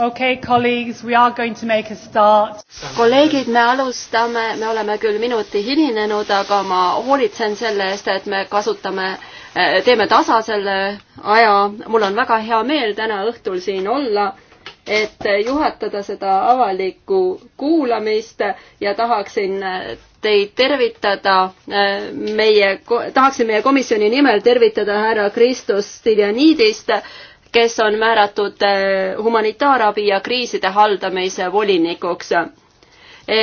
Okay, colleagues, we are going to make a start. kolleegid, me alustame, me oleme küll minuti hilinenud, aga ma hoolitsen selle eest, et me kasutame, eh, teeme tasa selle aja. mul on väga hea meel täna õhtul siin olla, et juhatada seda avalikku kuulamist ja tahaksin eh, teid tervitada eh, meie, tahaksin meie komisjoni nimel tervitada härra Kristus Stiljanidist, kes on määratud eh, humanitaarabi ja kriiside haldamise volinikuks e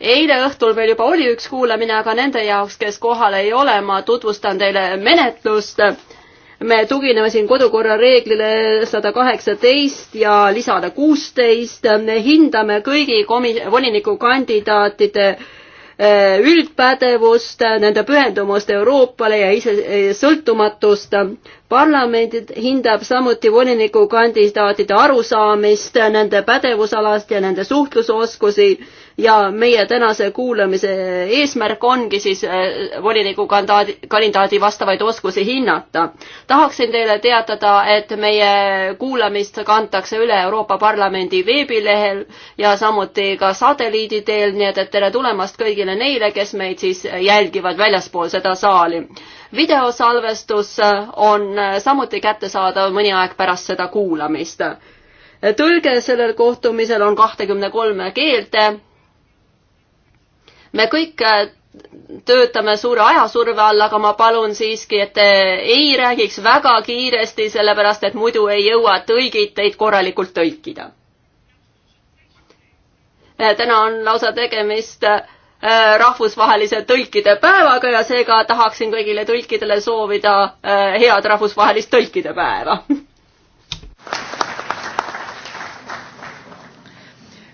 eile õhtul meil juba oli üks kuulamine, aga nende jaoks, kes kohal ei ole, ma tutvustan teile menetlust. me tugineme siin kodukorra reeglile sada kaheksateist ja lisada kuusteist. hindame kõigi komi-, volinikukandidaatide Äh, üldpädevust, nende pühendumust Euroopale ja ise äh, sõltumatust. parlament hindab samuti volinikukandidaatide arusaamist nende pädevusalast ja nende suhtlusoskusi ja meie tänase kuulamise eesmärk ongi siis äh, voliniku kandaadi, kandidaadi vastavaid oskusi hinnata. tahaksin teile teatada, et meie kuulamist kantakse üle Euroopa Parlamendi veebilehel ja samuti ka satelliidi teel, nii et, et tere tulemast kõigile neile, kes meid siis jälgivad väljaspool seda saali. videosalvestus on samuti kättesaadav mõni aeg pärast seda kuulamist tõlge sellel kohtumisel on kahtekümne kolme keelte me kõik äh, töötame suure ajasurve all, aga ma palun siiski, et te ei räägiks väga kiiresti, sellepärast et muidu ei jõua tõlgid teid korralikult tõlkida. Äh, täna on lausa tegemist äh, rahvusvahelise tõlkide päevaga ja seega tahaksin kõigile tõlkidele soovida head rahvusvahelist tõlkide päeva.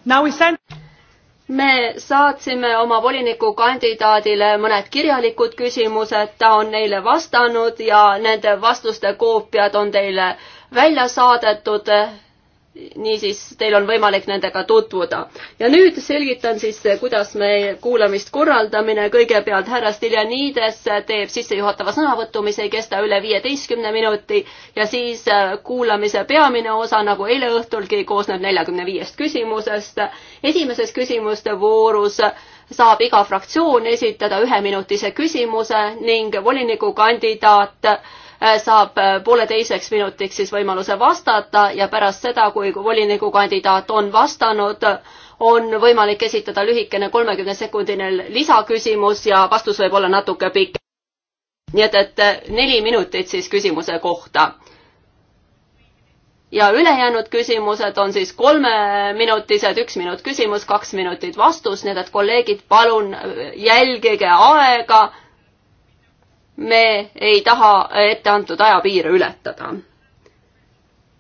Now we send me saatsime oma volinikukandidaadile mõned kirjalikud küsimused, ta on neile vastanud ja nende vastuste koopiad on teile välja saadetud niisiis, teil on võimalik nendega tutvuda. ja nüüd selgitan siis, kuidas me kuulamist korraldamine, kõigepealt härra Stiljanides teeb sissejuhatava sõnavõtu, mis ei kesta üle viieteistkümne minuti ja siis äh, kuulamise peamine osa, nagu eile õhtulgi, koosneb neljakümne viiest küsimusest. esimeses küsimuste voorus saab iga fraktsioon esitada üheminutise küsimuse ning volinikukandidaat Äh, saab äh, pooleteiseks minutiks siis võimaluse vastata ja pärast seda, kui volinikukandidaat on vastanud, on võimalik esitada lühikene kolmekümne sekundine lisaküsimus ja vastus võib olla natuke pikk. nii et, et äh, neli minutit siis küsimuse kohta. ja ülejäänud küsimused on siis kolmeminutised, üks minut küsimus, kaks minutit vastus, nii et, et kolleegid, palun jälgige aega me ei taha etteantud ajapiire ületada.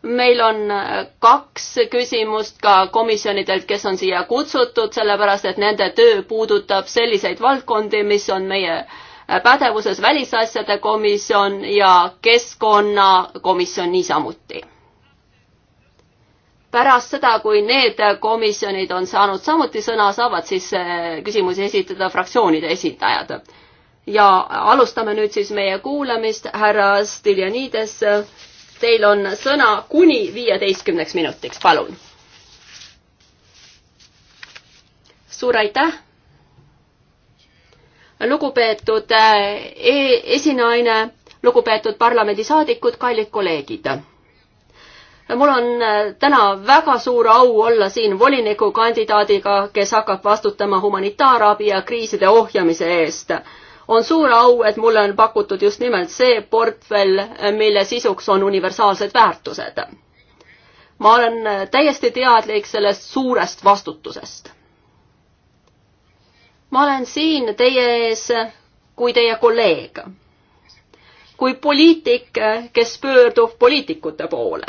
meil on äh, kaks küsimust ka komisjonidelt, kes on siia kutsutud, sellepärast et nende töö puudutab selliseid valdkondi, mis on meie äh, pädevuses Välisasjade komisjon ja Keskkonnakomisjon niisamuti. pärast seda, kui need komisjonid on saanud samuti sõna, saavad siis äh, küsimusi esitada fraktsioonide esindajad ja alustame nüüd siis meie kuulamist, härra Stiljanides, teil on sõna kuni viieteistkümneks minutiks, palun. suur aitäh. lugupeetud eh, e esinaine, lugupeetud parlamendisaadikud, kallid kolleegid mul on eh, täna väga suur au olla siin volinikukandidaadiga, kes hakkab vastutama humanitaarabi ja kriiside ohjamise eest on suur au, et mulle on pakutud just nimelt see portfell, mille sisuks on universaalsed väärtused. ma olen täiesti teadlik sellest suurest vastutusest. ma olen siin teie ees kui teie kolleeg, kui poliitik, kes pöördub poliitikute poole.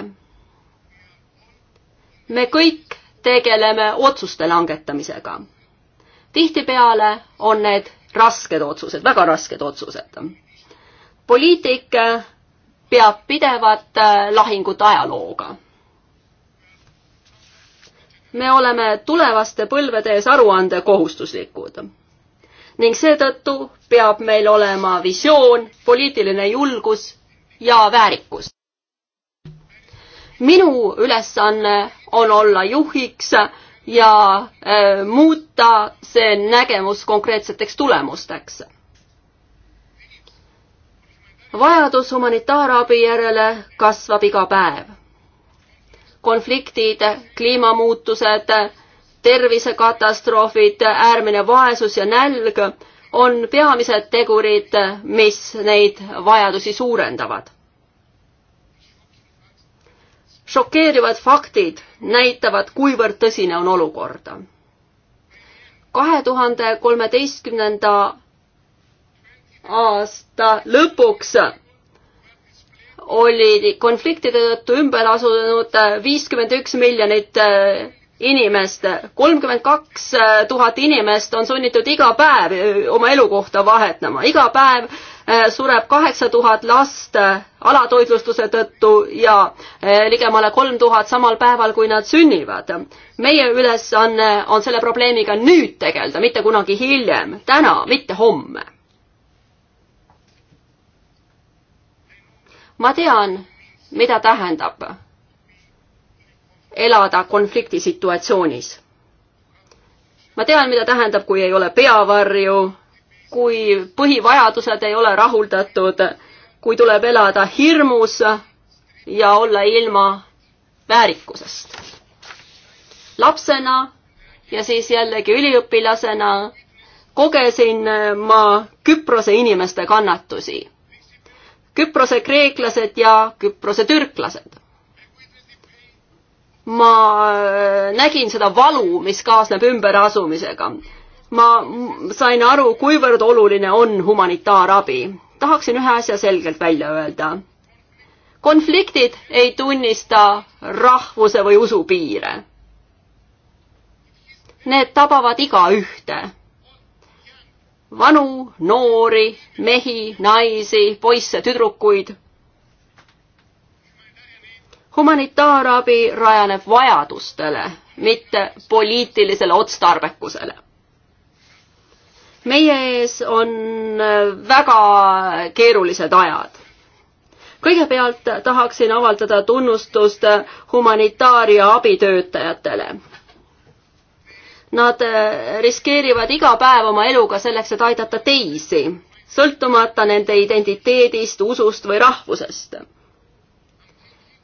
me kõik tegeleme otsuste langetamisega. tihtipeale on need rasked otsused, väga rasked otsused. poliitik peab pidevat äh, lahingut ajalooga. me oleme tulevaste põlvede ees aruandekohustuslikud ning seetõttu peab meil olema visioon, poliitiline julgus ja väärikus. minu ülesanne on olla juhiks ja äh, muuta see nägemus konkreetseteks tulemusteks. vajadus humanitaarabi järele kasvab iga päev. konfliktid, kliimamuutused, tervisekatastroofid, äärmine vaesus ja nälg on peamised tegurid, mis neid vajadusi suurendavad šokeerivad faktid näitavad, kuivõrd tõsine on olukord. kahe tuhande kolmeteistkümnenda aasta lõpuks oli konfliktide tõttu ümber asunud viiskümmend üks miljonit äh, inimest, kolmkümmend kaks äh, tuhat inimest on sunnitud iga päev äh, oma elukohta vahetama, iga päev Äh, sureb kaheksa tuhat last äh, alatoitlustuse tõttu ja äh, ligemale kolm tuhat samal päeval, kui nad sünnivad. meie ülesanne on, on selle probleemiga nüüd tegeleda, mitte kunagi hiljem, täna, mitte homme. ma tean, mida tähendab elada konfliktisituatsioonis. ma tean, mida tähendab, kui ei ole peavarju kui põhivajadused ei ole rahuldatud, kui tuleb elada hirmus ja olla ilma väärikusest. lapsena ja siis jällegi üliõpilasena kogesin ma Küprose inimeste kannatusi. Küprose kreeklased ja Küprose türklased. ma äh, nägin seda valu, mis kaasneb ümberasumisega ma sain aru, kuivõrd oluline on humanitaarabi. tahaksin ühe asja selgelt välja öelda. konfliktid ei tunnista rahvuse või usu piire. Need tabavad igaühte. vanu, noori, mehi, naisi, poisse, tüdrukuid. humanitaarabi rajaneb vajadustele, mitte poliitilisele otstarbekusele meie ees on äh, väga keerulised ajad. kõigepealt tahaksin avaldada tunnustust humanitaaria abitöötajatele. Nad äh, riskeerivad iga päev oma eluga selleks, et aidata teisi, sõltumata nende identiteedist, usust või rahvusest.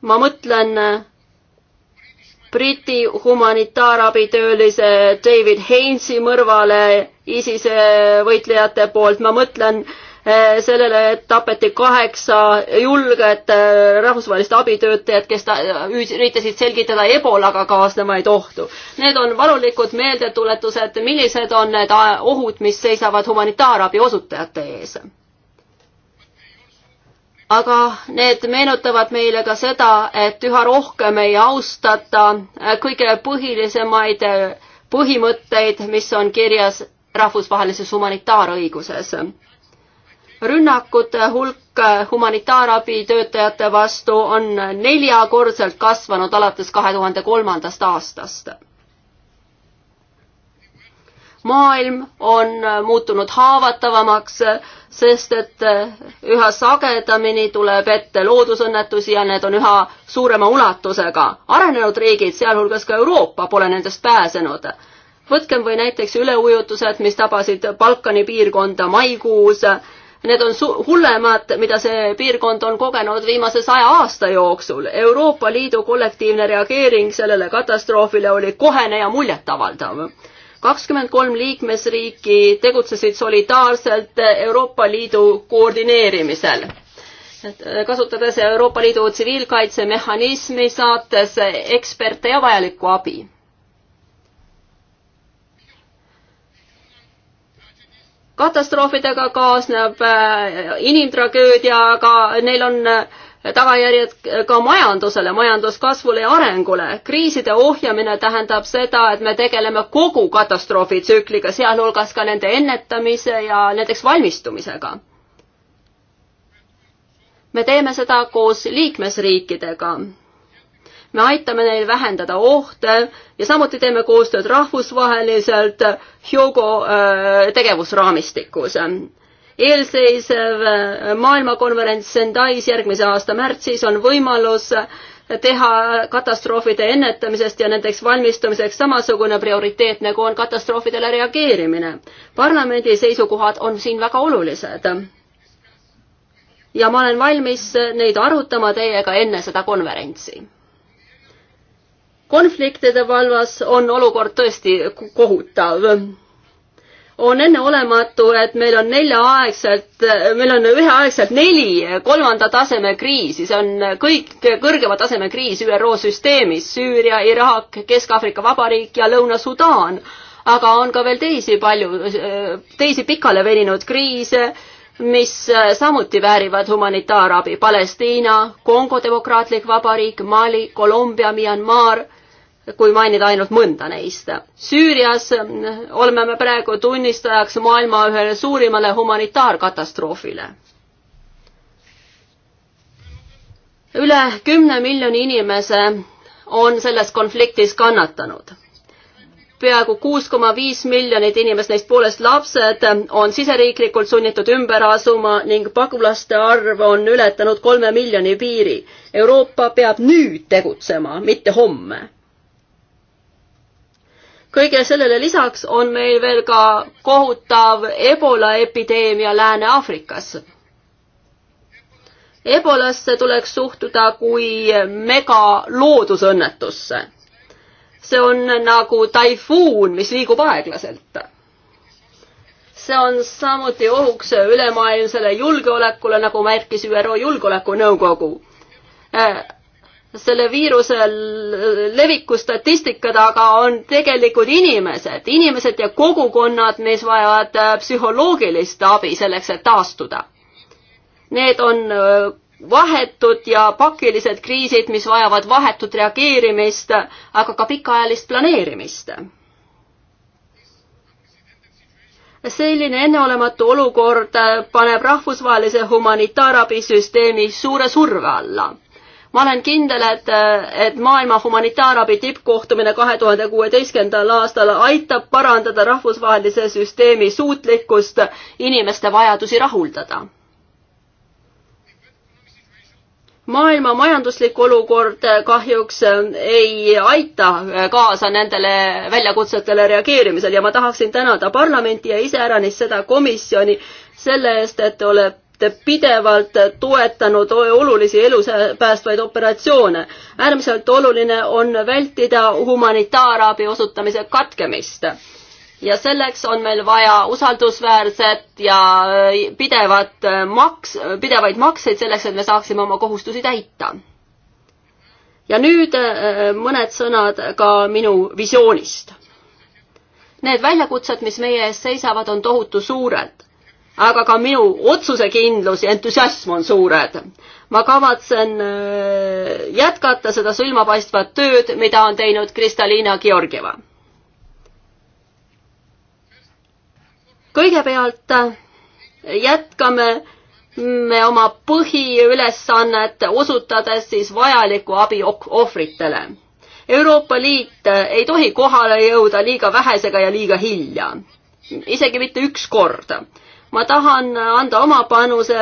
ma mõtlen äh, Briti humanitaarabitöölise David Haines'i mõrvale ISISe võitlejate poolt, ma mõtlen eh, sellele, et tapeti kaheksa julget eh, rahvusvahelist abitöötajat, kes ta, üritasid selgitada ebolaga kaasnevaid ohtu. Need on valulikud meeldetuletused, millised on need ah, ohud, mis seisavad humanitaarabi osutajate ees aga need meenutavad meile ka seda, et üha rohkem ei austata eh, kõige põhilisemaid põhimõtteid, mis on kirjas rahvusvahelises humanitaarõiguses. rünnakute hulk humanitaarabi töötajate vastu on neljakordselt kasvanud alates kahe tuhande kolmandast aastast maailm on muutunud haavatavamaks, sest et üha sagedamini tuleb ette loodusõnnetusi ja need on üha suurema ulatusega. arenenud riigid, sealhulgas ka Euroopa, pole nendest pääsenud võtkem või näiteks üleujutused, mis tabasid Balkani piirkonda maikuus. Need on hullemad, mida see piirkond on kogenud viimase saja aasta jooksul. Euroopa Liidu kollektiivne reageering sellele katastroofile oli kohene ja muljetavaldav kakskümmend kolm liikmesriiki tegutsesid solidaarselt Euroopa Liidu koordineerimisel. kasutades Euroopa Liidu tsiviilkaitsemehhanismi, saates eksperte ja vajalikku abi. katastroofidega kaasneb äh, inimtragöödia, aga neil on äh, tagajärjed ka majandusele, majanduskasvule ja arengule. kriiside ohjamine tähendab seda, et me tegeleme kogu katastroofitsükliga, sealhulgas ka nende ennetamise ja nendeks valmistumisega. me teeme seda koos liikmesriikidega me aitame neil vähendada ohte ja samuti teeme koostööd rahvusvaheliselt Hyogo äh, tegevusraamistikus. eelseisev äh, maailmakonverents Sendais järgmise aasta märtsis on võimalus teha katastroofide ennetamisest ja nendeks valmistumiseks samasugune prioriteet, nagu on katastroofidele reageerimine. parlamendi seisukohad on siin väga olulised. ja ma olen valmis neid arutama teiega enne seda konverentsi konfliktide valvas on olukord tõesti kohutav. on enneolematu, et meil on neljaaegselt, meil on üheaegselt neli kolmanda taseme kriisi, see on kõik kõrgema taseme kriis ÜRO süsteemis, Süüria, Iraak, Kesk-Aafrika Vabariik ja Lõuna-Sudaan. aga on ka veel teisi palju, teisi pikale veninud kriise mis samuti väärivad humanitaarabi Palestiina, Kongo Demokraatlik Vabariik, Mali, Kolumbia, Myanmar kui mainida ainult mõnda neist. Süürias mm, oleme me praegu tunnistajaks maailma ühele suurimale humanitaarkatastroofile. üle kümne miljoni inimese on selles konfliktis kannatanud peaaegu kuus koma viis miljonit inimest, neist poolest lapsed, on siseriiklikult sunnitud ümber asuma ning pagulaste arv on ületanud kolme miljoni piiri. Euroopa peab nüüd tegutsema, mitte homme kõige sellele lisaks on meil veel ka kohutav ebola epideemia Lääne-Aafrikas. Ebolasse tuleks suhtuda kui mega loodusõnnetusse. see on nagu taifuun, mis liigub aeglaselt. see on samuti ohuks ülemaailmsele julgeolekule, nagu märkis ÜRO Julgeolekunõukogu äh, selle viiruse leviku statistikad, aga on tegelikud inimesed, inimesed ja kogukonnad, mis vajavad äh, psühholoogilist abi selleks, et taastuda. Need on äh, vahetud ja pakilised kriisid, mis vajavad vahetut reageerimist, aga ka pikaajalist planeerimist. selline enneolematu olukord äh, paneb rahvusvahelise humanitaarabisüsteemi suure surve alla ma olen kindel, et, et maailma humanitaarabi tippkohtumine kahe tuhande kuueteistkümnendal aastal aitab parandada rahvusvahelise süsteemi suutlikkust inimeste vajadusi rahuldada. maailma majanduslik olukord kahjuks ei aita kaasa nendele väljakutsetele reageerimisel ja ma tahaksin tänada parlamenti ja iseäranis seda komisjoni selle eest, et olete olete pidevalt toetanud olulisi elupäästvaid operatsioone. äärmiselt oluline on vältida humanitaarabi osutamise katkemist. ja selleks on meil vaja usaldusväärset ja pidevat maks, pidevaid makseid selleks, et me saaksime oma kohustusi täita. ja nüüd äh, mõned sõnad ka minu visioonist. Need väljakutsed, mis meie ees seisavad, on tohutu suured aga ka minu otsusekindlus ja entusiasm on suured. ma kavatsen äh, jätkata seda silmapaistvat tööd, mida on teinud Kristalina Georgieva. kõigepealt äh, jätkame me oma põhiülesannet, osutades siis vajalikku abi ohvritele. Euroopa Liit äh, ei tohi kohale jõuda liiga vähesega ja liiga hilja, isegi mitte üks kord ma tahan anda oma panuse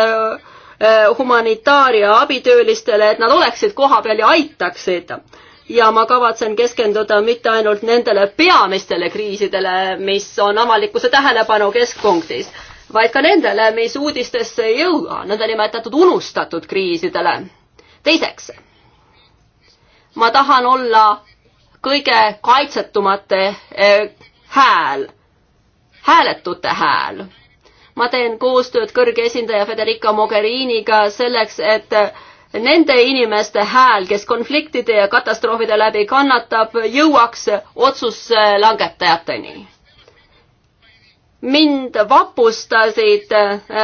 äh, humanitaaria abitöölistele, et nad oleksid kohapeal ja aitaksid. ja ma kavatsen keskenduda mitte ainult nendele peamistele kriisidele, mis on avalikkuse tähelepanu keskpunktis, vaid ka nendele, mis uudistesse ei jõua, nõndanimetatud unustatud kriisidele. teiseks, ma tahan olla kõige kaitsetumate äh, hääl, hääletute hääl ma teen koostööd kõrge esindaja Federica Mogheriniga selleks, et nende inimeste hääl, kes konfliktide ja katastroofide läbi kannatab, jõuaks otsuse langetajateni mind vapustasid eh,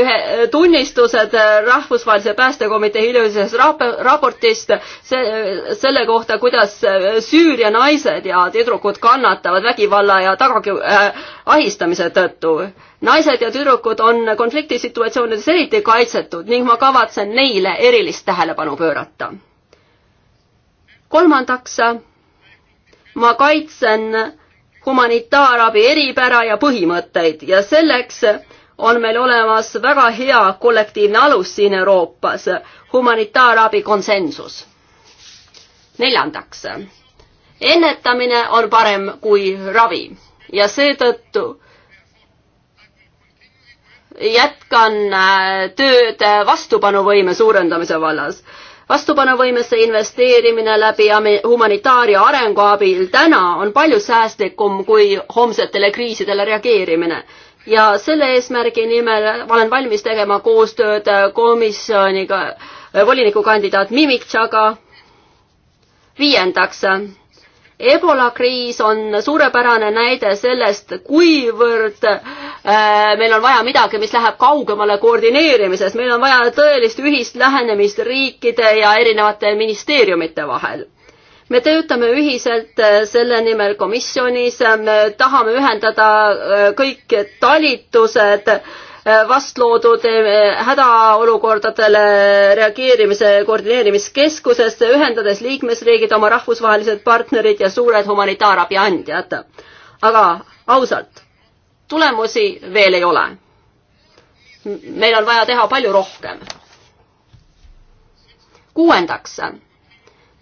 ühe tunnistused Rahvusvahelise Päästekomitee hiljutisest raportist se selle kohta, kuidas Süüria naised ja tüdrukud kannatavad vägivalla ja tagaki- äh, eh, ahistamise tõttu naised ja tüdrukud on konfliktisituatsioonides eriti kaitsetud ning ma kavatsen neile erilist tähelepanu pöörata. kolmandaks, ma kaitsen humanitaarabi eripära ja põhimõtteid ja selleks on meil olemas väga hea kollektiivne alus siin Euroopas, humanitaarabi konsensus. neljandaks, ennetamine on parem kui ravi ja seetõttu jätkan äh, tööd vastupanuvõime suurendamise vallas. vastupanuvõimesse investeerimine läbi humanitaar- ja arenguabil täna on palju säästlikum kui homsetele kriisidele reageerimine ja selle eesmärgi nimel ma olen valmis tegema koostööd komisjoniga, volinikukandidaat Mimiktšaga. viiendaks ebola kriis on suurepärane näide sellest, kuivõrd Äh, meil on vaja midagi, mis läheb kaugemale koordineerimisest, meil on vaja tõelist ühist lähenemist riikide ja erinevate ministeeriumite vahel me töötame ühiselt äh, selle nimel komisjonis, me tahame ühendada äh, kõik talitused vastloodud hädaolukordadele reageerimise koordineerimiskeskusest, ühendades liikmesriigid, oma rahvusvahelised partnerid ja suured humanitaarabi andjad. aga ausalt tulemusi veel ei ole. meil on vaja teha palju rohkem. kuuendaks,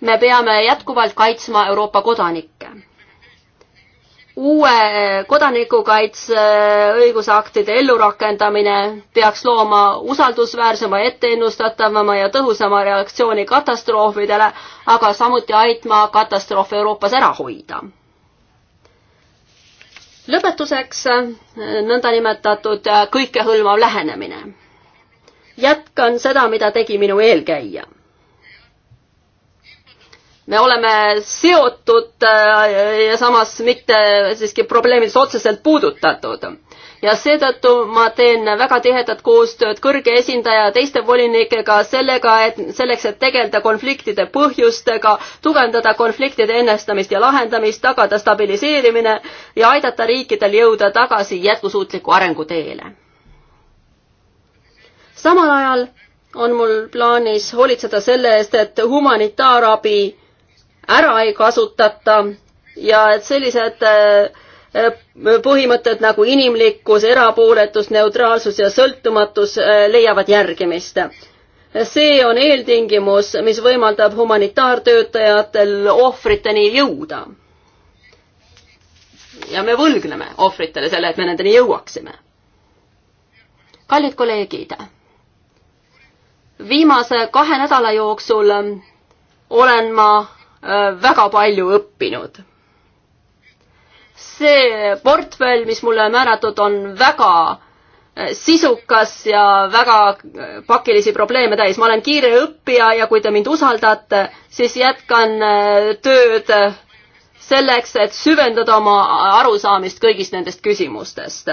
me peame jätkuvalt kaitsma Euroopa kodanikke. uue kodanikukaitseõigusaktide ellurakendamine peaks looma usaldusväärsema, etteennustatavama ja tõhusama reaktsiooni katastroofidele, aga samuti aitma katastroofe Euroopas ära hoida lõpetuseks eh, nõndanimetatud eh, kõikehõlmav lähenemine. jätkan seda, mida tegi minu eelkäija. me oleme seotud eh, ja samas mitte siiski probleemides otseselt puudutatud ja seetõttu ma teen väga tihedat koostööd kõrge esindaja ja teiste volinikega sellega, et selleks, et tegeleda konfliktide põhjustega, tugevdada konfliktide ennestamist ja lahendamist, tagada stabiliseerimine ja aidata riikidel jõuda tagasi jätkusuutliku arengu teele. samal ajal on mul plaanis hoolitseda selle eest, et humanitaarabi ära ei kasutata ja et sellised äh, Äh, põhimõtted nagu inimlikkus, erapooletus, neutraalsus ja sõltumatus äh, leiavad järgimist. see on eeltingimus, mis võimaldab humanitaartöötajatel ohvriteni jõuda. ja me võlgneme ohvritele selle, et me nendeni jõuaksime. kallid kolleegid, viimase kahe nädala jooksul olen ma äh, väga palju õppinud see portfell, mis mulle määratud, on väga eh, sisukas ja väga eh, pakilisi probleeme täis. ma olen kiire õppija ja kui te mind usaldate, siis jätkan eh, tööd selleks, et süvendada oma arusaamist kõigist nendest küsimustest.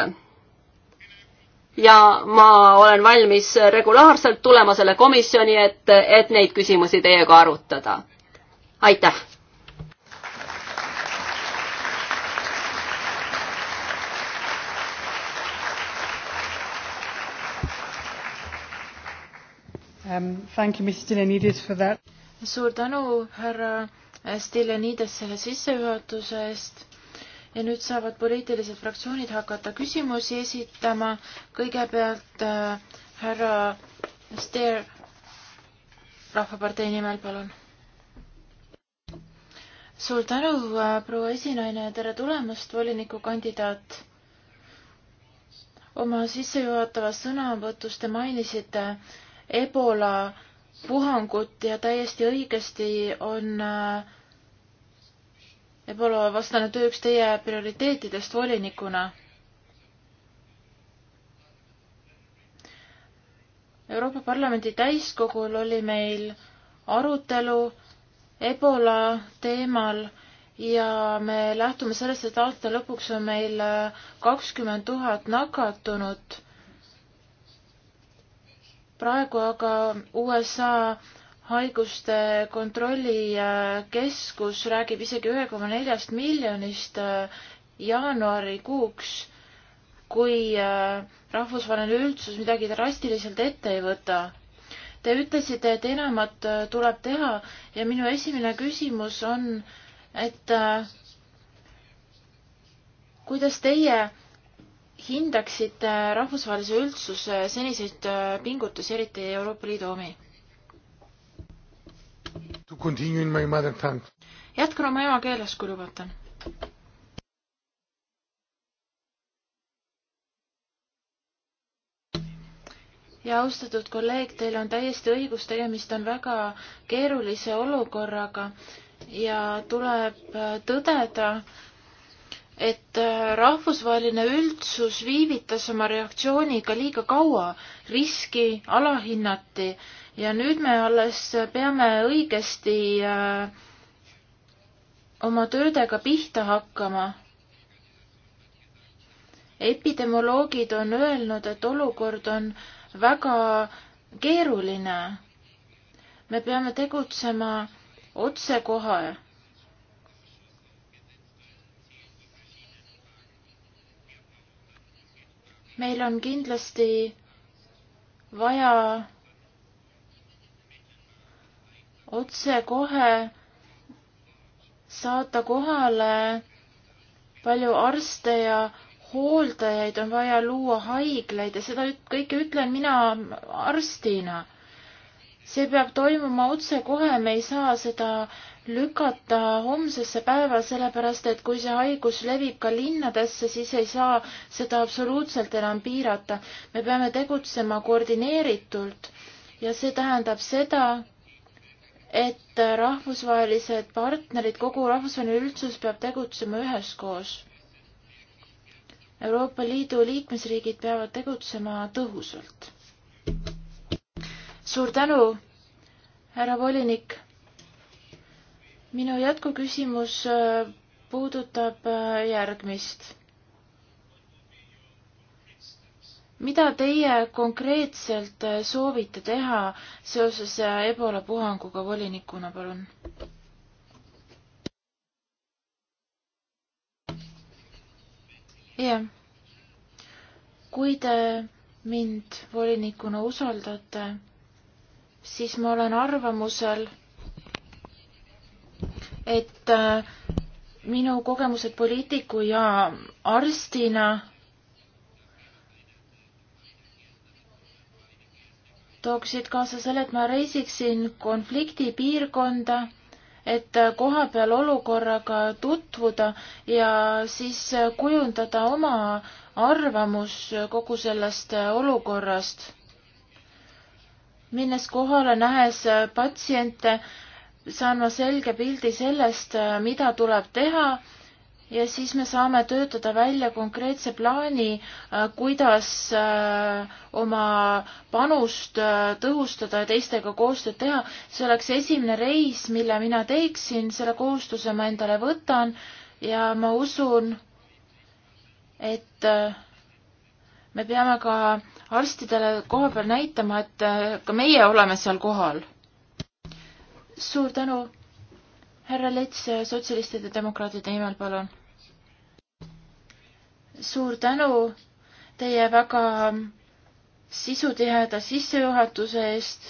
ja ma olen valmis regulaarselt tulema selle komisjoni, et, et neid küsimusi teiega arutada. aitäh! um,. Thank you, Mr Stylianides for that. suur tänu, härra Stylianides selle sissejuhatuse eest ja nüüd saavad poliitilised fraktsioonid hakata küsimusi esitama. kõigepealt äh, härra Steer Rahvapartei nimel, palun. suur tänu äh,, proua esinaine ja tere tulemast, volinikukandidaat. oma sissejuhatavas sõnavõtus te mainisite äh, ebola puhangut ja täiesti õigesti on äh, ebola vastane töö üks teie prioriteetidest volinikuna. Euroopa Parlamendi täiskogul oli meil arutelu ebola teemal ja me lähtume sellest, et aasta lõpuks on meil äh, kakskümmend tuhat nakatunut praegu aga USA haiguste kontrollikeskus äh, räägib isegi ühe koma neljast miljonist äh, jaanuarikuuks, kui äh, rahvusvaheline üldsus midagi drastiliselt ette ei võta. Te ütlesite, et enamat tuleb teha ja minu esimene küsimus on, et kuidas teie hindaksite äh, rahvusvahelise üldsuse seniseid äh, pingutusi, eriti Euroopa Liidu omi? jätkan oma emakeeles, kui lubate. ja austatud kolleeg, teil on täiesti õigus, tegemist on väga keerulise olukorraga ja tuleb äh, tõdeda, et äh, rahvusvaheline üldsus viivitas oma reaktsiooniga liiga kaua, riski alahinnati ja nüüd me alles peame õigesti äh, oma töödega pihta hakkama. epidemioloogid on öelnud, et olukord on väga keeruline. me peame tegutsema otsekohe meil on kindlasti vaja otsekohe saata kohale palju arste ja hooldajaid, on vaja luua haiglaid ja seda kõike ütlen mina arstina. see peab toimuma otsekohe, me ei saa seda äh, lükata homsesse päeva, sellepärast et kui see haigus levib ka linnadesse, siis ei saa seda absoluutselt enam piirata. me peame tegutsema koordineeritult ja see tähendab seda, et rahvusvahelised partnerid, kogu rahvusvaheline üldsus peab tegutsema üheskoos. Euroopa Liidu liikmesriigid peavad tegutsema tõhusalt. suur tänu, härra volinik minu jätkuküsimus äh, puudutab äh, järgmist. mida teie konkreetselt äh, soovite teha seoses Ebola puhanguga volinikuna, palun? jah. kui te mind volinikuna usaldate, siis ma olen arvamusel et äh, minu kogemused poliitiku ja arstina tooksid kaasa selle, et ma reisiksin konfliktipiirkonda, et äh, kohapeal olukorraga tutvuda ja siis äh, kujundada oma arvamus kogu sellest olukorrast. minnes kohale, nähes patsiente, saan ma selge pildi sellest, äh, mida tuleb teha ja siis me saame töötada välja konkreetse plaani, äh, kuidas äh, oma panust tõhustada ja teistega koostööd teha. see oleks esimene reis, mille mina teeksin, selle kohustuse ma endale võtan ja ma usun, et me peame ka arstidele koha peal näitama, et ka meie oleme seal kohal suur tänu, härra Lets, sotsialistide demokraatide nimel, palun. suur tänu teie väga sisutiheda sissejuhatuse eest.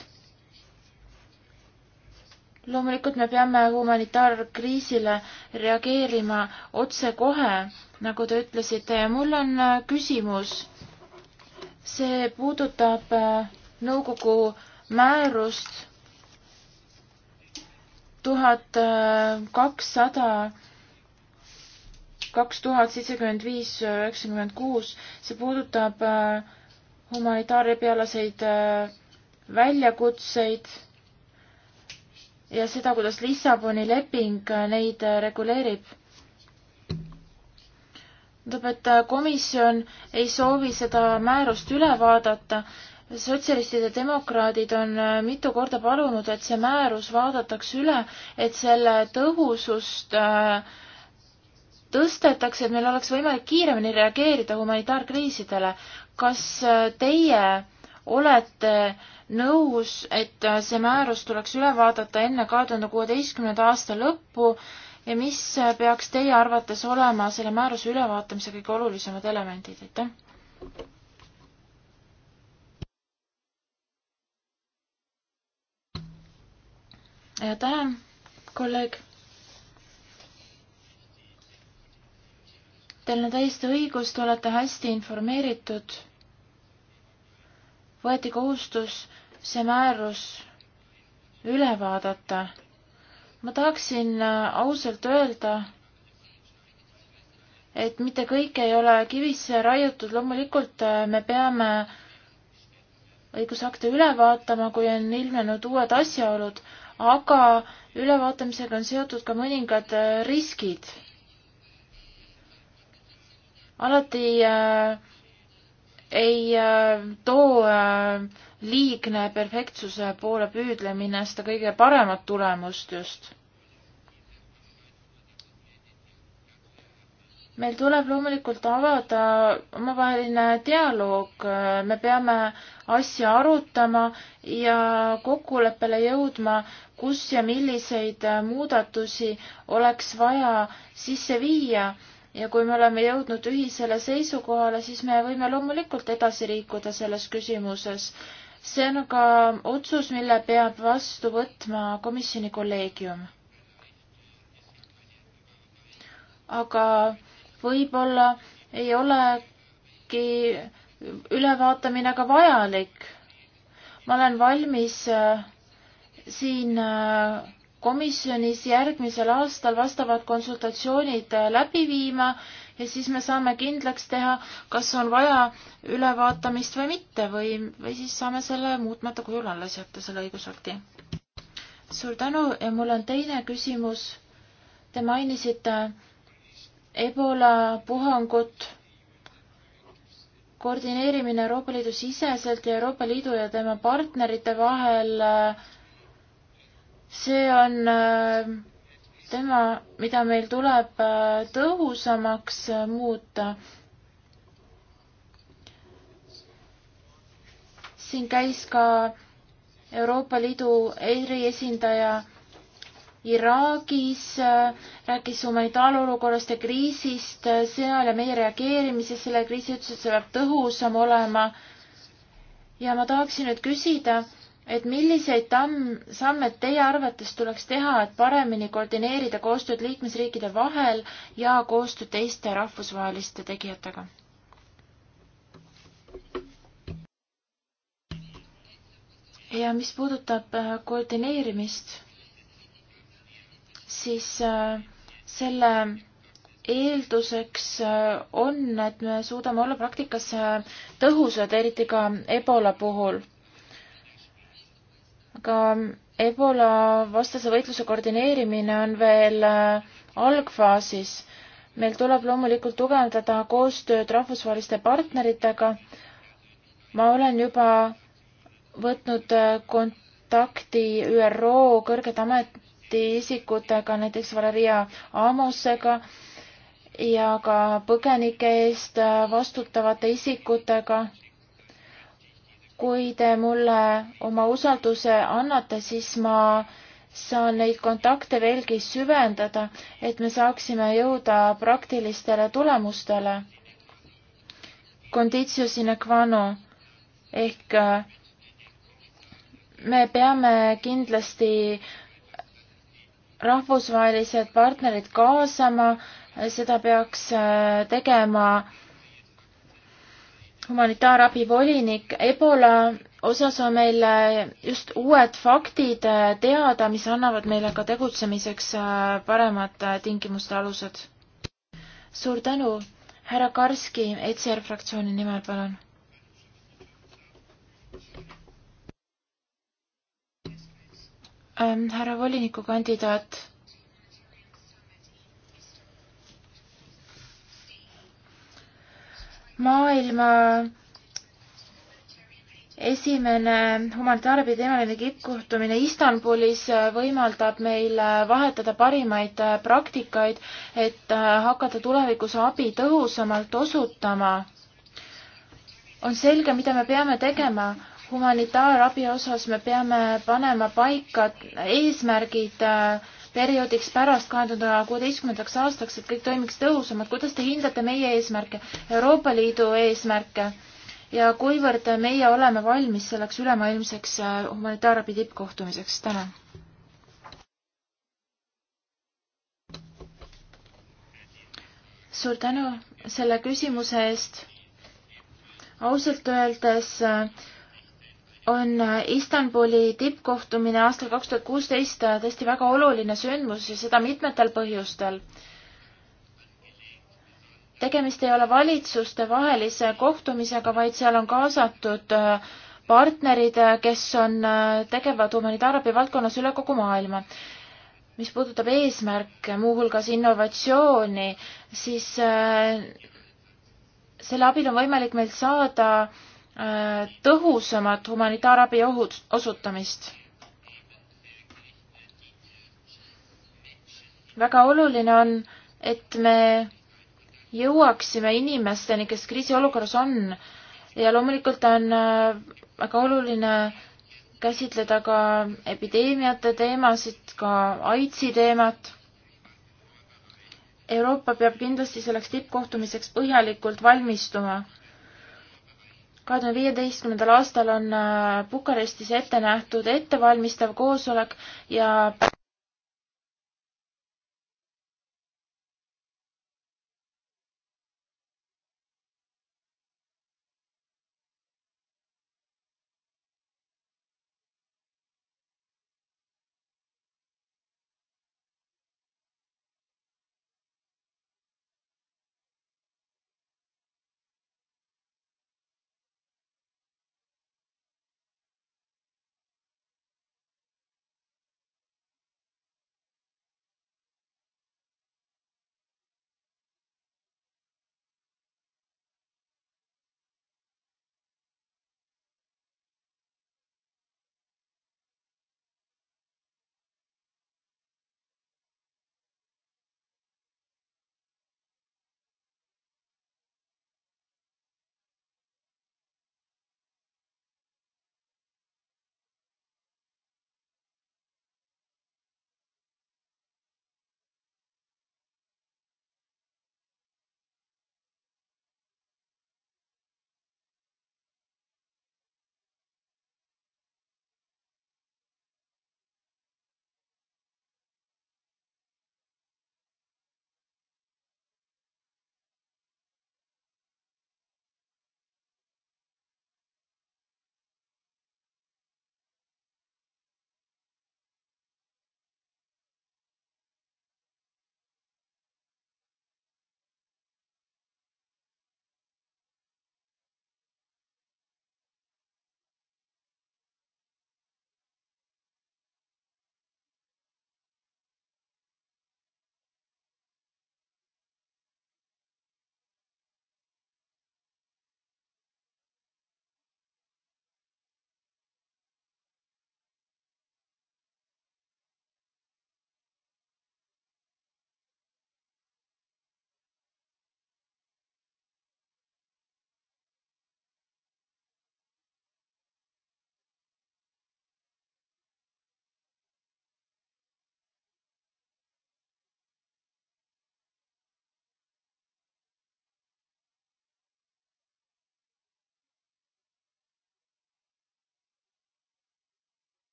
loomulikult me peame humanitaarkriisile reageerima otsekohe, nagu te ütlesite ja mul on äh, küsimus. see puudutab äh, nõukogu määrust tuhat äh, kakssada, kaks tuhat seitsekümmend viis, äh, üheksakümmend kuus, see puudutab äh, humanitaarabialaseid väljakutseid ja seda, kuidas Lissaboni leping neid reguleerib. tundub, et komisjon ei soovi seda määrust üle vaadata sotsialistid ja demokraadid on äh, mitu korda palunud, et see määrus vaadatakse üle, et selle tõhusust äh, tõstetakse, et meil oleks võimalik kiiremini reageerida humanitaarkriisidele. kas äh, teie olete nõus, et see määrus tuleks üle vaadata enne kahe tuhande kuueteistkümnenda aasta lõppu ja mis peaks teie arvates olema selle määruse ülevaatamise kõige olulisemad elemendid, aitäh? tänan, kolleeg. Teil on täiesti õigus, te olete hästi informeeritud. võeti kohustus see määrus üle vaadata. ma tahaksin äh, ausalt öelda, et mitte kõik ei ole kivisse raiutud, loomulikult äh, me peame õigusakte üle vaatama, kui on ilmnenud uued asjaolud, aga ülevaatamisega on seotud ka mõningad äh, riskid. alati äh, ei äh, too äh, liigne perfektsuse poole püüdlemine seda kõige paremat tulemust just meil tuleb loomulikult avada omavaheline dialoog, me peame asja arutama ja kokkuleppele jõudma, kus ja milliseid muudatusi oleks vaja sisse viia ja kui me oleme jõudnud ühisele seisukohale, siis me võime loomulikult edasi liikuda selles küsimuses. see on aga otsus, mille peab vastu võtma komisjoni kolleegium. aga võib-olla ei olegi ülevaatamine ka vajalik. ma olen valmis äh, siin äh, komisjonis järgmisel aastal vastavad konsultatsioonid äh, läbi viima ja siis me saame kindlaks teha, kas on vaja ülevaatamist või mitte või, või siis saame selle muutmata kujul alles jätta, selle õigusakti. suur tänu ja mul on teine küsimus. Te mainisite Ebola puhangut, koordineerimine Euroopa Liidu siseselt ja Euroopa Liidu ja tema partnerite vahel, see on äh, tema, mida meil tuleb äh, tõhusamaks äh, muuta. siin käis ka Euroopa Liidu eriesindaja Iraagis, äh, rääkis humanitaarolukorrast ja kriisist äh, seal ja meie reageerimises selle kriisi, ütles, et see peab tõhusam olema. ja ma tahaksin nüüd küsida, et milliseid tamm, samme teie arvates tuleks teha, et paremini koordineerida koostööd liikmesriikide vahel ja koostööd teiste rahvusvaheliste tegijatega? ja mis puudutab äh, koordineerimist siis äh, selle eelduseks äh, on, et me suudame olla praktikas äh, tõhusad, eriti ka Ebola puhul. aga Ebola vastase võitluse koordineerimine on veel algfaasis. meil tuleb loomulikult tugevdada koostööd rahvusvaheliste partneritega. ma olen juba võtnud kontakti ÜRO kõrget amet-, kontakti isikutega, näiteks Valeria Amosega ja ka põgenike eest äh, vastutavate isikutega. kui te mulle oma usalduse annate, siis ma saan neid kontakte veelgi süvendada, et me saaksime jõuda praktilistele tulemustele. Conditio sine qua non ehk äh, me peame kindlasti rahvusvahelised partnerid kaasama, seda peaks äh, tegema humanitaarabivolinik. Ebola osas on meil äh, just uued faktid äh, teada, mis annavad meile ka tegutsemiseks paremad tingimuste alused. suur tänu, härra Karski, ECR fraktsiooni nimel, palun. Ähm, härra volinikukandidaat. maailma esimene humanitaarabi teemaline tippkohtumine Istanbulis äh, võimaldab meil äh, vahetada parimaid äh, praktikaid, et hakata tulevikus abi tõhusamalt osutama. on selge, mida me peame tegema humanitaarabi osas me peame panema paika eesmärgid äh, perioodiks pärast kahe tuhande kuueteistkümnendaks aastaks, et kõik toimiks tõhusamalt. kuidas te hindate meie eesmärke, Euroopa Liidu eesmärke ja kuivõrd meie oleme valmis selleks ülemaailmseks äh, humanitaarabi tippkohtumiseks? tänan. suur tänu selle küsimuse eest. ausalt öeldes äh, on Istanbuli tippkohtumine aastal kaks tuhat kuusteist tõesti väga oluline sündmus ja seda mitmetel põhjustel. tegemist ei ole valitsustevahelise kohtumisega, vaid seal on kaasatud äh, partnerid, äh, kes on äh, tegevad humanitaarabi valdkonnas üle kogu maailma. mis puudutab eesmärke, muuhulgas innovatsiooni, siis selle abil on võimalik meil saada äh, Äh, tõhusamat humanitaarabi ohut-, osutamist. väga oluline on, et me jõuaksime inimesteni, kes kriisiolukorras on ja loomulikult on äh, väga oluline käsitleda ka epideemiate teemasid, ka AIDSi teemat. Euroopa peab kindlasti selleks tippkohtumiseks põhjalikult valmistuma kahe tuhande viieteistkümnendal aastal on äh, Bukarestis ette nähtud ettevalmistav koosolek ja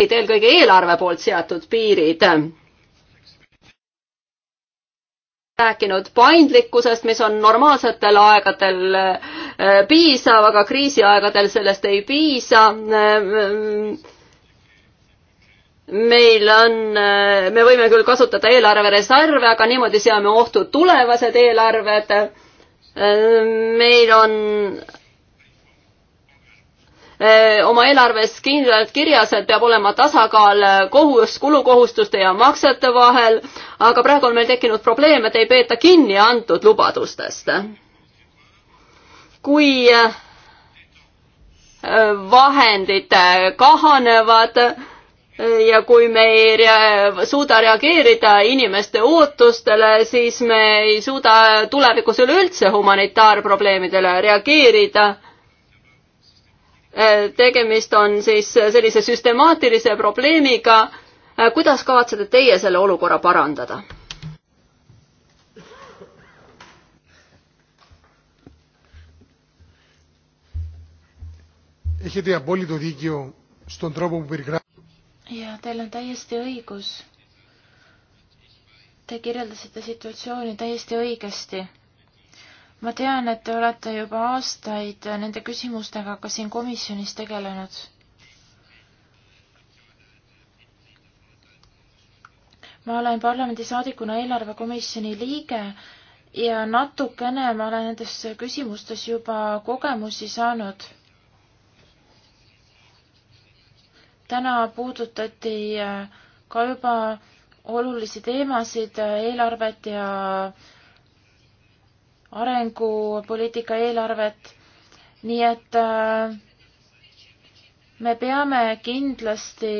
olid eelkõige eelarve poolt seatud piirid. rääkinud paindlikkusest, mis on normaalsetel aegadel äh, piisav, aga kriisiaegadel sellest ei piisa. meil on, äh, me võime küll kasutada eelarvereserve, aga niimoodi seame ohtu tulevased eelarved. Äh, meil on Eh, oma eelarves kindlalt kirjas, et peab olema tasakaal eh, kohus, kulukohustuste ja maksete vahel, aga praegu on meil tekkinud probleem, et ei peeta kinni antud lubadustest. kui eh, vahendid kahanevad ja kui me ei rea suuda reageerida inimeste ootustele, siis me ei suuda tulevikus üleüldse humanitaarprobleemidele reageerida Eh, tegemist on siis sellise süstemaatilise probleemiga. Eh, kuidas kavatsete teie selle olukorra parandada? ja teil on täiesti õigus. Te kirjeldasite situatsiooni täiesti õigesti ma tean, et te olete juba aastaid nende küsimustega ka siin komisjonis tegelenud. ma olen parlamendisaadikuna eelarvekomisjoni liige ja natukene ma olen nendes küsimustes juba kogemusi saanud. täna puudutati ka juba olulisi teemasid, eelarvet ja äh, arengupoliitika eelarvet. nii et äh, me peame kindlasti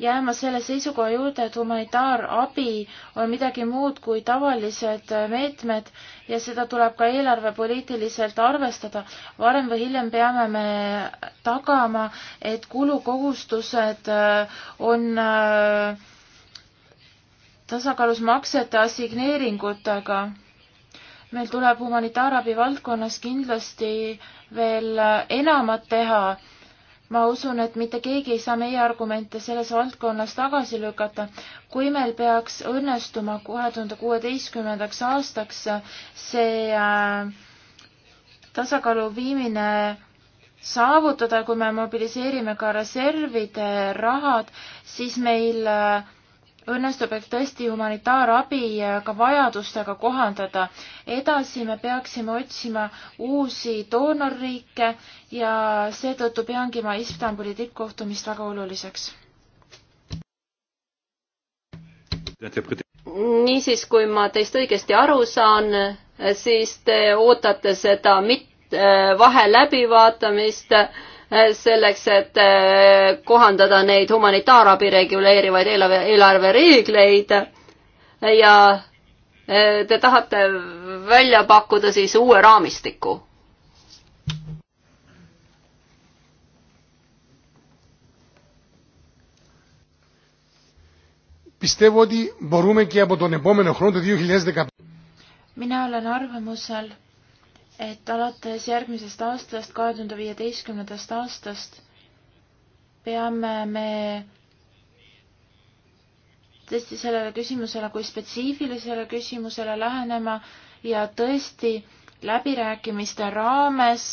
jääma selle seisukoha juurde, et humanitaarabi on midagi muud kui tavalised meetmed ja seda tuleb ka eelarvepoliitiliselt arvestada. varem või hiljem peame me tagama, et kulukohustused äh, on äh, tasakaalus maksete assigneeringutega. meil tuleb humanitaarabi valdkonnas kindlasti veel enamat teha. ma usun, et mitte keegi ei saa meie argumente selles valdkonnas tagasi lükata. kui meil peaks õnnestuma kahe tuhande kuueteistkümnendaks aastaks see äh, tasakaalu viimine saavutada, kui me mobiliseerime ka reservide rahad, siis meil äh, õnnestub ehk tõesti humanitaarabi ka vajadustega kohandada. edasi me peaksime otsima uusi doonorriike ja seetõttu peangi ma Istanbuli tippkohtumist väga oluliseks. niisiis, kui ma teist õigesti aru saan, siis te ootate seda mit-, eh, vahe läbivaatamist äh, selleks, et äh, kohandada neid humanitaarabi reguleerivaid eelarve, eelarvereegleid ja äh, te tahate välja pakkuda siis uue raamistiku πιστεύω ότι μπορούμε και από τον επόμενο χρόνο το 2015. Mina olen arvamusel, et alates järgmisest aastast, kahe tuhande viieteistkümnendast aastast peame me tõesti sellele küsimusele kui spetsiifilisele küsimusele lähenema ja tõesti läbirääkimiste raames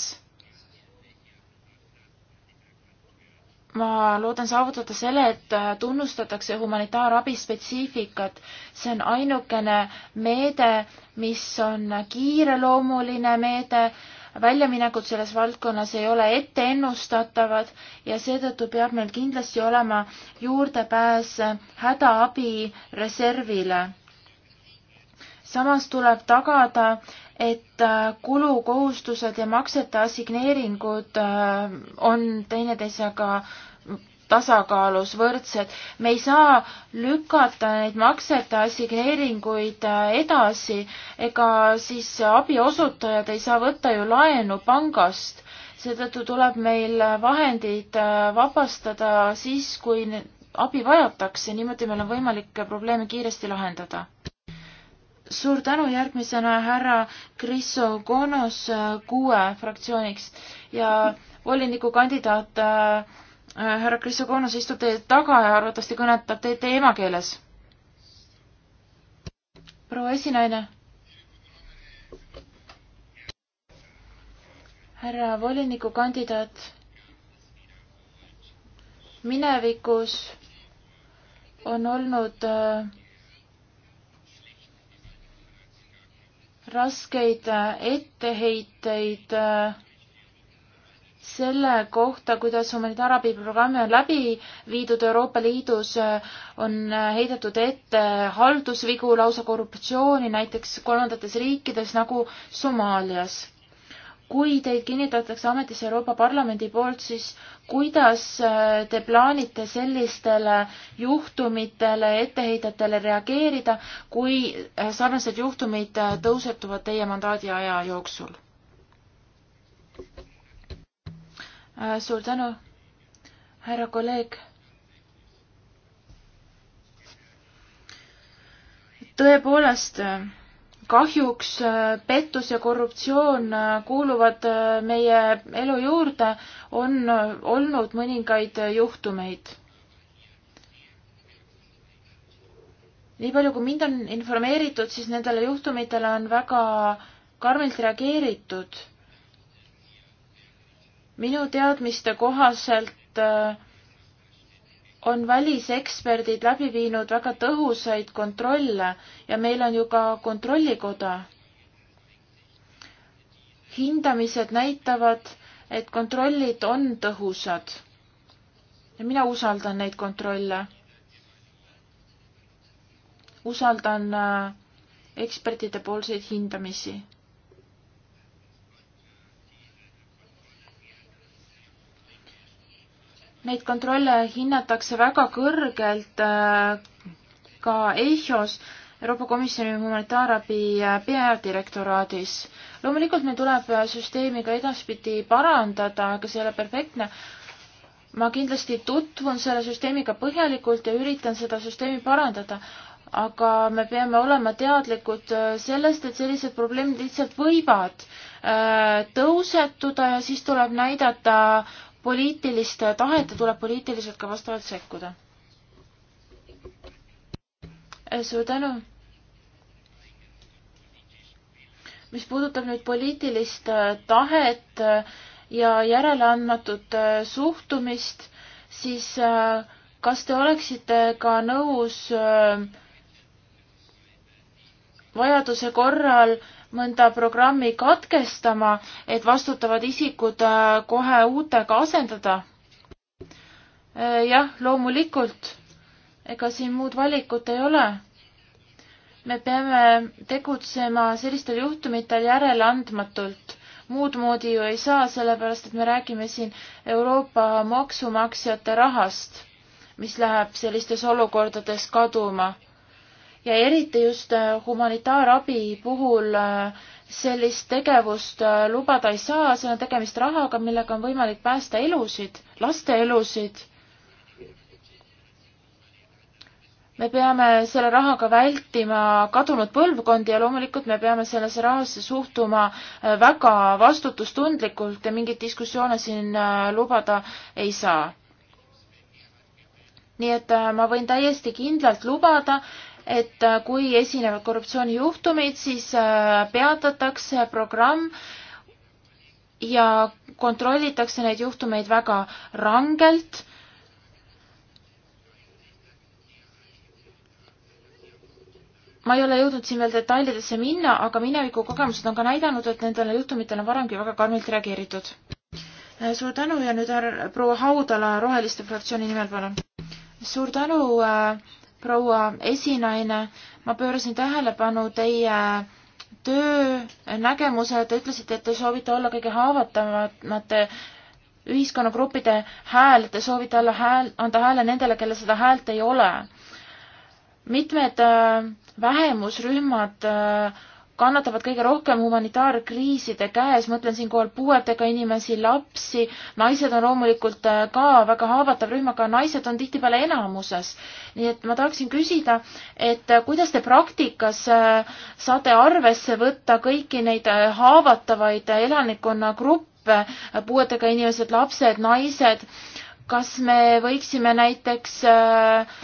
ma loodan saavutada selle, et äh, tunnustatakse humanitaarabi spetsiifikat. see on ainukene meede, mis on kiireloomuline meede, väljaminekud selles valdkonnas ei ole etteennustatavad ja seetõttu peab meil kindlasti olema juurdepääs hädaabireservile. samas tuleb tagada, et äh, kulukohustused ja maksete assigneeringud äh, on teineteisega tasakaalus võrdsed. me ei saa lükata neid maksete assigneeringuid äh, edasi, ega siis abiosutajad ei saa võtta ju laenu pangast. seetõttu tuleb meil äh, vahendid äh, vabastada siis, kui abi vajatakse, niimoodi meil on võimalik probleeme kiiresti lahendada. suur tänu järgmisena härra Kriso Konos kuue fraktsiooniks ja volinikukandidaat äh, härra Krissokoonus istub teie taga ja arvatavasti kõnetab teid teie emakeeles. proua esinaine. härra volinikukandidaat. minevikus on olnud äh, raskeid äh, etteheiteid äh, selle kohta, kuidas humanitaarabiprogramme on läbi viidud Euroopa Liidus, on heidetud ette haldusvigu, lausa korruptsiooni näiteks kolmandates riikides nagu Somaalias. kui teid kinnitatakse ametisse Euroopa Parlamendi poolt, siis kuidas te plaanite sellistele juhtumitele, etteheidetele reageerida, kui sarnased juhtumid tõusetuvad teie mandaadi aja jooksul? Äh, suur tänu, härra kolleeg. tõepoolest, äh, kahjuks äh, pettus ja korruptsioon kuuluvad meie elu juurde, on olnud mõningaid juhtumeid. nii palju, kui mind on informeeritud, siis nendele juhtumitele on väga karmilt reageeritud minu teadmiste kohaselt äh, on väliseksperdid läbi viinud väga tõhusaid kontrolle ja meil on ju ka kontrollikoda. hindamised näitavad, et kontrollid on tõhusad. ja mina usaldan neid kontrolle. usaldan äh, ekspertide poolseid hindamisi Neid kontrolle hinnatakse väga kõrgelt äh, ka EIHOs, Euroopa Komisjoni humanitaarabi äh, peadirektoraadis. loomulikult meil tuleb äh, süsteemi ka edaspidi parandada, aga see ei ole perfektne ma kindlasti tutvun selle süsteemiga põhjalikult ja üritan seda süsteemi parandada, aga me peame olema teadlikud sellest, et sellised probleemid lihtsalt võivad tõusetuda ja siis tuleb näidata poliitilist tahet ja tuleb poliitiliselt ka vastavalt sekkuda. suur tänu. mis puudutab nüüd poliitilist tahet ja järeleandmatut suhtumist, siis äh, kas te oleksite ka nõus äh, vajaduse korral äh, mõnda programmi katkestama, et vastutavad isikud äh, kohe uutega asendada? Äh, jah, loomulikult, ega siin muud valikut ei ole. me peame tegutsema sellistel juhtumitel järeleandmatult muud moodi ju ei saa, sellepärast et me räägime siin Euroopa maksumaksjate rahast, mis läheb sellistes olukordades kaduma ja eriti just äh, humanitaarabi puhul äh, sellist tegevust äh, lubada ei saa, seal on tegemist rahaga, millega on võimalik päästa elusid, laste elusid. me peame selle rahaga vältima kadunud põlvkondi ja loomulikult me peame sellesse rahasse suhtuma väga vastutustundlikult ja mingeid diskussioone siin lubada ei saa nii et äh, ma võin täiesti kindlalt lubada, et äh, kui esinevad korruptsioonijuhtumid, siis äh, peatatakse programm ja kontrollitakse neid juhtumeid väga rangelt. ma ei ole jõudnud siin veel detailidesse minna, aga minevikukogemused on ka näidanud, et nendele juhtumitele on varemgi väga karmilt reageeritud. suur tänu ja nüüd härra proua Haudala Roheliste fraktsiooni nimel, palun suur tänu äh,, proua esinaine, ma pöörasin tähelepanu teie äh, töönägemuse, te ütlesite, et te soovite olla kõige haavatavamate ühiskonnagruppide hääl, te soovite olla hääl, anda hääle nendele, kellel seda häält ei ole. mitmed äh, vähemusrühmad äh, kannatavad kõige rohkem humanitaarkriiside käes, mõtlen siinkohal puuetega inimesi, lapsi, naised on loomulikult äh, ka väga haavatav rühm, aga naised on tihtipeale enamuses. nii et ma tahaksin küsida, et äh, kuidas te praktikas äh, saate arvesse võtta kõiki neid haavatavaid elanikkonnagruppe, puuetega inimesed, lapsed, naised, kas me võiksime näiteks äh,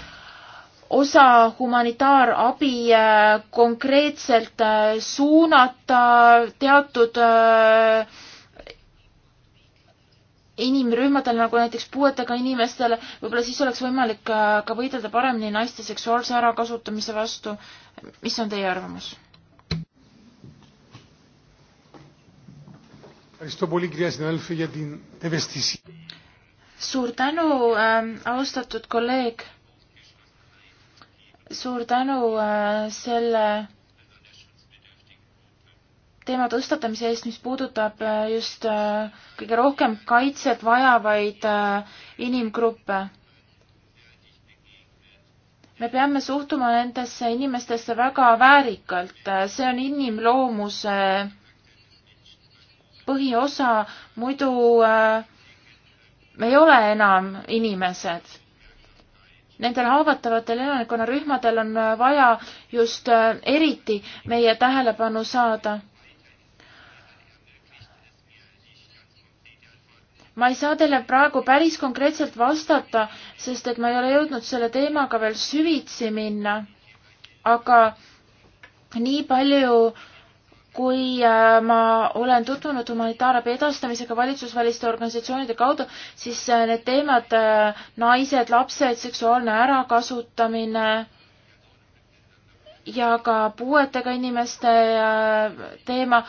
osa humanitaarabi äh, konkreetselt äh, suunata teatud äh, inimrühmadele, nagu näiteks puuetega inimestele, võib-olla siis oleks võimalik ka võidelda paremini naiste seksuaalse ärakasutamise vastu. mis on teie arvamus? suur tänu ähm,, austatud kolleeg suur tänu äh, selle teema tõstatamise eest, mis puudutab äh, just äh, kõige rohkem kaitset vajavaid inimgruppe. me peame suhtuma nendesse inimestesse väga väärikalt, see on inimloomuse põhiosa, muidu me ei ole enam inimesed nendel haavatavatel elanikkonnarühmadel on äh, vaja just äh, eriti meie tähelepanu saada. ma ei saa teile praegu päris konkreetselt vastata, sest et ma ei ole jõudnud selle teemaga veel süvitsi minna, aga nii palju kui äh, ma olen tutvunud humanitaarabi edastamisega valitsusväliste organisatsioonide kaudu, siis äh, need teemad, äh, naised, lapsed, seksuaalne ärakasutamine ja ka puuetega inimeste teema,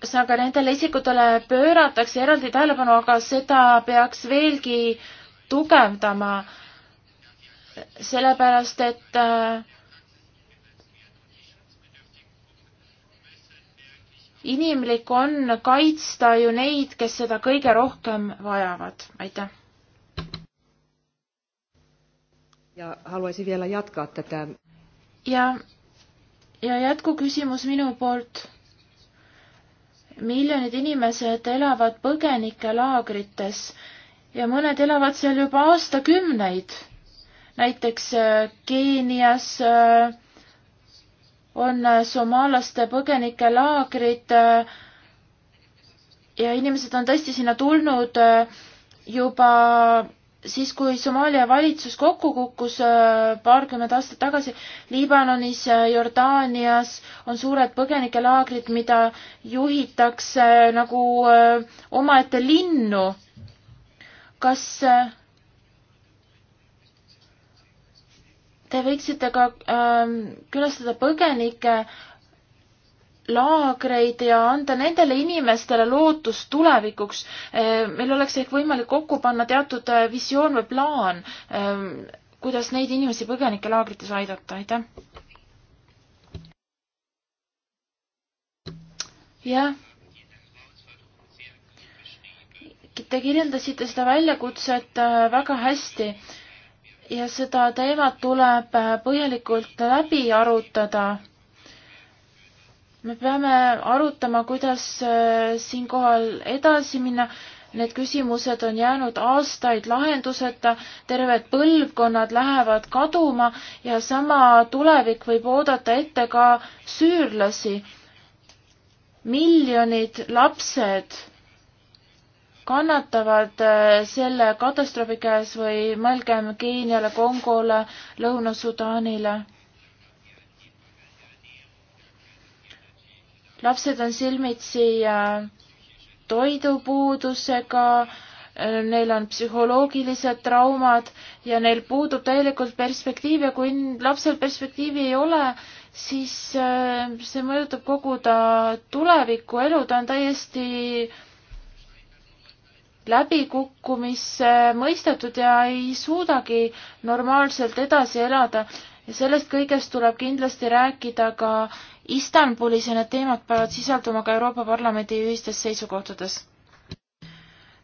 ühesõnaga nendele isikutele pööratakse eraldi tähelepanu, aga seda peaks veelgi tugevdama, sellepärast et äh, inimlik on kaitsta ju neid, kes seda kõige rohkem vajavad. aitäh! ja haluaisin vielä jatkaa tätä. ja, ja jätkuküsimus minu poolt. miljonid inimesed elavad põgenikelaagrites ja mõned elavad seal juba aastakümneid. näiteks äh, Keenias äh, on äh, somaalaste põgenikelaagrid äh, ja inimesed on tõesti sinna tulnud äh, juba siis, kui Somaalia valitsus kokku kukkus paarkümmend aastat tagasi, Liibanonis, Jordaanias on suured põgenikelaagrid, mida juhitakse nagu omaette linnu. kas Te võiksite ka ähm, külastada põgenike laagreid ja anda nendele inimestele lootust tulevikuks. Äh, meil oleks ehk võimalik kokku panna teatud äh, visioon või plaan, ähm, kuidas neid inimesi põgenikelaagrites aidata, aitäh. jah. Te kirjeldasite seda väljakutset äh, väga hästi ja seda teemat tuleb äh, põhjalikult läbi arutada. me peame arutama, kuidas äh, siinkohal edasi minna. Need küsimused on jäänud aastaid lahenduseta, terved põlvkonnad lähevad kaduma ja sama tulevik võib oodata ette ka süürlasi. miljonid lapsed kannatavad äh, selle katastroofi käes või mõelgem Keeniale, Kongole, Lõuna-Sudaanile. lapsed on silmitsi äh, toidupuudusega, äh, neil on psühholoogilised traumad ja neil puudub täielikult perspektiiv ja kui lapsel perspektiivi ei ole, siis see mõjutab kogu ta tulevikuelu, ta on täiesti läbikukkumisse mõistetud ja ei suudagi normaalselt edasi elada. ja sellest kõigest tuleb kindlasti rääkida ka Istanbulis ja need teemad peavad sisalduma ka Euroopa Parlamendi ühistes seisukohtades.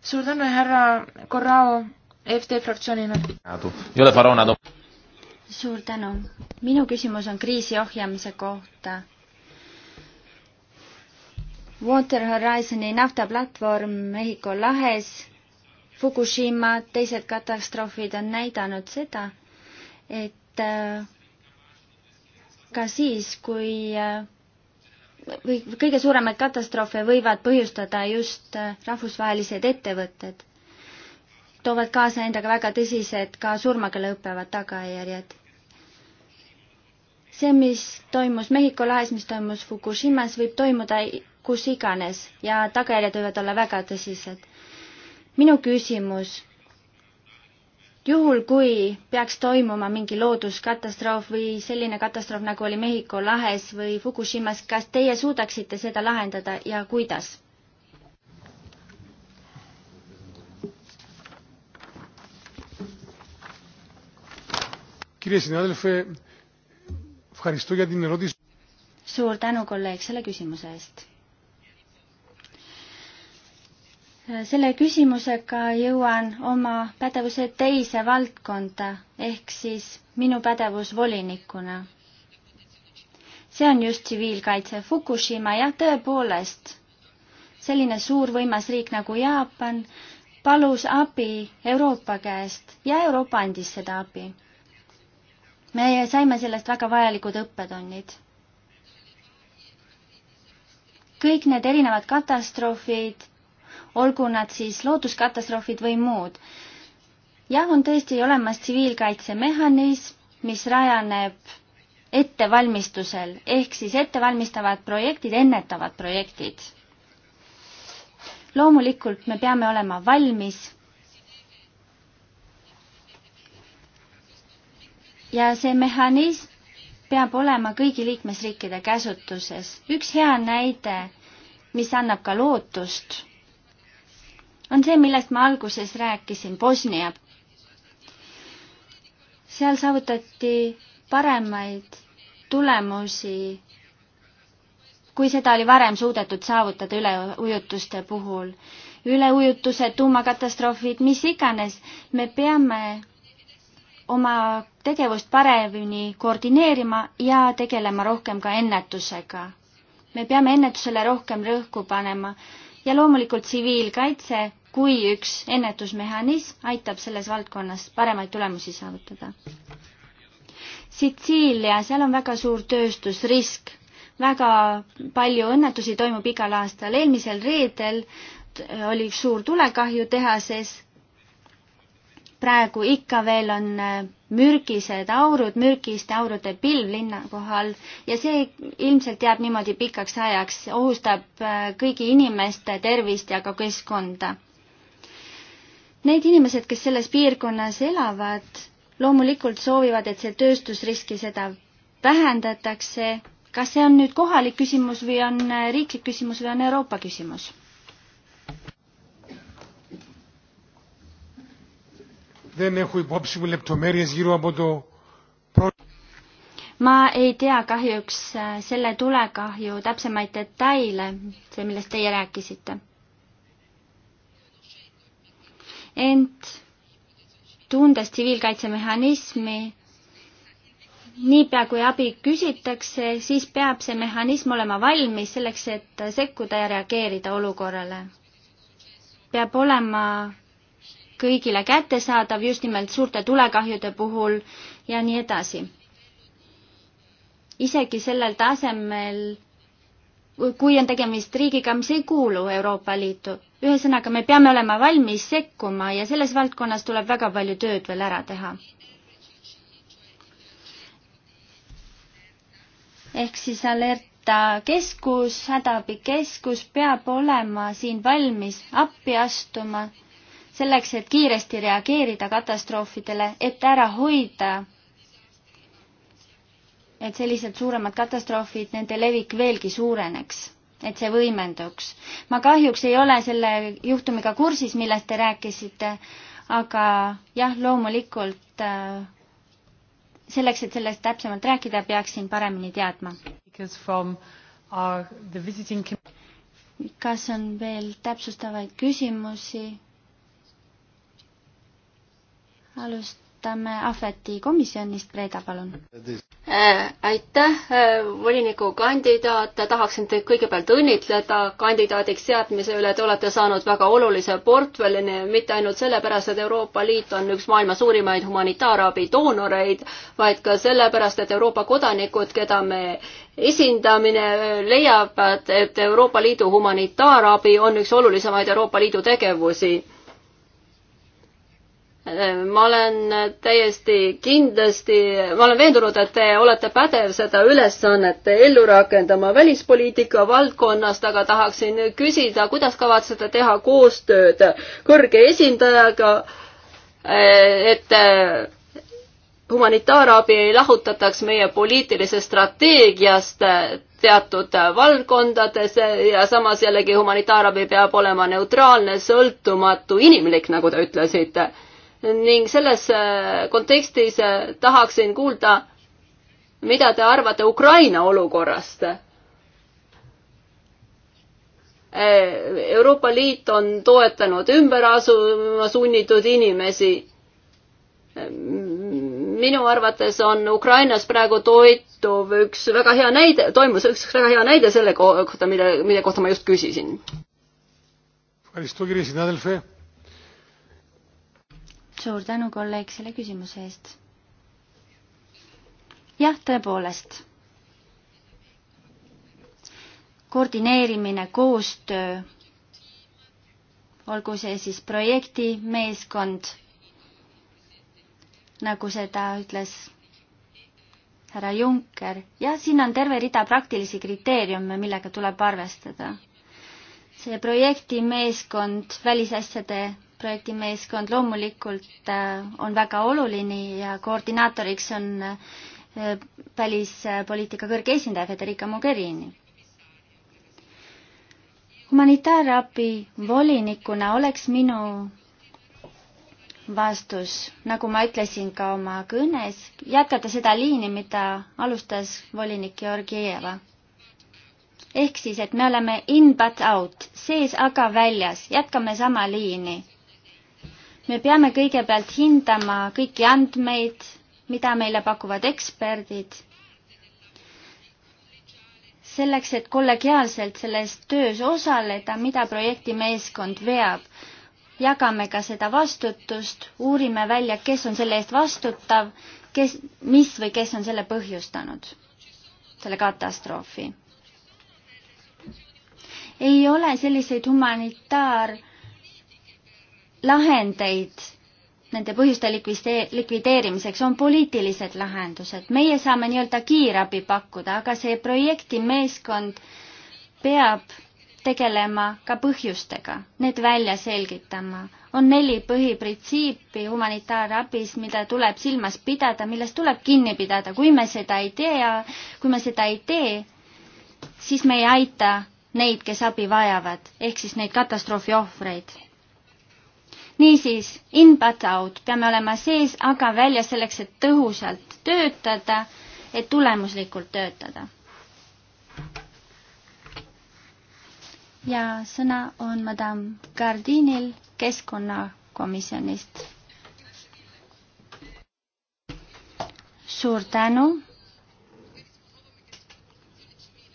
suur tänu, härra Corrao, FD fraktsiooni nimel. suur tänu. minu küsimus on kriisi ohjamise kohta Water Horizoni naftaplatvorm Mehhiko lahes, Fukushima, teised katastroofid on näidanud seda, et äh, ka siis, kui äh, või kõige suuremaid katastroofe võivad põhjustada just äh, rahvusvahelised ettevõtted, toovad kaasa endaga väga tõsised, ka surmaga lõpevad tagajärjed see, mis toimus Mehhiko lahes, mis toimus Fukushimas, võib toimuda kus iganes ja tagajärjed võivad olla väga tõsised. minu küsimus, juhul kui peaks toimuma mingi looduskatastroof või selline katastroof, nagu oli Mehhiko lahes või Fukushimas, kas teie suudaksite seda lahendada ja kuidas? Κύριε συνάδελφε, ευχαριστώ για την ερώτηση. Suur tänu, kolleeg, selle küsimuse eest. selle küsimusega jõuan oma pädevuse teise valdkonda ehk siis minu pädevus volinikuna. see on just tsiviilkaitse Fukushima, jah, tõepoolest, selline suur võimas riik nagu Jaapan palus abi Euroopa käest ja Euroopa andis seda abi. me saime sellest väga vajalikud õppetunnid. kõik need erinevad katastroofid olgu nad siis looduskatastroofid või muud. jah, on tõesti olemas tsiviilkaitsemehhanism, mis rajaneb ettevalmistusel ehk siis ettevalmistavad projektid, ennetavad projektid. loomulikult me peame olema valmis ja see mehhanism peab olema kõigi liikmesriikide käsutuses. üks hea näide, mis annab ka lootust, on see, millest ma alguses rääkisin, Bosnia. seal saavutati paremaid tulemusi, kui seda oli varem suudetud saavutada üleujutuste puhul. üleujutused, tuumakatastroofid, mis iganes, me peame oma tegevust paremini koordineerima ja tegelema rohkem ka ennetusega. me peame ennetusele rohkem rõhku panema ja loomulikult tsiviilkaitse kui üks ennetusmehhanism aitab selles valdkonnas paremaid tulemusi saavutada. Sitsiilia, seal on väga suur tööstusrisk, väga palju õnnetusi toimub igal aastal, eelmisel reedel oli üks suur tulekahju tehases praegu ikka veel on äh, mürgised aurud, mürgiste aurude pilv linna kohal ja see ilmselt jääb niimoodi pikaks ajaks, ohustab äh, kõigi inimeste tervist ja ka keskkonda. Need inimesed, kes selles piirkonnas elavad, loomulikult soovivad, et see tööstusriski seda vähendatakse. kas see on nüüd kohalik küsimus või on äh, riiklik küsimus või on Euroopa küsimus? Δεν έχω υπόψη μου λεπτομέρειες γύρω από το ma ei tea kahjuks äh, selle tulekahju täpsemaid detaile, see, millest teie rääkisite. ent tundes tsiviilkaitsemehhanismi, niipea kui abi küsitakse, siis peab see mehhanism olema valmis selleks, et sekkuda ja reageerida olukorrale. peab olema kõigile kättesaadav just nimelt suurte tulekahjude puhul ja nii edasi. isegi sellel tasemel, kui on tegemist riigiga, mis ei kuulu Euroopa Liitu. ühesõnaga, me peame olema valmis sekkuma ja selles valdkonnas tuleb väga palju tööd veel ära teha. ehk siis alert Ameerika keskus, hädaabikeskus peab olema siin valmis appi astuma selleks, et kiiresti reageerida katastroofidele, et ära hoida, et sellised suuremad katastroofid, nende levik veelgi suureneks, et see võimenduks. ma kahjuks ei ole selle juhtumiga kursis, millest te rääkisite, aga jah, loomulikult äh, selleks, et sellest täpsemalt rääkida, peaksin paremini teadma. Uh, visiting... kas on veel täpsustavaid küsimusi? alustame Ahveti komisjonist, Reeda, palun. Äh, aitäh, äh, volinikukandidaat, tahaksin teid kõigepealt õnnitleda kandidaadiks seadmise üle, te olete saanud väga olulise portfellini, mitte ainult sellepärast, et Euroopa Liit on üks maailma suurimaid humanitaarabi doonoreid, vaid ka sellepärast, et Euroopa kodanikud, keda me esindamine äh, leiab, et Euroopa Liidu humanitaarabi on üks olulisemaid Euroopa Liidu tegevusi ma olen täiesti kindlasti, ma olen veendunud, et te olete pädev seda ülesannet ellu rakendama välispoliitika valdkonnast, aga tahaksin küsida, kuidas kavatsete teha koostööd kõrge esindajaga, et humanitaarabi ei lahutataks meie poliitilisest strateegiast teatud valdkondades ja samas jällegi humanitaarabi peab olema neutraalne, sõltumatu, inimlik, nagu te ütlesite ning selles äh, kontekstis äh, tahaksin kuulda, mida te arvate Ukraina olukorrast. Äh, Euroopa Liit on toetanud ümber asuma sunnitud inimesi. minu arvates on Ukrainas praegu toituv üks väga hea näide, toimus üks väga hea näide selle kohta, mille, mille kohta ma just küsisin. Aristo Kiri, sina, Delfi? suur tänu, kolleeg, selle küsimuse eest. jah, tõepoolest. koordineerimine, koostöö, olgu see siis projekti meeskond, nagu seda ütles härra Juncker, jah, siin on terve rida praktilisi kriteeriume, millega tuleb arvestada. see projekti meeskond välisasjade projektimeeskond loomulikult äh, on väga oluline ja koordinaatoriks on äh, välispoliitika äh, kõrge esindaja Federica Mogherini. humanitaarabi volinikuna oleks minu vastus, nagu ma ütlesin ka oma kõnes, jätkata seda liini, mida alustas volinik Georgieva. ehk siis, et me oleme in but out, sees aga väljas, jätkame sama liini me peame kõigepealt hindama kõiki andmeid, mida meile pakuvad eksperdid, selleks, et kollegiaalselt selles töös osaleda, mida projektimeeskond veab. jagame ka seda vastutust, uurime välja, kes on selle eest vastutav, kes, mis või kes on selle põhjustanud, selle katastroofi. ei ole selliseid humanitaar- lahendeid nende põhjuste likvideerimiseks on poliitilised lahendused. meie saame nii-öelda kiirabi pakkuda, aga see projektimeeskond peab tegelema ka põhjustega, need välja selgitama. on neli põhiprintsiipi humanitaarabis, mida tuleb silmas pidada, millest tuleb kinni pidada. kui me seda ei tea, kui me seda ei tee, siis me ei aita neid, kes abi vajavad, ehk siis neid katastroofi ohvreid niisiis, in but out, peame olema sees, aga väljas selleks, et tõhusalt töötada, et tulemuslikult töötada. ja sõna on madam Gardinil keskkonnakomisjonist. suur tänu.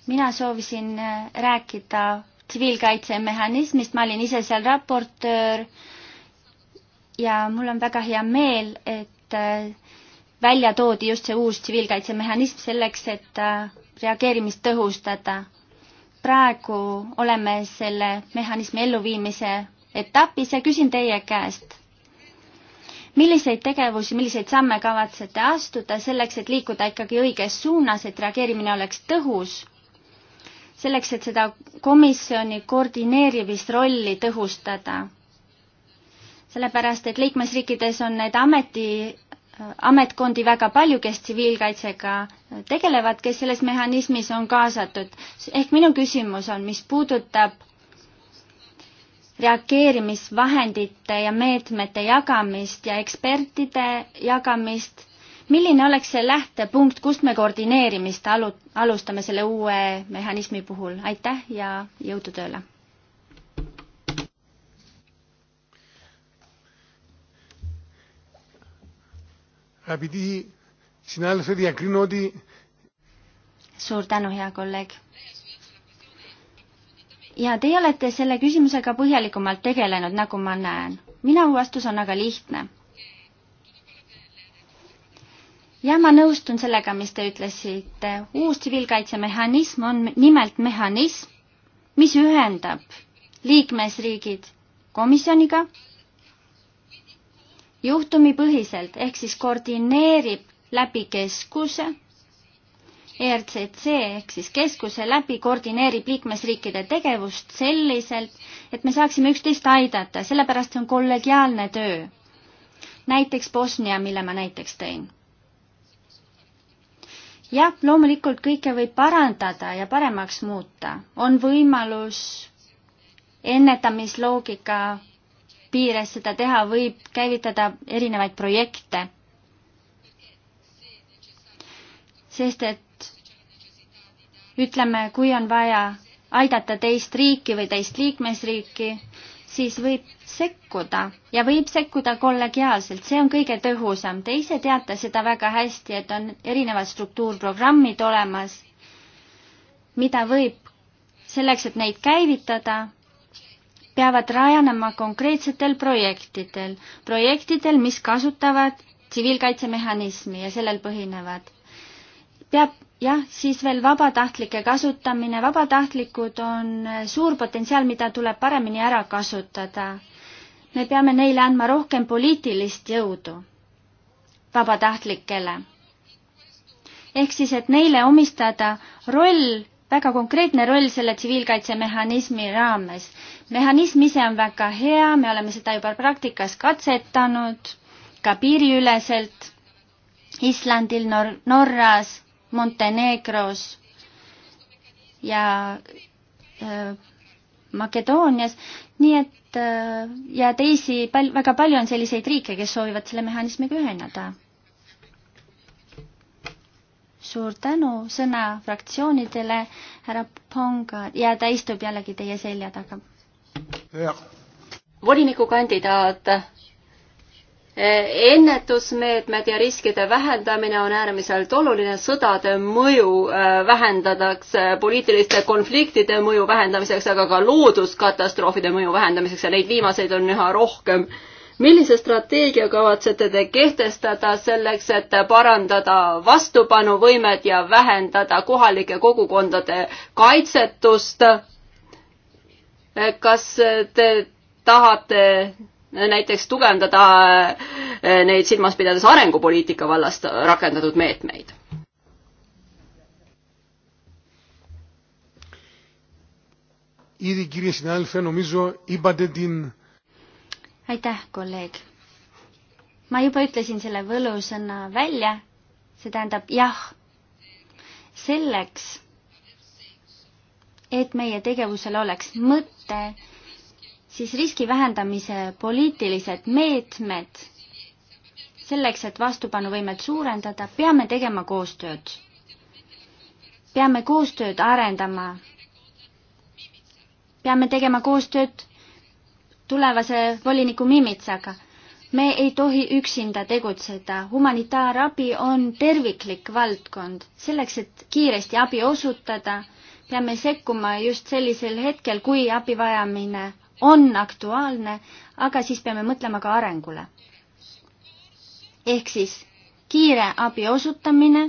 mina soovisin äh, rääkida tsiviilkaitsemehhanismist, ma olin ise seal raportöör ja mul on väga hea meel, et äh, välja toodi just see uus tsiviilkaitsemehhanism selleks, et äh, reageerimist tõhustada. praegu oleme selle mehhanismi elluviimise etapis ja küsin teie käest, milliseid tegevusi, milliseid samme kavatsete astuda selleks, et liikuda ikkagi õiges suunas, et reageerimine oleks tõhus, selleks, et seda komisjoni koordineerimist rolli tõhustada sellepärast et liikmesriikides on need ameti, ametkondi väga palju, kes tsiviilkaitsega tegelevad, kes selles mehhanismis on kaasatud. ehk minu küsimus on, mis puudutab reageerimisvahendite ja meetmete jagamist ja ekspertide jagamist, milline oleks see lähtepunkt, kust me koordineerimist alu-, alustame selle uue mehhanismi puhul, aitäh ja jõudu tööle! Αγαπητοί συνάδελφοι, διακρίνω ότι... Suur tänu, hea kolleeg. ja teie olete selle küsimusega põhjalikumalt tegelenud, nagu ma näen. minu vastus on aga lihtne. ja ma nõustun sellega, mis te ütlesite. uus tsiviilkaitsemehhanism on nimelt mehhanism, mis ühendab liikmesriigid komisjoniga juhtumipõhiselt ehk siis koordineerib läbi keskuse, ERCC ehk siis keskuse läbi koordineerib liikmesriikide tegevust selliselt, et me saaksime üksteist aidata, sellepärast see on kollegiaalne töö. näiteks Bosnia, mille ma näiteks tõin. jah, loomulikult kõike võib parandada ja paremaks muuta, on võimalus ennetamisloogika piires seda teha, võib käivitada erinevaid projekte. sest et ütleme, kui on vaja aidata teist riiki või teist liikmesriiki, siis võib sekkuda ja võib sekkuda kollegiaalselt, see on kõige tõhusam. Te ise teate seda väga hästi, et on erinevad struktuurprogrammid olemas, mida võib selleks, et neid käivitada, peavad rajanema konkreetsetel projektidel, projektidel, mis kasutavad tsiviilkaitsemehhanismi ja sellel põhinevad. peab jah, siis veel vabatahtlike kasutamine, vabatahtlikud on eh, suur potentsiaal, mida tuleb paremini ära kasutada. me peame neile andma rohkem poliitilist jõudu, vabatahtlikele. ehk siis, et neile omistada roll väga konkreetne roll selle tsiviilkaitsemehhanismi raames. mehhanism ise on väga hea, me oleme seda juba praktikas katsetanud, ka piiriüleselt Islandil Nor, Norras, Montenegros ja äh, Makedoonias, nii et äh, ja teisi pal-, väga palju on selliseid riike, kes soovivad selle mehhanismiga ühineda suur tänu, sõna fraktsioonidele, härra Ponga ja ta istub jällegi teie selja taga. volinikukandidaat, eh, ennetusmeetmed ja riskide vähendamine on äärmiselt oluline, sõdade mõju eh, vähendatakse, poliitiliste konfliktide mõju vähendamiseks, aga ka looduskatastroofide mõju vähendamiseks ja neid viimaseid on üha rohkem millise strateegia kavatsete te kehtestada selleks, et parandada vastupanuvõimet ja vähendada kohalike kogukondade kaitsetust? kas te tahate näiteks tugevdada eh, neid silmas pidades arengupoliitika vallast rakendatud meetmeid? Ήδη κύριε συνάδελφε νομίζω είπατε την aitäh, kolleeg. ma juba ütlesin selle võlusõna välja, see tähendab jah. selleks, et meie tegevusel oleks mõte, siis riski vähendamise poliitilised meetmed selleks, et vastupanuvõimet suurendada, peame tegema koostööd. peame koostööd arendama. peame tegema koostööd tulevase voliniku Mimitsaga. me ei tohi üksinda tegutseda, humanitaarabi on terviklik valdkond. selleks, et kiiresti abi osutada, peame sekkuma just sellisel hetkel, kui abivajamine on aktuaalne, aga siis peame mõtlema ka arengule. ehk siis kiire abi osutamine,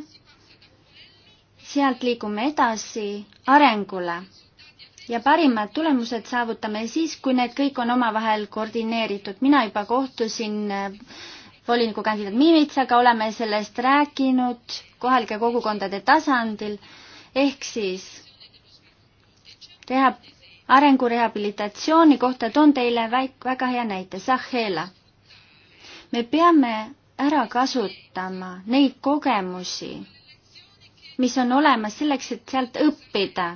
sealt liigume edasi arengule ja parimad tulemused saavutame siis, kui need kõik on omavahel koordineeritud. mina juba kohtusin äh, volinikukandidaat Miimitsaga, oleme sellest rääkinud kohalike kogukondade tasandil, ehk siis reha-, arengurehabilitatsiooni kohta toon teile väik-, väga hea näite, Sahela. me peame ära kasutama neid kogemusi, mis on olemas selleks, et sealt õppida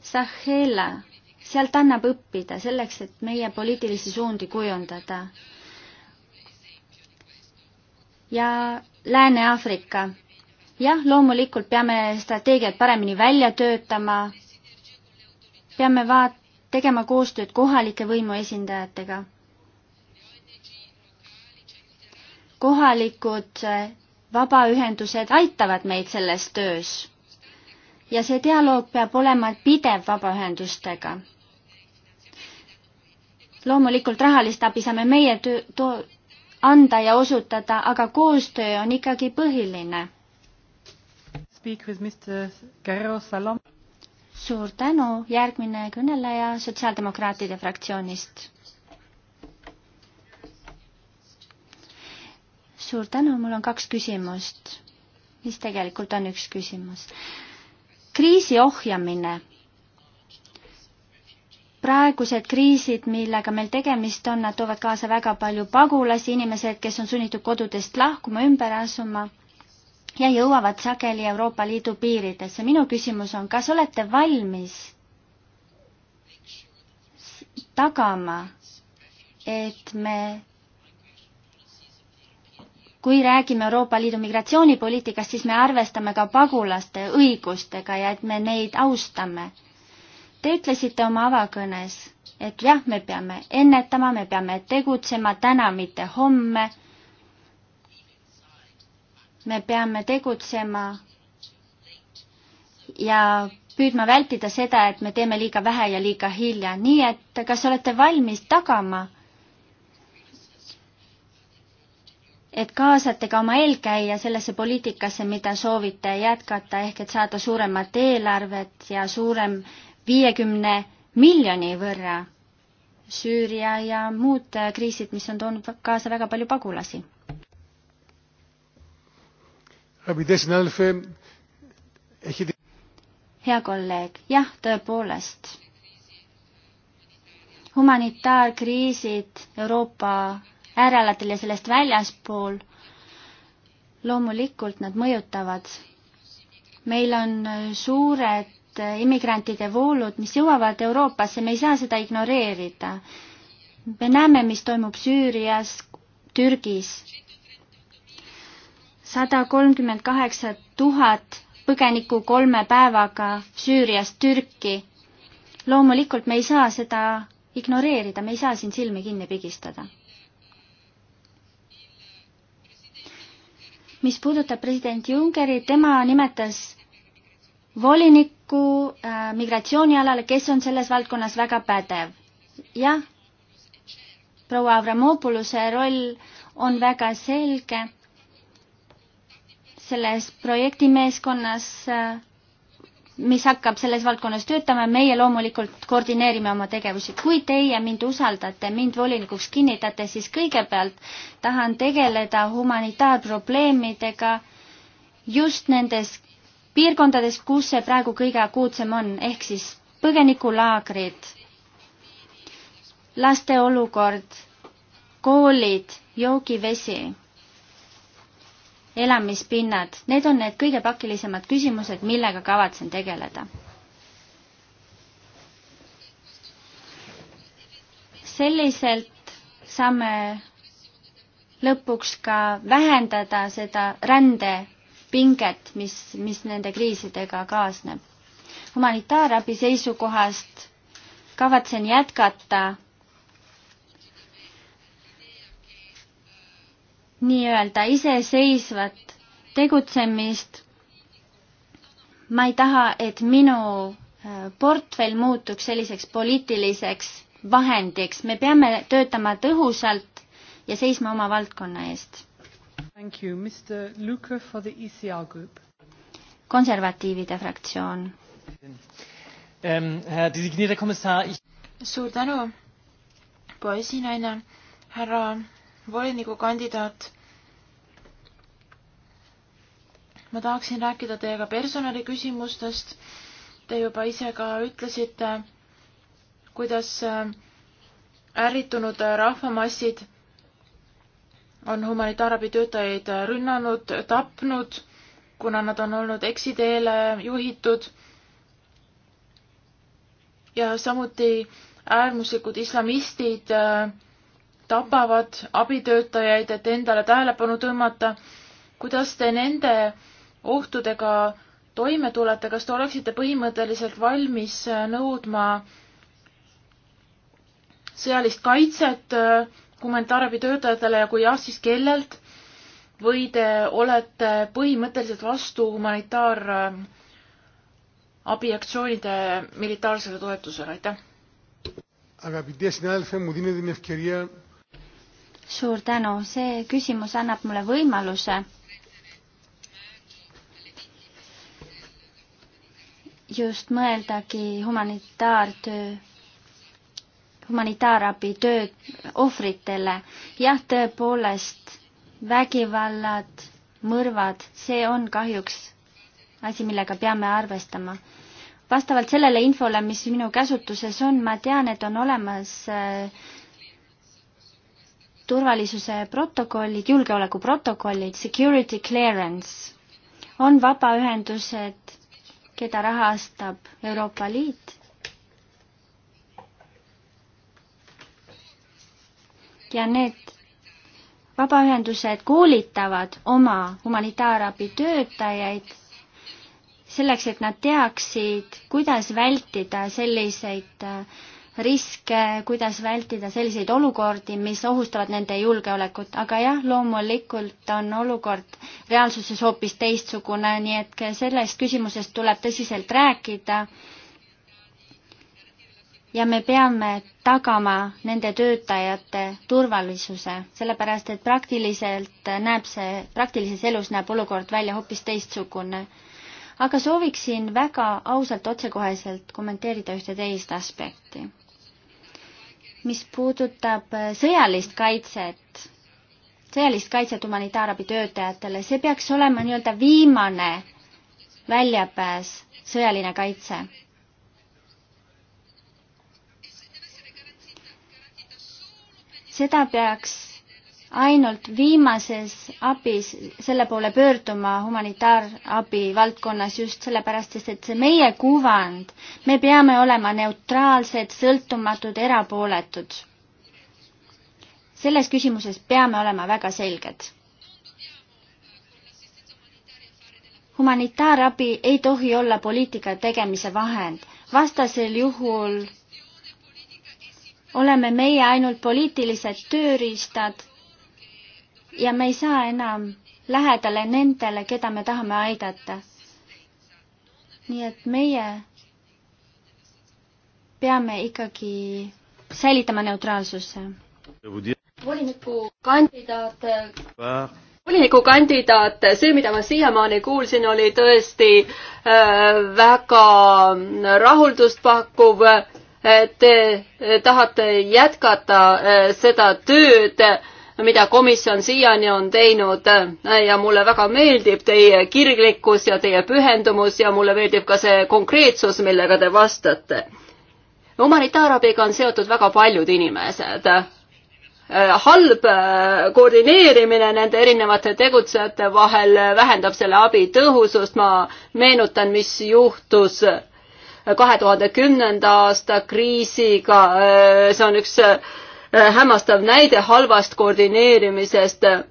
Sahela, sealt annab õppida selleks, et meie poliitilisi suundi kujundada. ja Lääne-Aafrika. jah, loomulikult peame strateegiat paremini välja töötama, peame vaat-, tegema koostööd kohalike võimu esindajatega. kohalikud vabaühendused aitavad meid selles töös ja see dialoog peab olema pidev vabaühendustega. loomulikult rahalist abi saame meie töö, anda ja osutada, aga koostöö on ikkagi põhiline. suur tänu, järgmine kõneleja Sotsiaaldemokraatide fraktsioonist. suur tänu, mul on kaks küsimust, mis tegelikult on üks küsimus kriisi ohjamine. praegused kriisid, millega meil tegemist on, nad toovad kaasa väga palju pagulasi, inimesed, kes on sunnitud kodudest lahkuma, ümber asuma ja jõuavad sageli Euroopa Liidu piiridesse. minu küsimus on, kas olete valmis tagama, et me kui räägime Euroopa Liidu migratsioonipoliitikast, siis me arvestame ka pagulaste õigustega ja et me neid austame. Te ütlesite oma avakõnes, et jah, me peame ennetama, me peame tegutsema täna, mitte homme. me peame tegutsema ja püüdma vältida seda, et me teeme liiga vähe ja liiga hilja, nii et kas olete valmis tagama et kaasate ka oma eelkäija sellesse poliitikasse, mida soovite jätkata, ehk et saada suuremat eelarvet ja suurem viiekümne miljoni võrra Süüria ja muud kriisid, mis on toonud kaasa väga palju pagulasi. hea kolleeg, jah, tõepoolest. humanitaarkriisid Euroopa äärealadel ja sellest väljaspool, loomulikult nad mõjutavad. meil on äh, suured äh, immigrantide voolud, mis jõuavad Euroopasse, me ei saa seda ignoreerida. me näeme, mis toimub Süürias, Türgis. sada kolmkümmend kaheksa tuhat põgenikku kolme päevaga Süüriast Türki. loomulikult me ei saa seda ignoreerida, me ei saa siin silmi kinni pigistada mis puudutab president Junckeri, tema nimetas volinikku äh, migratsioonialale, kes on selles valdkonnas väga pädev. jah, proua Avramopoluse roll on väga selge selles projektimeeskonnas äh, mis hakkab selles valdkonnas töötama, meie loomulikult koordineerime oma tegevusi. kui teie mind usaldate, mind volinikuks kinnitate, siis kõigepealt tahan tegeleda humanitaarprobleemidega just nendes piirkondades, kus see praegu kõige akuutsem on, ehk siis põgenikulaagrid, laste olukord, koolid, joogivesi elamispinnad, need on need kõige pakilisemad küsimused, millega kavatsen tegeleda. selliselt saame lõpuks ka vähendada seda rändepinget, mis, mis nende kriisidega kaasneb. humanitaarabi seisukohast kavatsen jätkata nii-öelda iseseisvat tegutsemist. ma ei taha, et minu äh, portfell muutuks selliseks poliitiliseks vahendiks, me peame töötama tõhusalt ja seisma oma valdkonna eest. E konservatiivide fraktsioon. Ähm, suur tänu, poisinaine, härra volinikukandidaat. ma tahaksin rääkida teiega personaliküsimustest. Te juba ise ka ütlesite, kuidas äh, ärritunud äh, rahvamassid on humanitaarabi töötajaid äh, rünnanud, tapnud, kuna nad on olnud eksiteele juhitud. ja samuti äärmuslikud islamistid äh, tapavad abitöötajaid, et endale tähelepanu tõmmata. kuidas te nende ohtudega toime tulete, kas te oleksite põhimõtteliselt valmis nõudma sõjalist kaitset äh, humanitaarabitöötajatele ja kui jah, siis kellelt? või te olete põhimõtteliselt vastu humanitaarabiaktsioonide äh, militaarsele toetusele, aitäh? suur tänu, see küsimus annab mulle võimaluse just mõeldagi humanitaartöö, humanitaarabi töö ohvritele. jah, tõepoolest, vägivallad, mõrvad, see on kahjuks asi, millega peame arvestama. vastavalt sellele infole, mis minu käsutuses on, ma tean, et on olemas äh, turvalisuse protokollid, julgeolekuprotokollid, security clearance, on vabaühendused, keda rahastab Euroopa Liit. ja need vabaühendused koolitavad oma humanitaarabi töötajaid selleks, et nad teaksid, kuidas vältida selliseid äh, riske, kuidas vältida selliseid olukordi, mis ohustavad nende julgeolekut, aga jah, loomulikult on olukord reaalsuses hoopis teistsugune, nii et sellest küsimusest tuleb tõsiselt rääkida. ja me peame tagama nende töötajate turvalisuse, sellepärast et praktiliselt näeb see, praktilises elus näeb olukord välja hoopis teistsugune aga sooviksin väga ausalt otsekoheselt kommenteerida ühte teist aspekti mis puudutab äh, sõjalist kaitset, sõjalist kaitset humanitaarabi töötajatele, see peaks olema nii-öelda viimane väljapääs, sõjaline kaitse. seda peaks ainult viimases abis selle poole pöörduma humanitaarabi valdkonnas just sellepärast, sest et see meie kuvand, me peame olema neutraalsed, sõltumatud, erapooletud. selles küsimuses peame olema väga selged. humanitaarabi ei tohi olla poliitika tegemise vahend, vastasel juhul oleme meie ainult poliitilised tööriistad ja me ei saa enam lähedale nendele, keda me tahame aidata. nii et meie peame ikkagi säilitama neutraalsuse. volinikukandidaat volinikukandidaat, see, mida ma siiamaani kuulsin, oli tõesti äh, väga rahuldustpakkuv. Te tahate jätkata äh, seda tööd mida komisjon siiani on teinud äh, ja mulle väga meeldib teie kirglikkus ja teie pühendumus ja mulle meeldib ka see konkreetsus, millega te vastate. humanitaarabiga on seotud väga paljud inimesed. Äh, halb äh, koordineerimine nende erinevate tegutsejate vahel vähendab selle abi tõhusust, ma meenutan, mis juhtus kahe tuhande kümnenda aasta kriisiga, see on üks Äh, hämmastav näide halvast koordineerimisest. Äh,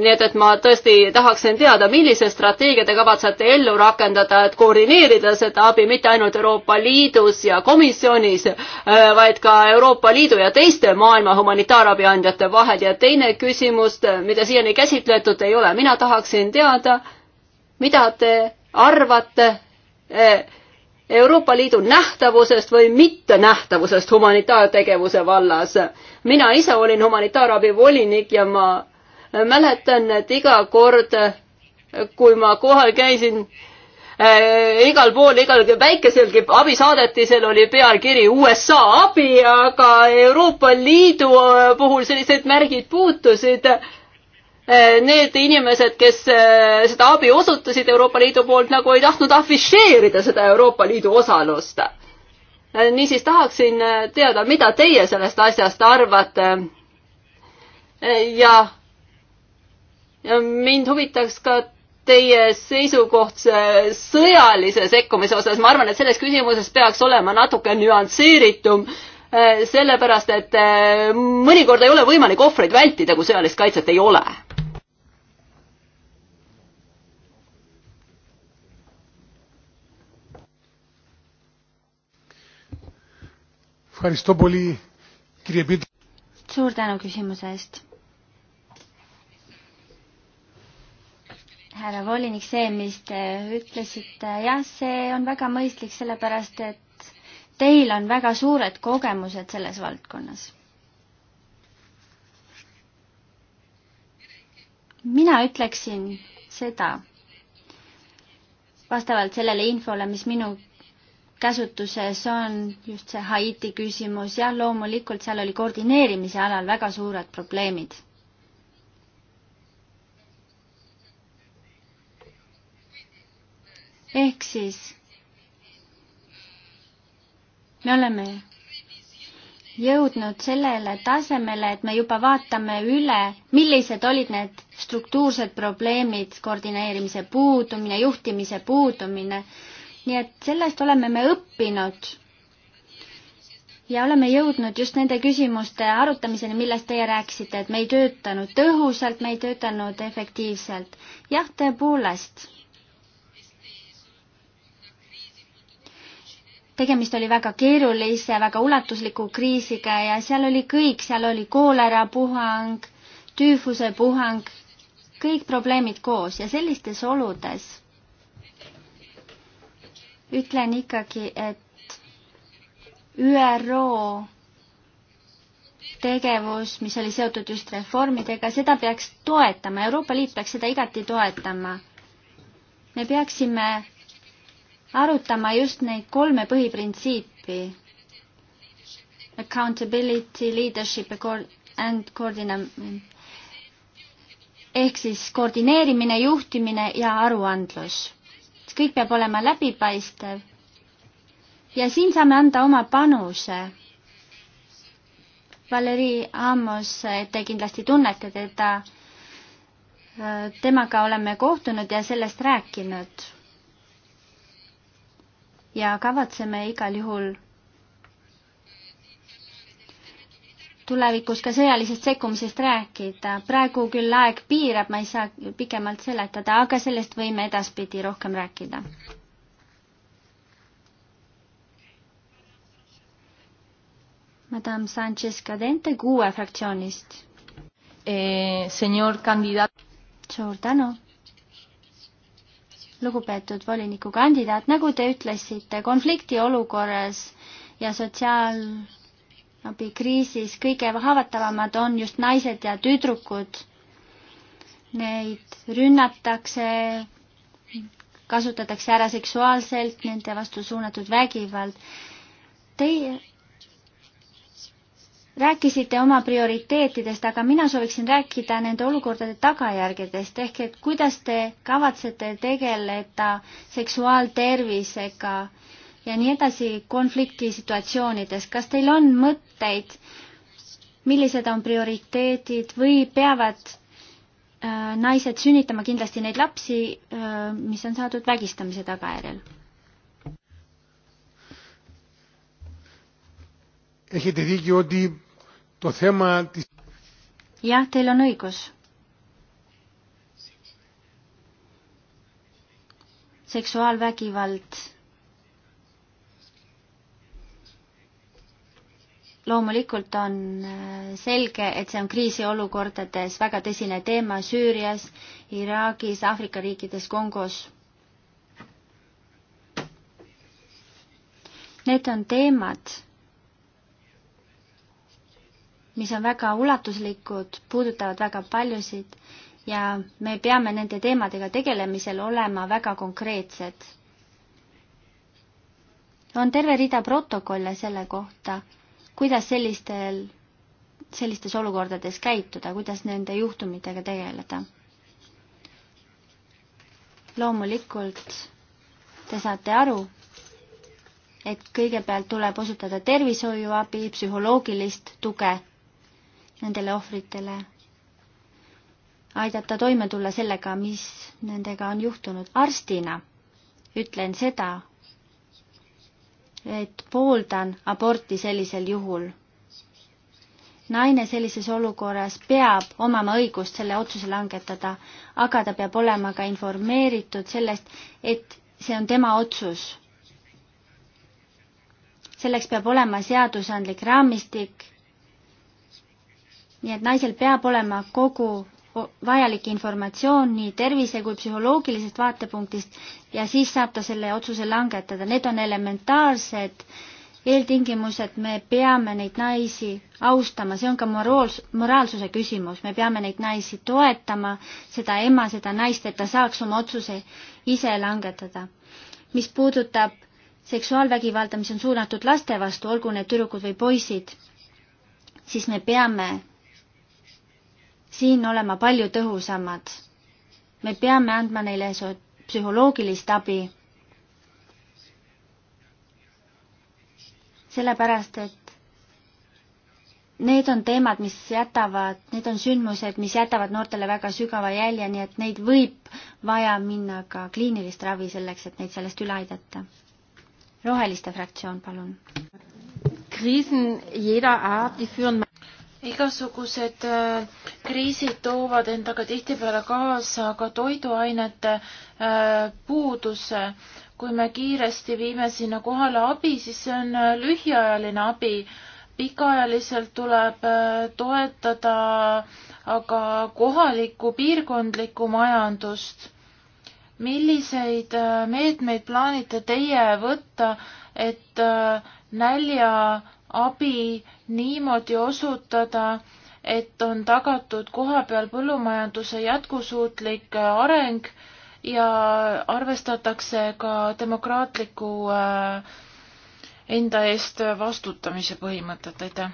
nii et, et ma tõesti tahaksin teada, millise strateegia te kavatsete ellu rakendada, et koordineerida seda abi mitte ainult Euroopa Liidus ja komisjonis, äh, vaid ka Euroopa Liidu ja teiste maailma humanitaarabi andjate vahel ja teine küsimus, mida siiani käsitletud ei ole, mina tahaksin teada, mida te arvate eh, Euroopa Liidu nähtavusest või mittenähtavusest humanitaartegevuse vallas. mina ise olin humanitaarabi volinik ja ma mäletan, et iga kord, kui ma kohal käisin äh,, igal pool, igal väikeselgi abisaadetisel oli pealkiri USA abi, aga Euroopa Liidu puhul sellised märgid puutusid äh, Eh, need inimesed, kes eh, seda abi osutasid Euroopa Liidu poolt, nagu ei tahtnud afišeerida seda Euroopa Liidu osalust. Eh, niisiis tahaksin teada, mida teie sellest asjast arvate. ja, ja mind huvitaks ka teie seisukoht sõjalise sekkumise osas, ma arvan, et selles küsimuses peaks olema natuke nüansseeritum sellepärast, et mõnikord ei ole võimalik ohvreid vältida, kui sõjalist kaitset ei ole suur tänu küsimuse eest. härra volinik, see, mis te ütlesite, jah, see on väga mõistlik, sellepärast et teil on väga suured kogemused selles valdkonnas. mina ütleksin seda, vastavalt sellele infole, mis minu käsutuses on just see Haiti küsimus, jah, loomulikult seal oli koordineerimise alal väga suured probleemid. ehk siis me oleme jõudnud sellele tasemele, et me juba vaatame üle, millised olid need struktuursed probleemid, koordineerimise puudumine, juhtimise puudumine nii et sellest oleme me õppinud ja oleme jõudnud just nende küsimuste arutamiseni, millest teie rääkisite, et me ei töötanud tõhusalt, me ei töötanud efektiivselt. jah, tõepoolest. tegemist oli väga keerulise, väga ulatusliku kriisiga ja seal oli kõik, seal oli koolerapuhang, tüüfuse puhang, kõik probleemid koos ja sellistes oludes ütlen ikkagi, et ÜRO tegevus, mis oli seotud just reformidega, seda peaks toetama, Euroopa Liit peaks seda igati toetama. me peaksime arutama just neid kolme põhiprintsiipi. Accountability, leadership and coordination ehk siis koordineerimine, juhtimine ja aruandlus kõik peab olema läbipaistev. ja siin saame anda oma panuse. Valeri Amos, te kindlasti tunnete teda. temaga oleme kohtunud ja sellest rääkinud. ja kavatseme igal juhul tulevikus ka sõjalisest sekkumisest rääkida. praegu küll aeg piirab, ma ei saa pikemalt seletada, aga sellest võime edaspidi rohkem rääkida. Madame Sanchez Cadente kuue fraktsioonist eh,. Senor kandidaat. suur tänu. lugupeetud volinikukandidaat, nagu te ütlesite, konflikti olukorras ja sotsiaal- abikriisis kõige haavatavamad on just naised ja tüdrukud. Neid rünnatakse, kasutatakse ära seksuaalselt, nende vastu suunatud vägivald. Teie rääkisite oma prioriteetidest, aga mina sooviksin rääkida nende olukordade tagajärgedest ehk et kuidas te kavatsete tegeleda seksuaaltervisega äh, ja nii edasi konfliktisituatsioonides. kas teil on mõtteid, millised on prioriteedid või peavad äh, naised sünnitama kindlasti neid lapsi äh,, mis on saadud vägistamise tagajärjel? jah, teil on õigus seksuaalvägivald loomulikult on äh, selge, et see on kriisiolukordades väga tõsine teema Süürias, Iraagis, Aafrika riikides, Kongos. Need on teemad, mis on väga ulatuslikud, puudutavad väga paljusid ja me peame nende teemadega tegelemisel olema väga konkreetsed. on terve rida protokolle selle kohta kuidas sellistel, sellistes olukordades käituda, kuidas nende juhtumitega tegeleda. loomulikult te saate aru, et kõigepealt tuleb osutada tervishoiuabi, psühholoogilist tuge nendele ohvritele aidata toime tulla sellega, mis nendega on juhtunud. arstina ütlen seda, et pooldan aborti sellisel juhul. naine sellises olukorras peab omama õigust selle otsuse langetada, aga ta peab olema ka informeeritud sellest, et see on tema otsus. selleks peab olema seadusandlik raamistik, nii et naisel peab olema kogu vajalik informatsioon nii tervise kui psühholoogilisest vaatepunktist ja siis saab ta selle otsuse langetada. Need on elementaarsed eeltingimused, me peame neid naisi austama, see on ka moraals-, moraalsuse küsimus, me peame neid naisi toetama, seda ema, seda naist, et ta saaks oma otsuse ise langetada. mis puudutab seksuaalvägivalda, mis on suunatud laste vastu, olgu need tüdrukud või poisid, siis me peame siin olema palju tõhusamad. me peame andma neile psühholoogilist abi. sellepärast, et need on teemad, mis jätavad, need on sündmused, mis jätavad noortele väga sügava jälje, nii et neid võib vaja minna ka kliinilist ravi selleks, et neid sellest üle aidata. roheliste fraktsioon, palun igasugused äh, kriisid toovad endaga tihtipeale kaasa ka toiduainete äh, puuduse. kui me kiiresti viime sinna kohale abi, siis see on äh, lühiajaline abi. pikaajaliselt tuleb toetada aga kohalikku piirkondlikku majandust. milliseid meetmeid plaanite teie võtta, et nälja abi niimoodi osutada, et on tagatud kohapeal põllumajanduse jätkusuutlik äh, areng ja arvestatakse ka demokraatliku äh, enda eest vastutamise põhimõtet, aitäh.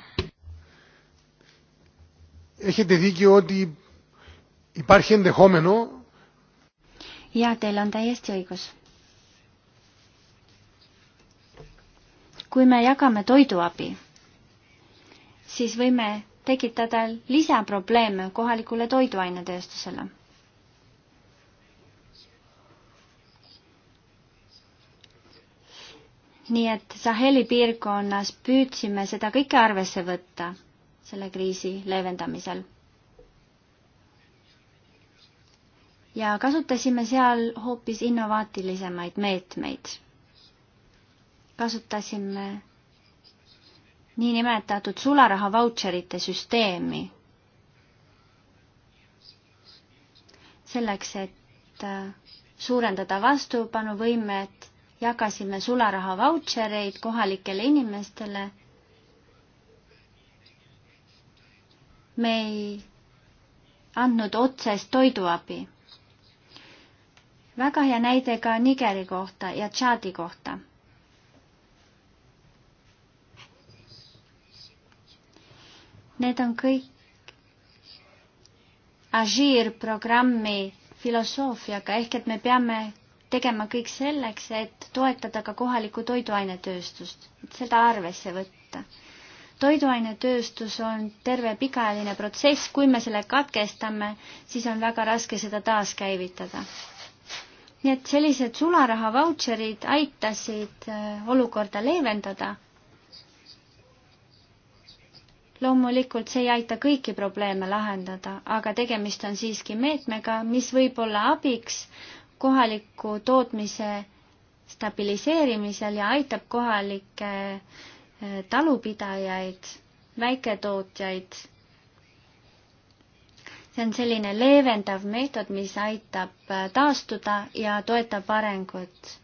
ja teil on täiesti õigus kui me jagame toiduabi, siis võime tekitada lisaprobleeme kohalikule toiduainetööstusele. nii et Saheli piirkonnas püüdsime seda kõike arvesse võtta selle kriisi leevendamisel. ja kasutasime seal hoopis innovaatilisemaid meetmeid kasutasime niinimetatud sularaha vautšerite süsteemi selleks, et äh, suurendada vastupanuvõimet, jagasime sularaha vautšereid kohalikele inimestele. me ei andnud otsest toiduabi. väga hea näide ka Nigeri kohta ja Tšaadi kohta Need on kõik Agir programmi filosoofiaga, ehk et me peame tegema kõik selleks, et toetada ka kohalikku toiduainetööstust, et seda arvesse võtta. toiduainetööstus on terve pikaajaline protsess, kui me selle katkestame, siis on väga raske seda taaskäivitada. nii et sellised sularaha vautšerid aitasid äh, olukorda leevendada loomulikult see ei aita kõiki probleeme lahendada, aga tegemist on siiski meetmega, mis võib olla abiks kohaliku tootmise stabiliseerimisel ja aitab kohalikke eh, talupidajaid, väiketootjaid. see on selline leevendav meetod, mis aitab eh, taastuda ja toetab arengut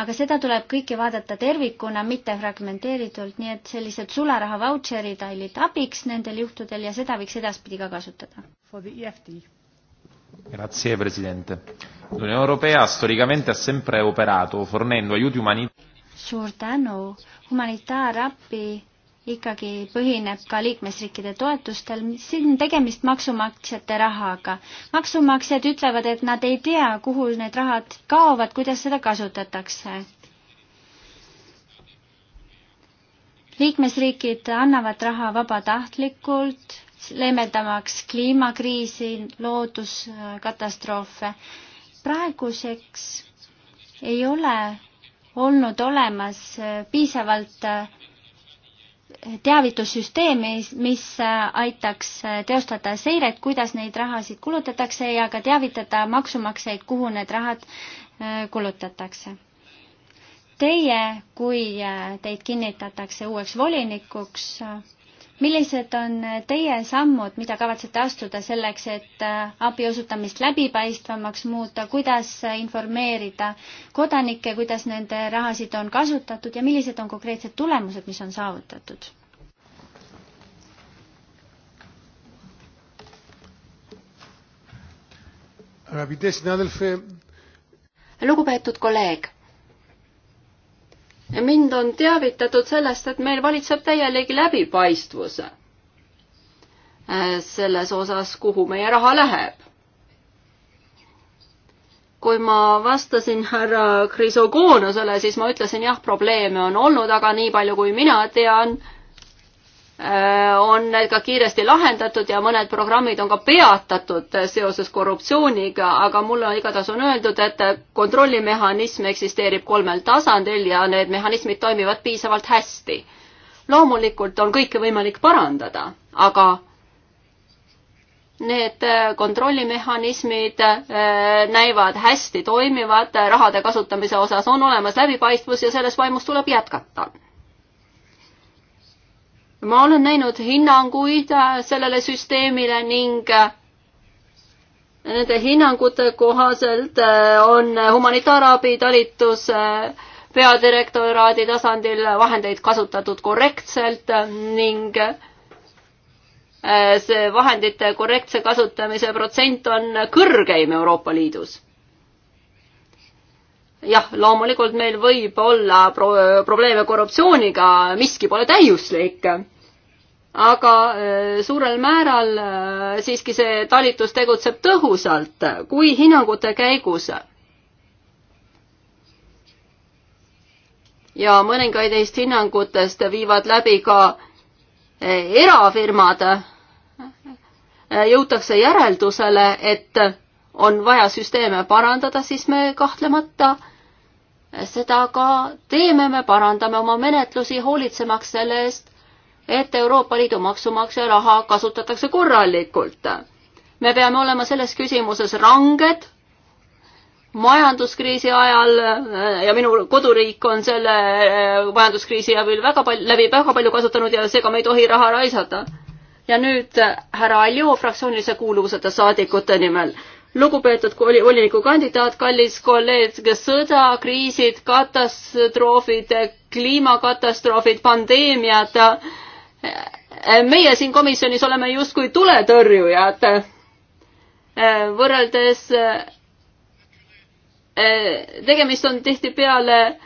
aga seda tuleb kõike vaadata tervikuna, mitte fragmenteeritult, nii et sellised sularaha vautšerid olid abiks nendel juhtudel ja seda võiks edaspidi ka kasutada. E Grazie Presidente. L'Unione Europea storicamente ha sempre operato fornendo aiuti umanitari. suur tänu, humanitaarabi ikkagi põhineb ka liikmesriikide toetustel, siin on tegemist maksumaksjate rahaga. maksumaksjad ütlevad, et nad ei tea, kuhu need rahad kaovad, kuidas seda kasutatakse. liikmesriigid annavad raha vabatahtlikult, leevendamaks kliimakriisi, looduskatastroofe. praeguseks ei ole olnud olemas piisavalt teavitussüsteemi, mis äh, aitaks äh, teostada seiret, kuidas neid rahasid kulutatakse ja ka teavitada maksumaksjaid, kuhu need rahad äh, kulutatakse. Teie, kui teid kinnitatakse uueks volinikuks, millised on teie sammud, mida kavatsete astuda selleks, et äh, abi osutamist läbipaistvamaks muuta, kuidas äh, informeerida kodanikke, kuidas nende rahasid on kasutatud ja millised on konkreetsed tulemused, mis on saavutatud? lugupeetud kolleeg mind on teavitatud sellest, et meil valitseb täielik läbipaistvus äh, selles osas, kuhu meie raha läheb. kui ma vastasin härra Krisogoonusele, siis ma ütlesin jah, probleeme on olnud, aga nii palju, kui mina tean, Äh, on need ka kiiresti lahendatud ja mõned programmid on ka peatatud seoses korruptsiooniga, aga mulle igatahes on öeldud, et kontrollimehhanism eksisteerib kolmel tasandil ja need mehhanismid toimivad piisavalt hästi. loomulikult on kõike võimalik parandada, aga need kontrollimehhanismid äh, näivad hästi toimivad, rahade kasutamise osas on olemas läbipaistvus ja selles vaimus tuleb jätkata ma olen näinud hinnanguid äh, sellele süsteemile ning äh, nende hinnangute kohaselt äh, on humanitaarabi talitus peadirektoraadi tasandil vahendeid kasutatud korrektselt ning see vahendite korrektse kasutamise protsent on kõrgeim Euroopa Liidus jah, loomulikult meil võib olla pro-, probleeme korruptsiooniga, miski pole täiuslik. aga äh, suurel määral äh, siiski see talitus tegutseb tõhusalt, kui hinnangute käigus ja mõningaid neist hinnangutest viivad läbi ka äh, erafirmad, jõutakse järeldusele, et on vaja süsteeme parandada, siis me kahtlemata seda ka teeme, me parandame oma menetlusi, hoolitsemaks selle eest, et Euroopa Liidu maksumaksja raha kasutatakse korralikult. me peame olema selles küsimuses ranged. majanduskriisi ajal äh, ja minu koduriik on selle äh, majanduskriisi abil väga palju, läbi väga palju kasutanud ja seega me ei tohi raha raisata. ja nüüd äh, härra Aljo fraktsioonilise kuuluvuseta saadikute nimel lugupeetud volinikukandidaat, kallis kolleeg, sõda, kriisid, katastroofid, kliimakatastroofid, pandeemiad. meie siin komisjonis oleme justkui tuletõrjujad. võrreldes, tegemist on tihtipeale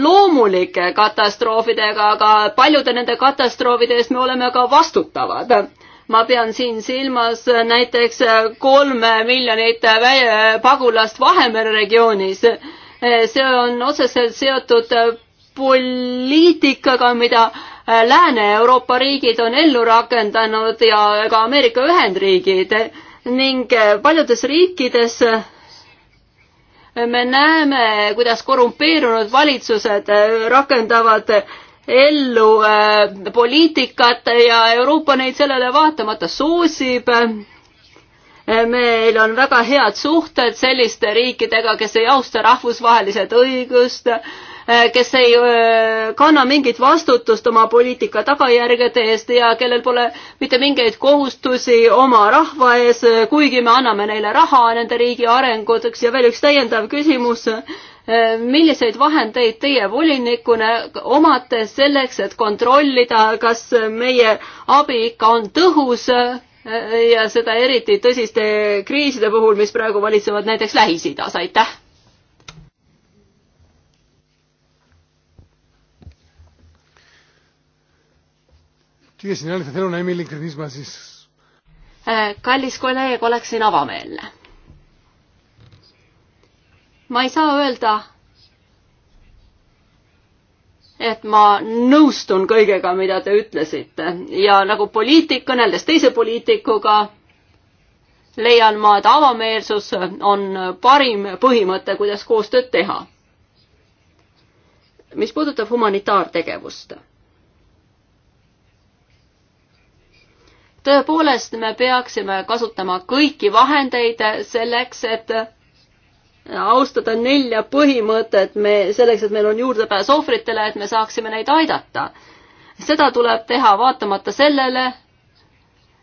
loomulike katastroofidega, aga paljude nende katastroofide eest me oleme ka vastutavad ma pean siin silmas näiteks kolme miljonit pagulast Vahemere regioonis. see on otseselt seotud poliitikaga, mida Lääne-Euroopa riigid on ellu rakendanud ja ka Ameerika Ühendriigid ning paljudes riikides me näeme, kuidas korrumpeerunud valitsused rakendavad ellu äh, poliitikat ja Euroopa neid sellele vaatamata soosib äh, meil on väga head suhted selliste riikidega, kes ei austa rahvusvahelised õigust, äh, kes ei kanna mingit vastutust oma poliitika tagajärgede eest ja kellel pole mitte mingeid kohustusi oma rahva ees, kuigi me anname neile raha nende riigi arenguteks ja veel üks täiendav küsimus milliseid vahendeid teie volinikuna omate selleks, et kontrollida, kas meie abi ikka on tõhus äh, ja seda eriti tõsiste kriiside puhul, mis praegu valitsevad näiteks Lähis-Idas, aitäh! Äh, kallis kolleeg, oleksin avameelne ma ei saa öelda, et ma nõustun kõigega, mida te ütlesite ja nagu poliitik, kõneldes teise poliitikuga, leian ma, et avameelsus on parim põhimõte, kuidas koostööd teha. mis puudutab humanitaartegevust. tõepoolest, me peaksime kasutama kõiki vahendeid selleks, et austada nelja põhimõtet me, selleks, et meil on juurdepääs ohvritele, et me saaksime neid aidata. seda tuleb teha vaatamata sellele,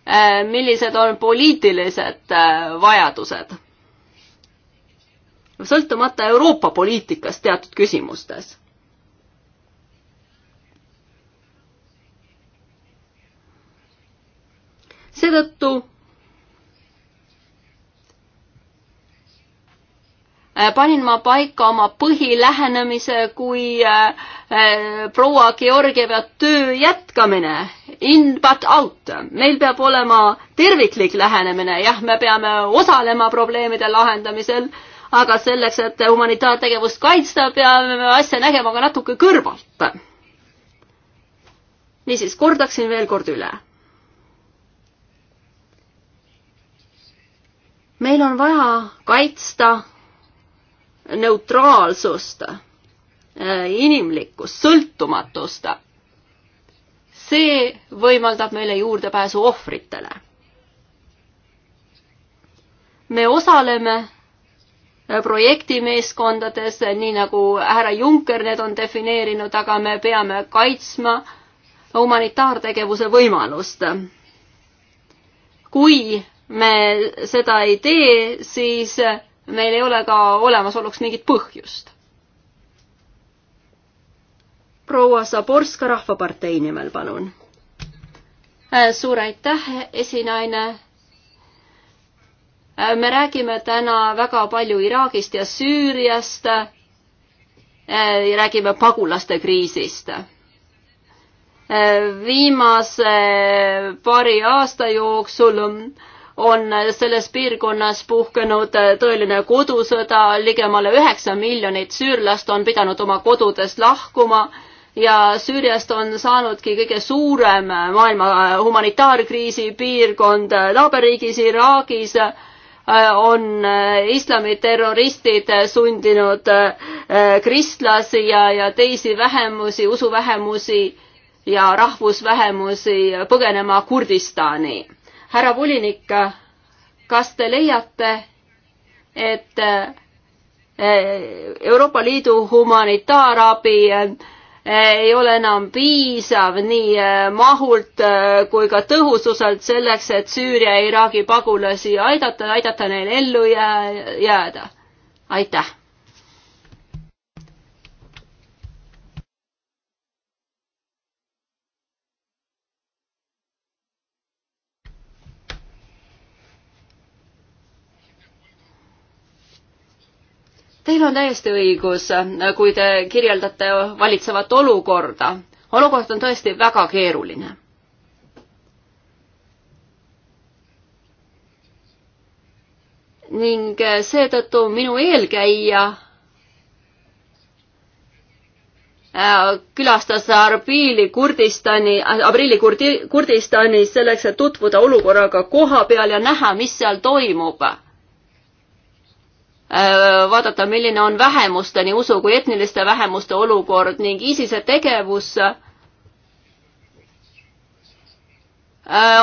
eh, millised on poliitilised eh, vajadused. sõltumata Euroopa poliitikast teatud küsimustes. seetõttu Äh, panin ma paika oma põhilähenemise kui äh, äh, proua Georgieva töö jätkamine, in but out. meil peab olema terviklik lähenemine, jah, me peame osalema probleemide lahendamisel, aga selleks, et humanitaartegevust kaitsta, peame me asja nägema ka natuke kõrvalt. niisiis, kordaksin veel kord üle meil on vaja kaitsta neutraalsust, äh, inimlikkust, sõltumatust. see võimaldab meile juurdepääsu ohvritele. me osaleme äh, projektimeeskondades, äh, nii nagu härra Juncker need on defineerinud, aga me peame kaitsma humanitaartegevuse võimalust. kui me seda ei tee, siis meil ei ole ka olemasoluks mingit põhjust. proua Saborska Rahvapartei nimel, palun. Äh, suur aitäh, esinaine. Äh, me räägime täna väga palju Iraagist ja Süüriast. Äh, räägime pagulaste kriisist viimase paari aasta jooksul on selles piirkonnas puhkenud tõeline kodusõda, ligemale üheksa miljonit süürlast on pidanud oma kodudest lahkuma ja Süüriast on saanudki kõige suurem maailma humanitaarkriisi piirkond naaberriigis Iraagis äh, on äh, islamiterroristid sundinud äh, kristlasi ja, ja teisi vähemusi, usuvähemusi ja rahvusvähemusi põgenema Kurdistani härra volinik, kas te leiate, et eh, Euroopa Liidu humanitaarabi eh, ei ole enam piisav nii eh, mahult kui ka tõhususelt selleks, et Süüria ja Iraagi pagulasi aidata, aidata neil ellu jää, jääda. aitäh Teil on täiesti õigus, kui te kirjeldate valitsevat olukorda. olukord on tõesti väga keeruline. ning seetõttu minu eelkäija äh, külastas Arbiili Kurdistani, aprilli Kurdi, Kurdistanis selleks, et tutvuda olukorraga koha peal ja näha, mis seal toimub Äh, vaadata, milline on vähemuste, nii usu kui etniliste vähemuste olukord ning ISISe tegevus äh,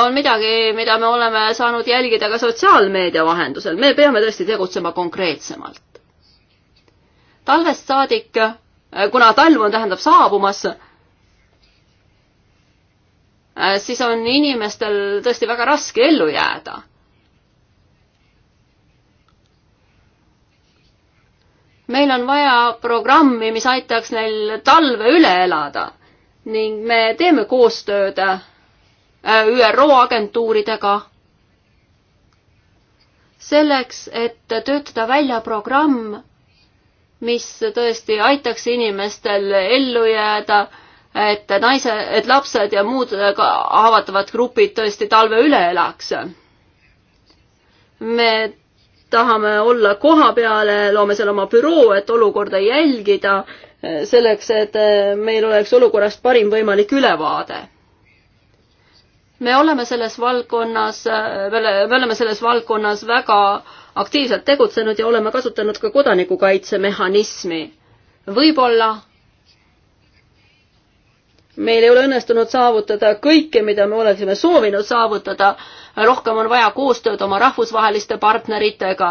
on midagi, mida me oleme saanud jälgida ka sotsiaalmeedia vahendusel. me peame tõesti tegutsema konkreetsemalt. talvest saadik, äh, kuna talv on, tähendab saabumas, siis on inimestel tõesti väga raske ellu jääda meil on vaja programmi, mis aitaks neil talve üle elada ning me teeme koostööd äh, ÜRO agentuuridega selleks, et töötada välja programm, mis tõesti aitaks inimestel ellu jääda, et naise, et lapsed ja muud haavatavad grupid tõesti talve üle elaks. me tahame olla koha peale, loome seal oma büroo, et olukorda jälgida, eh, selleks et eh, meil oleks olukorrast parim võimalik ülevaade. me oleme selles valdkonnas, eh, me oleme selles valdkonnas väga aktiivselt tegutsenud ja oleme kasutanud ka kodanikukaitsemehhanismi. võib-olla meil ei ole õnnestunud saavutada kõike, mida me oleksime soovinud saavutada, rohkem on vaja koostööd oma rahvusvaheliste partneritega,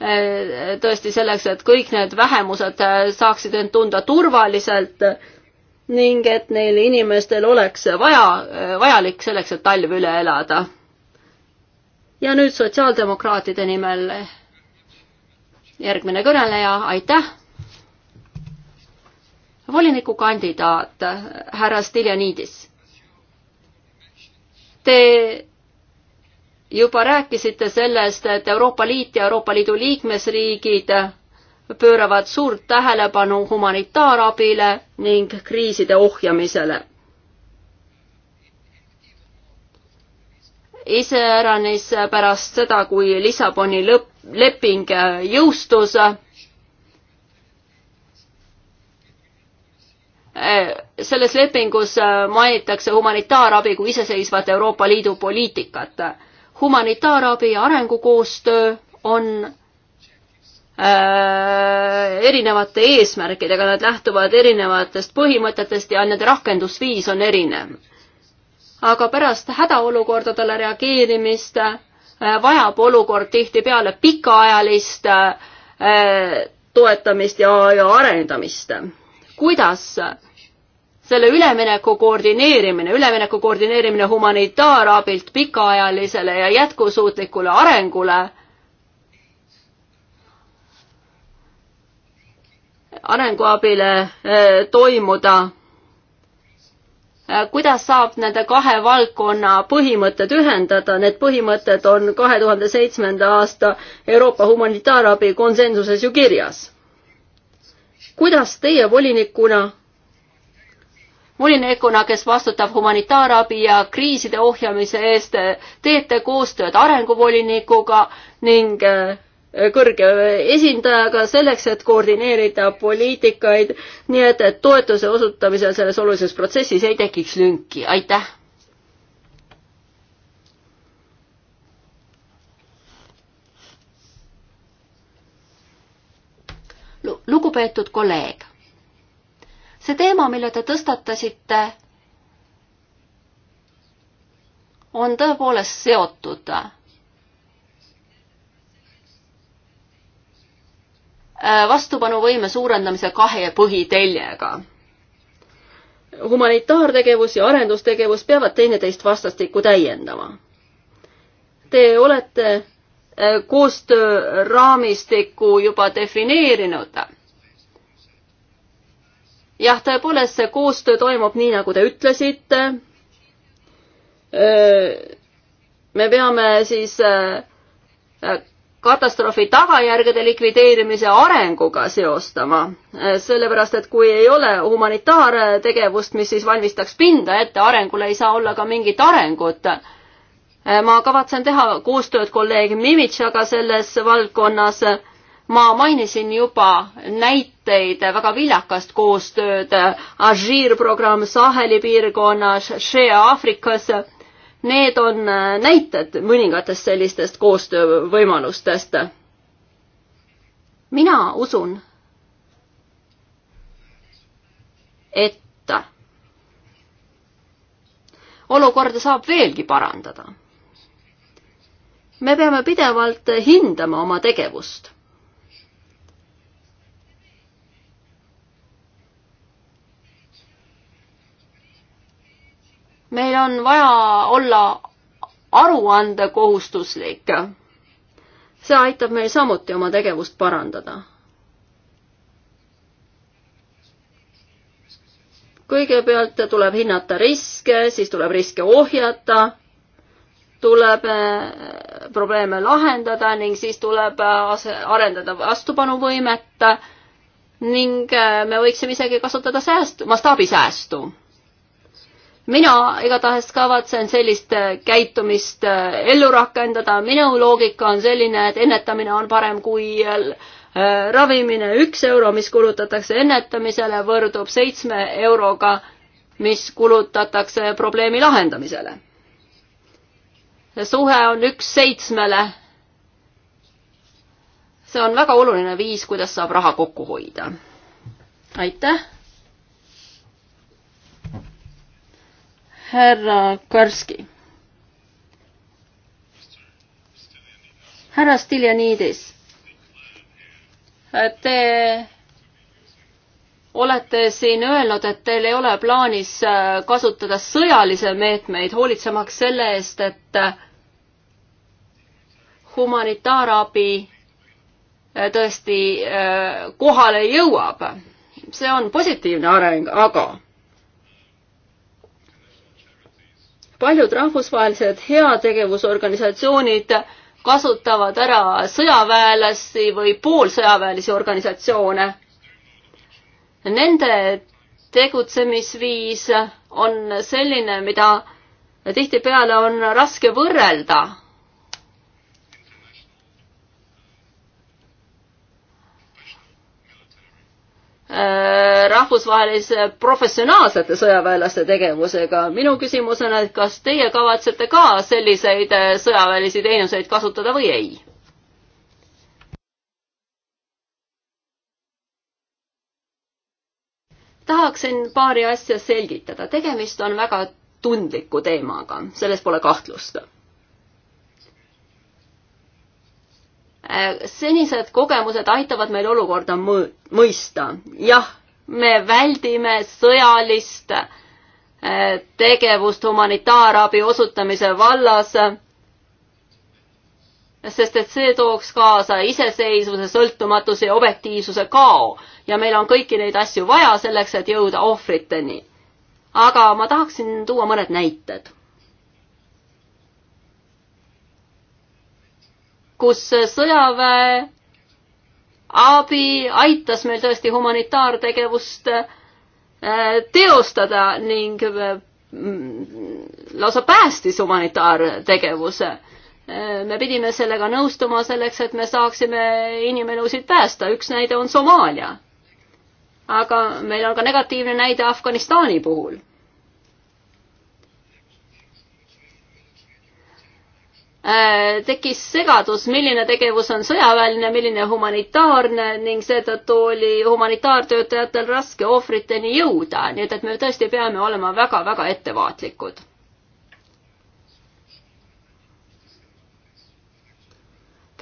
eh, tõesti selleks, et kõik need vähemused eh, saaksid end tunda turvaliselt ning et neil inimestel oleks vaja, eh, vajalik selleks, et talv üle elada. ja nüüd sotsiaaldemokraatide nimel järgmine kõneleja, aitäh! volinikukandidaat härra Stiljanidis. Te juba rääkisite sellest, et Euroopa Liit ja Euroopa Liidu liikmesriigid pööravad suurt tähelepanu humanitaarabile ning kriiside ohjamisele. iseäranis pärast seda, kui Lissaboni lõpp, leping jõustus, selles lepingus mainitakse humanitaarabi kui iseseisvat Euroopa Liidu poliitikat humanitaarabi ja arengukoostöö on äh, erinevate eesmärkidega, nad lähtuvad erinevatest põhimõtetest ja nende rakendusviis on erinev. aga pärast hädaolukordadele reageerimist äh, vajab olukord tihtipeale pikaajalist äh, toetamist ja, ja arendamist. kuidas selle ülemineku koordineerimine, ülemineku koordineerimine humanitaarabilt pikaajalisele ja jätkusuutlikule arengule, arenguabile eh, toimuda. Eh, kuidas saab nende kahe valdkonna põhimõtted ühendada, need põhimõtted on kahe tuhande seitsmenda aasta Euroopa humanitaarabi konsensuses ju kirjas. kuidas teie volinikuna volinikuna, kes vastutab humanitaarabi ja kriiside ohjamise eest, teete koostööd arenguvolinikuga ning äh, kõrge esindajaga selleks, et koordineerida poliitikaid, nii et, et toetuse osutamisel selles olulises protsessis ei tekiks lünki, aitäh! lugupeetud kolleeg see teema, mille te tõstatasite, on tõepoolest seotud vastupanuvõime suurendamise kahe põhiteljega. humanitaartegevus ja arendustegevus peavad teineteist vastastikku täiendama. Te olete eh, koostööraamistikku juba defineerinud jah, tõepoolest see koostöö toimub nii, nagu te ütlesite. me peame siis katastroofi tagajärgede likvideerimise arenguga seostama, sellepärast et kui ei ole humanitaartegevust, mis siis valmistaks pinda ette arengule, ei saa olla ka mingit arengut. ma kavatsen teha koostööd kolleeg Mimitšaga selles valdkonnas ma mainisin juba näiteid väga viljakast koostööd Agir programm Saheli piirkonnas, Shea Aafrikas. Need on näited mõningatest sellistest koostöövõimalustest. mina usun, et olukorda saab veelgi parandada. me peame pidevalt hindama oma tegevust. meil on vaja olla aruandekohustuslik. see aitab meil samuti oma tegevust parandada. kõigepealt tuleb hinnata riske, siis tuleb riske ohjata, tuleb eh, probleeme lahendada ning siis tuleb eh, arendada vastupanuvõimet ning eh, me võiksime isegi kasutada säästu, mastaabisäästu mina igatahes kavatsen sellist äh, käitumist äh, ellu rakendada, minu loogika on selline, et ennetamine on parem kui äh, ravimine. üks euro, mis kulutatakse ennetamisele, võrdub seitsme euroga, mis kulutatakse probleemi lahendamisele. suhe on üks seitsmele. see on väga oluline viis, kuidas saab raha kokku hoida. aitäh härra Karski. härra Stiljanidis, te olete siin öelnud, et teil ei ole plaanis äh, kasutada sõjalisi meetmeid, hoolitsemaks selle eest, et äh, humanitaarabi äh, tõesti kohale jõuab. see on positiivne areng, aga paljud rahvusvahelised heategevusorganisatsioonid kasutavad ära sõjaväelasi või poolsõjaväelisi organisatsioone. Nende tegutsemisviis on selline, mida tihtipeale on raske võrrelda Äh, rahvusvahelise professionaalsete sõjaväelaste tegevusega. minu küsimus on, et kas teie kavatsete ka selliseid äh, sõjaväelisi teenuseid kasutada või ei? tahaksin paari asja selgitada. tegemist on väga tundliku teemaga, selles pole kahtlust Äh, senised kogemused aitavad meil olukorda mõista. jah, me väldime sõjalist äh, tegevust humanitaarabi osutamise vallas, sest et see tooks kaasa iseseisvuse, sõltumatuse ja objektiivsuse kao ja meil on kõiki neid asju vaja selleks, et jõuda ohvriteni. aga ma tahaksin tuua mõned näited kus sõjaväe abi aitas meil tõesti humanitaartegevust äh, teostada ning äh, lausa päästis humanitaartegevuse. Äh, me pidime sellega nõustuma selleks, et me saaksime inimelusid päästa, üks näide on Somaalia. aga meil on ka negatiivne näide Afganistani puhul Äh, tekkis segadus, milline tegevus on sõjaväeline, milline humanitaarne ning seetõttu oli humanitaartöötajatel raske ohvriteni jõuda, nii et, et me tõesti peame olema väga-väga ettevaatlikud.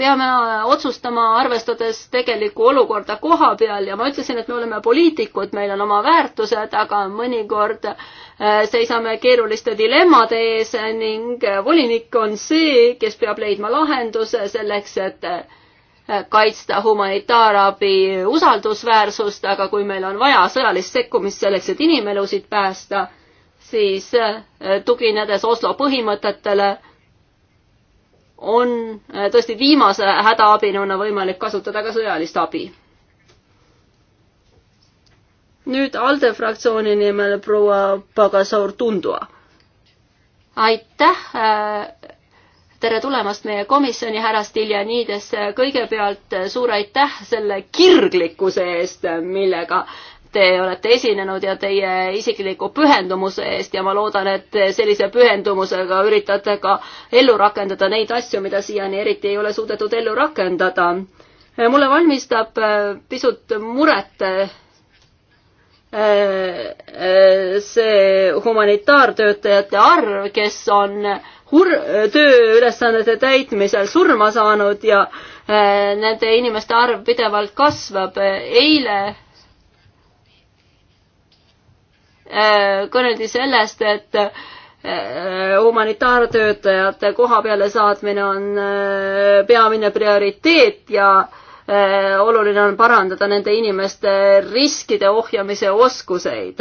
peame otsustama, arvestades tegelikku olukorda koha peal ja ma ütlesin, et me oleme poliitikud, meil on oma väärtused, aga mõnikord äh, Äh, seisame keeruliste dilemmade ees ning äh, volinik on see, kes peab leidma lahenduse selleks, et äh, kaitsta humanitaarabi usaldusväärsust, aga kui meil on vaja sõjalist sekkumist selleks, et inimelusid päästa, siis tuginedes Oslo põhimõtetele, on tõesti viimase hädaabinuna võimalik kasutada ka sõjalist abi nüüd ALDE fraktsiooni nimel proua Pagasaur Tundua. aitäh, äh, tere tulemast meie komisjoni, härra Stiljanides, kõigepealt äh, suur aitäh selle kirglikkuse eest, äh, millega te olete esinenud ja teie isikliku pühendumuse eest ja ma loodan, et sellise pühendumusega üritate ka ellu rakendada neid asju, mida siiani eriti ei ole suudetud ellu rakendada. mulle valmistab pisut muret Äh, äh, see humanitaartöötajate arv, kes on hur-, tööülesannete täitmisel surma saanud ja äh, nende inimeste arv pidevalt kasvab. eile kõneldi sellest, et humanitaartöötajate koha peale saatmine on peamine prioriteet ja äh, Äh, oluline on parandada nende inimeste riskide ohjamise oskuseid.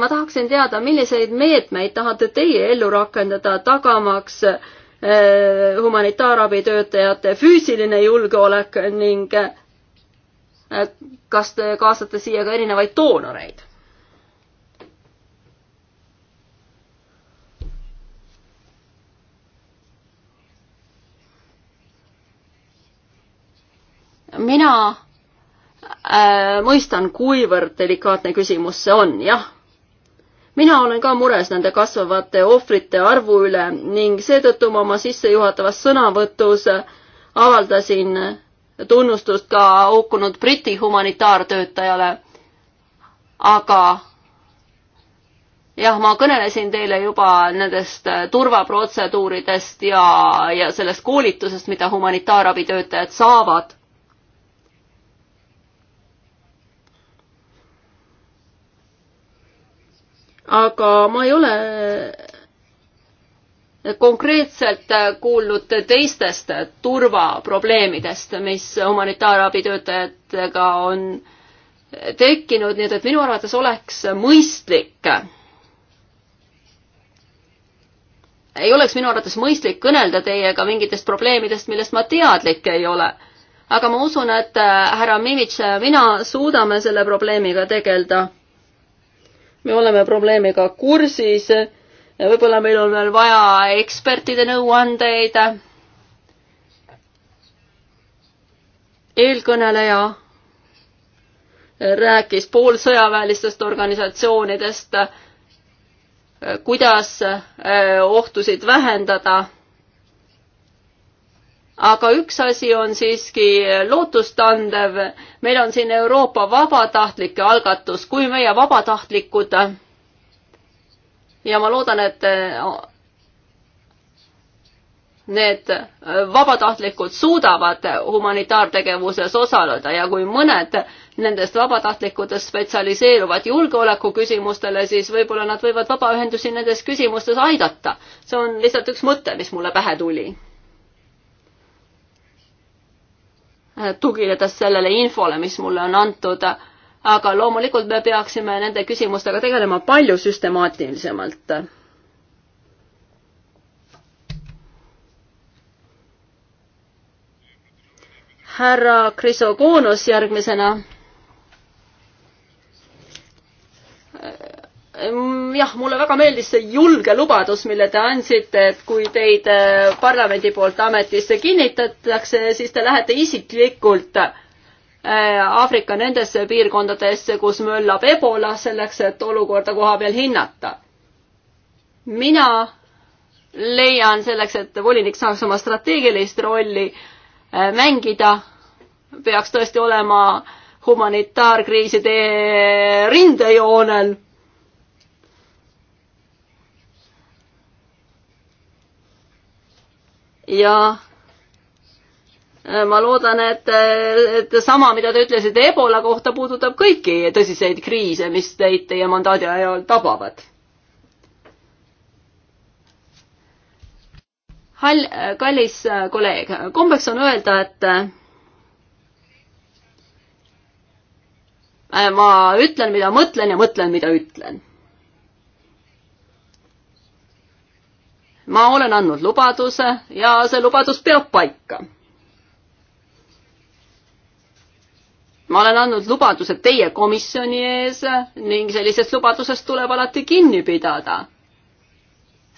ma tahaksin teada, milliseid meetmeid tahate teie ellu rakendada, tagamaks äh, humanitaarabitöötajate füüsiline julgeolek ning äh, kas te kaasate siia ka erinevaid doonoreid? mina äh, mõistan, kuivõrd delikaatne küsimus see on, jah. mina olen ka mures nende kasvavate ohvrite arvu üle ning seetõttu ma oma sissejuhatavas sõnavõtus avaldasin tunnustust ka hukkunud Briti humanitaartöötajale. aga jah, ma kõnelesin teile juba nendest turvaprotseduuridest ja, ja sellest koolitusest, mida humanitaarabitöötajad saavad. aga ma ei ole konkreetselt kuulnud teistest turvaprobleemidest, mis humanitaarabi töötajatega on tekkinud, nii et, et minu arvates oleks mõistlik, ei oleks minu arvates mõistlik kõnelda teiega mingitest probleemidest, millest ma teadlik ei ole. aga ma usun, et äh, härra Mimits ja äh, mina suudame selle probleemiga tegeleda me oleme probleemiga kursis. võib-olla meil on veel vaja ekspertide nõuandeid. eelkõneleja rääkis poolsõjaväelistest organisatsioonidest, kuidas eh, ohtusid vähendada aga üks asi on siiski lootustandev. meil on siin Euroopa vabatahtlike algatus, kui meie vabatahtlikud ja ma loodan, et need vabatahtlikud suudavad humanitaartegevuses osaleda ja kui mõned nendest vabatahtlikudest spetsialiseeruvad julgeolekuküsimustele, siis võib-olla nad võivad vabaühendusi nendes küsimustes aidata. see on lihtsalt üks mõte, mis mulle pähe tuli Äh, tuginedes sellele infole, mis mulle on antud. aga loomulikult me peaksime nende küsimustega tegelema palju süstemaatilisemalt. härra Krisokoonus järgmisena äh, Mm, jah, mulle väga meeldis see julge lubadus, mille te andsite, et kui teid äh, parlamendi poolt ametisse kinnitatakse, siis te lähete isiklikult äh, Aafrika nendesse piirkondadesse, kus möllab ebola, selleks et olukorda koha peal hinnata. mina leian selleks, et volinik saaks oma strateegilist rolli äh, mängida, peaks tõesti olema humanitaarkriiside rindejoonel ja äh, ma loodan, et, äh, et sama, mida te ütlesite Ebola kohta, puudutab kõiki tõsiseid kriise, mis teid teie mandaadi ajal tabavad. hall, äh, kallis kolleeg, kombeks on öelda, et ma ütlen, mida mõtlen ja mõtlen, mida ütlen ma olen andnud lubaduse ja see lubadus peab paika. ma olen andnud lubaduse teie komisjoni ees ning sellisest lubadusest tuleb alati kinni pidada.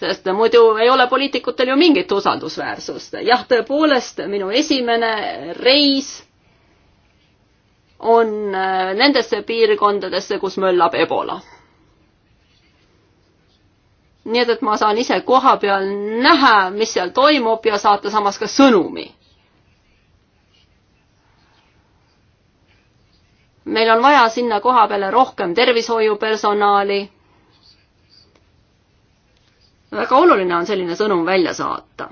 sest muidu ei ole poliitikutel ju mingit usaldusväärsust. jah, tõepoolest, minu esimene reis on äh, nendesse piirkondadesse, kus möllab ebola nii et, et ma saan ise koha peal näha, mis seal toimub ja saata samas ka sõnumi. meil on vaja sinna koha peale rohkem tervishoiupersonali. väga oluline on selline sõnum välja saata.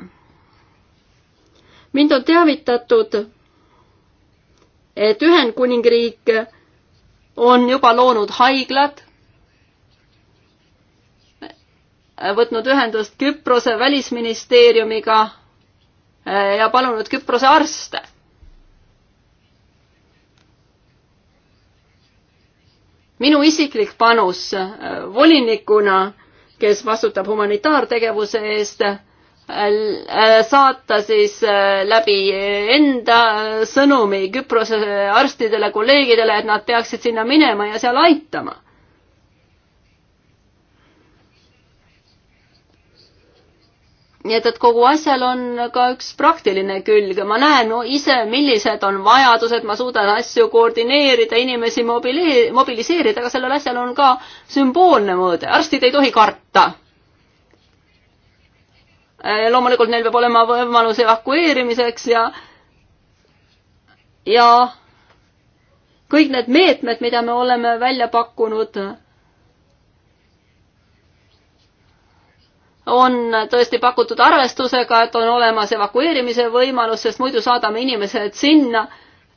mind on teavitatud, et Ühendkuningriik on juba loonud haiglad, võtnud ühendust Küprose välisministeeriumiga eh, ja palunud Küprose arste. minu isiklik panus eh, volinikuna, kes vastutab humanitaartegevuse eest, eh, saata siis läbi enda sõnumi Küprose arstidele, kolleegidele, et nad peaksid sinna minema ja seal aitama nii et, et kogu asjal on ka üks praktiline külg, ma näen no, ise, millised on vajadused, ma suudan asju koordineerida, inimesi mobili-, mobiliseerida, aga sellel asjal on ka sümboolne mõõde, arstid ei tohi karta. Äh, loomulikult neil peab olema võimalus evakueerimiseks ja, ja kõik need meetmed, mida me oleme välja pakkunud on tõesti pakutud arvestusega, et on olemas evakueerimise võimalus, sest muidu saadame inimesed sinna,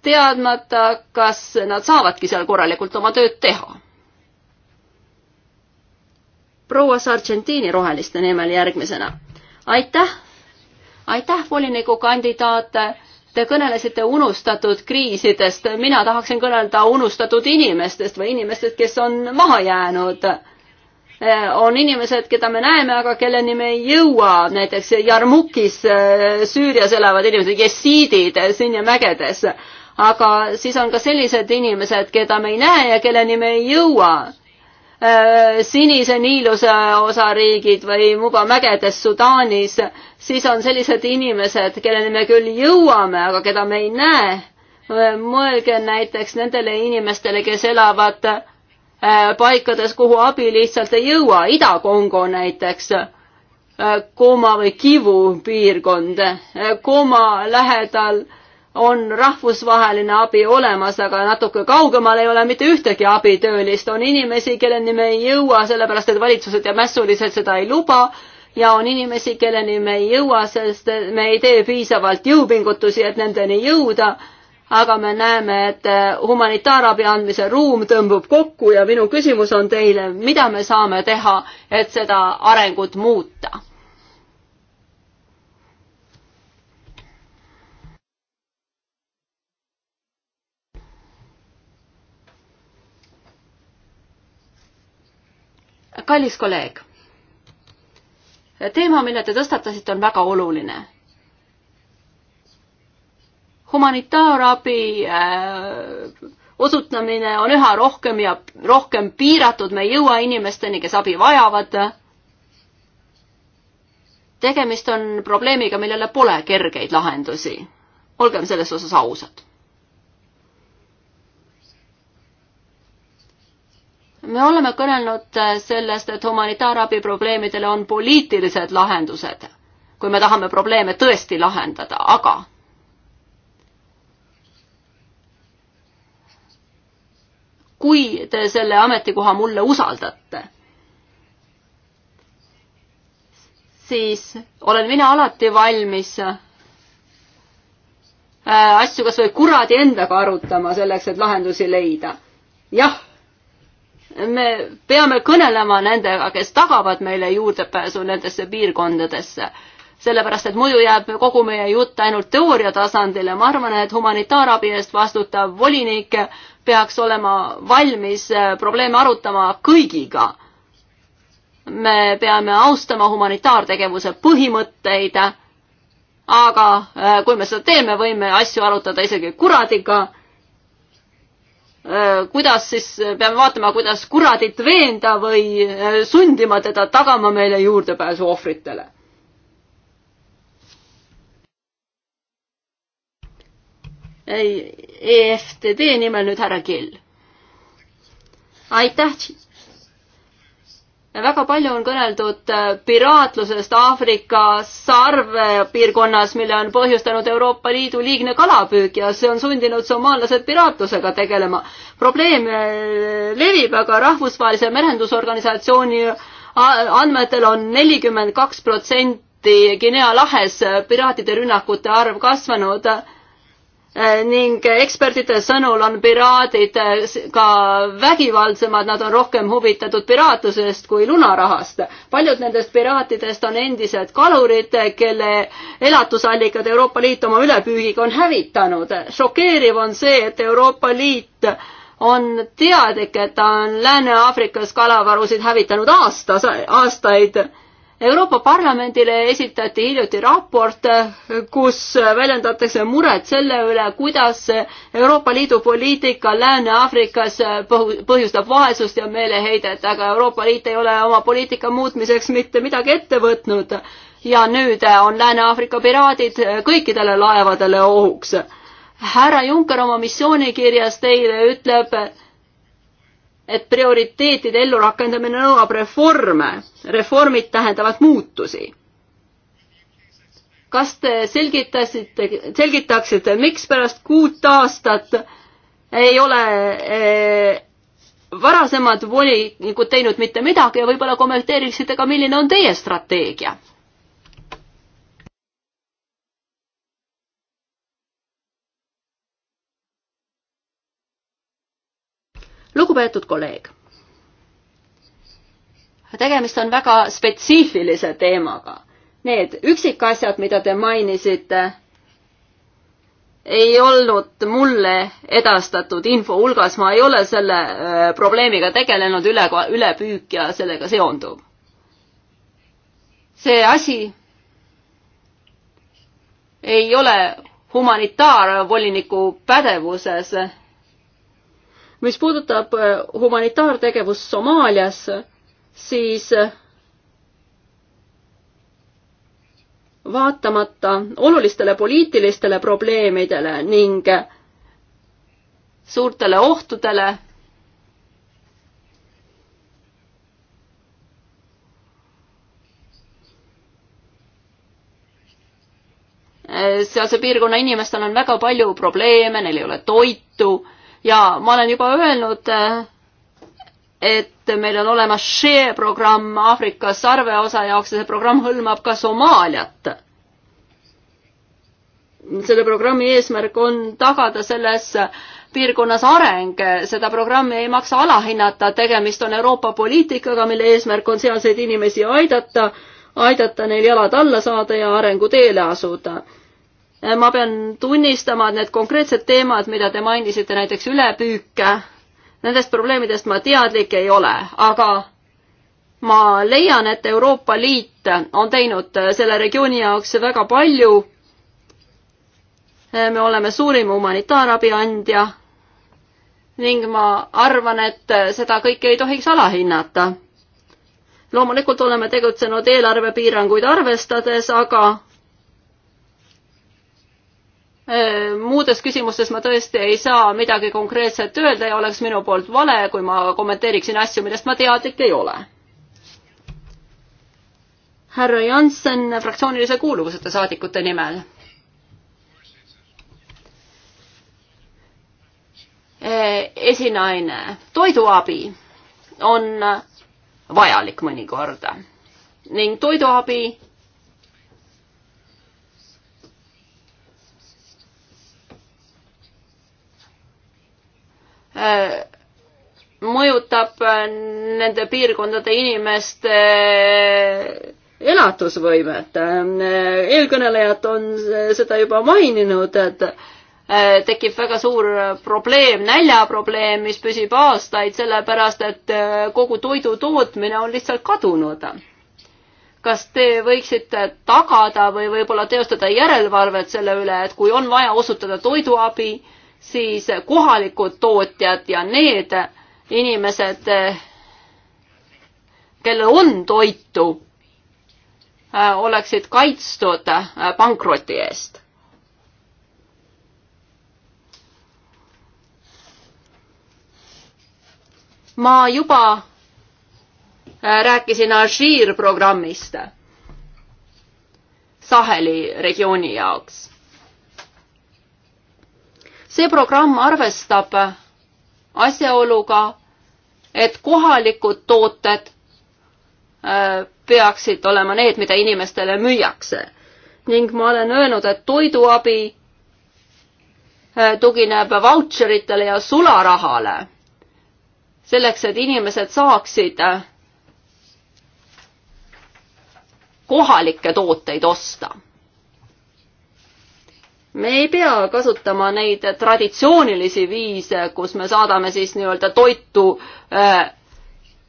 teadmata, kas nad saavadki seal korralikult oma tööd teha. proua Sargentini roheliste nimel järgmisena. aitäh, aitäh, volinikukandidaat. Te kõnelesite unustatud kriisidest, mina tahaksin kõnelda unustatud inimestest või inimestest, kes on maha jäänud Eh, on inimesed, keda me näeme, aga kelleni me ei jõua, näiteks Jarmukis eh, Süürias elavad inimesed, jesiidid eh, Sinja mägedes. aga siis on ka sellised inimesed, keda me ei näe ja kelleni me ei jõua. Sinise Niiluse osariigid või Muba mägedes Sudaanis, siis on sellised inimesed, kelleni me küll jõuame, aga keda me ei näe. mõelge näiteks nendele inimestele, kes elavad äh, Äh, paikades, kuhu abi lihtsalt ei jõua, Ida-Kongo näiteks, äh, Koma või Kivu piirkond. Äh, Koma lähedal on rahvusvaheline abi olemas, aga natuke kaugemal ei ole mitte ühtegi abitöölist, on inimesi, kelleni me ei jõua, sellepärast et valitsused ja mässulised seda ei luba ja on inimesi, kelleni me ei jõua, sest me ei tee piisavalt jõupingutusi, et nendeni jõuda aga me näeme, et eh, humanitaarabi andmise ruum tõmbub kokku ja minu küsimus on teile, mida me saame teha, et seda arengut muuta? kallis kolleeg, teema, mille te tõstatasite, on väga oluline humanitaarabi äh, osutamine on üha rohkem ja rohkem piiratud, me ei jõua inimesteni, kes abi vajavad. tegemist on probleemiga, millele pole kergeid lahendusi. olgem selles osas ausad me oleme kõnelnud äh, sellest, et humanitaarabi probleemidele on poliitilised lahendused, kui me tahame probleeme tõesti lahendada, aga kui te selle ametikoha mulle usaldate, siis olen mina alati valmis äh, asju kas või kuradi endaga arutama selleks, et lahendusi leida. jah, me peame kõnelema nendega, kes tagavad meile juurdepääsu nendesse piirkondadesse sellepärast et muidu jääb kogu meie jutt ainult teooria tasandile. ma arvan, et humanitaarabi eest vastutav volinik peaks olema valmis eh, probleeme arutama kõigiga. me peame austama humanitaartegevuse põhimõtteid, aga eh, kui me seda teeme, võime asju arutada isegi kuradiga eh, kuidas siis peame vaatama, kuidas kuradit veenda või sundima teda tagama meile juurdepääsu ohvritele EFTD e nimel nüüd härra Kill. aitäh. väga palju on kõneldud äh, piraatlusest Aafrika sarvepiirkonnas, mille on põhjustanud Euroopa Liidu liigne kalapüük ja see on sundinud somaallased piraatlusega tegelema. probleem äh, levib, aga rahvusvahelise merendusorganisatsiooni äh, andmetel on nelikümmend kaks protsenti Guinea lahes piraatide rünnakute arv kasvanud Äh, ning ekspertide sõnul on piraadid äh, ka vägivaldsemad, nad on rohkem huvitatud piraatlusest kui lunarahast. paljud nendest piraatidest on endised kalurid, kelle elatusallikad Euroopa Liit oma ülepüügiga on hävitanud. šokeeriv on see, et Euroopa Liit on teadlik, et ta on Lääne-Aafrikas kalavarusid hävitanud aastas, aastaid Euroopa Parlamendile esitati hiljuti raport, kus väljendatakse muret selle üle, kuidas Euroopa Liidu poliitika Lääne-Aafrikas põhjustab vaesust ja meeleheidet, aga Euroopa Liit ei ole oma poliitika muutmiseks mitte midagi ette võtnud. ja nüüd on Lääne-Aafrika piraadid kõikidele laevadele ohuks. härra Juncker oma missioonikirjas teile ütleb, et prioriteetide ellurakendamine nõuab reforme. reformid tähendavad muutusi. kas te selgitasite, selgitaksite, mikspärast kuut aastat ei ole eh, varasemad volinikud teinud mitte midagi ja võib-olla kommenteeriksite ka, milline on teie strateegia? lugupeetud kolleeg. tegemist on väga spetsiifilise teemaga. Need üksikasjad, mida te mainisite, ei olnud mulle edastatud info hulgas, ma ei ole selle öö, äh, probleemiga tegelenud, üle, ülepüük ja sellega seonduv. see asi ei ole humanitaarvoliniku pädevuses mis puudutab äh, humanitaartegevust Somaalias, siis äh, vaatamata olulistele poliitilistele probleemidele ning äh, suurtele ohtudele, sealse piirkonna inimestel on väga palju probleeme, neil ei ole toitu ja ma olen juba öelnud, eh, et meil on olemas SHE programm Aafrika sarveosa jaoks ja see programm hõlmab ka Somaaliat. selle programmi eesmärk on tagada selles piirkonnas areng, seda programmi ei maksa alahinnata, tegemist on Euroopa poliitikaga, mille eesmärk on sealseid inimesi aidata, aidata neil jalad alla saada ja arenguteele asuda Eh, ma pean tunnistama, et need konkreetsed teemad, mida te mainisite, näiteks ülepüüke, eh, nendest probleemidest ma teadlik ei ole, aga ma leian, et Euroopa Liit on teinud eh, selle regiooni jaoks väga palju. me oleme suurim humanitaarabi andja ning ma arvan, et seda kõike ei tohiks alahinnata. loomulikult oleme tegutsenud eelarvepiiranguid arvestades, aga Äh, muudes küsimustes ma tõesti ei saa midagi konkreetset öelda ja oleks minu poolt vale, kui ma kommenteeriksin asju, millest ma teadlik ei ole. härra Jansen fraktsioonilise kuuluvuseta saadikute nimel. Äh, esinaine, toiduabi on vajalik mõnikord ning toiduabi Äh, mõjutab äh, nende piirkondade inimeste äh, elatusvõimet. eelkõnelejad on seda juba maininud, et tekib väga suur probleem, näljaprobleem, mis püsib aastaid, sellepärast et kogu toidu tootmine on lihtsalt kadunud kas te võiksite tagada või võib-olla teostada järelevalvet selle üle, et kui on vaja osutada toiduabi, siis kohalikud tootjad ja need inimesed, kellel on toitu, oleksid kaitstud pankroti eest. ma juba äh, rääkisin Alžiir programmist Saheli regiooni jaoks see programm arvestab asjaoluga, et kohalikud tooted äh, peaksid olema need, mida inimestele müüakse. ning ma olen öelnud, et toiduabi äh, tugineb vautšeritele ja sularahale. selleks, et inimesed saaksid äh, kohalikke tooteid osta me ei pea kasutama neid traditsioonilisi viise, kus me saadame siis nii-öelda toitu äh,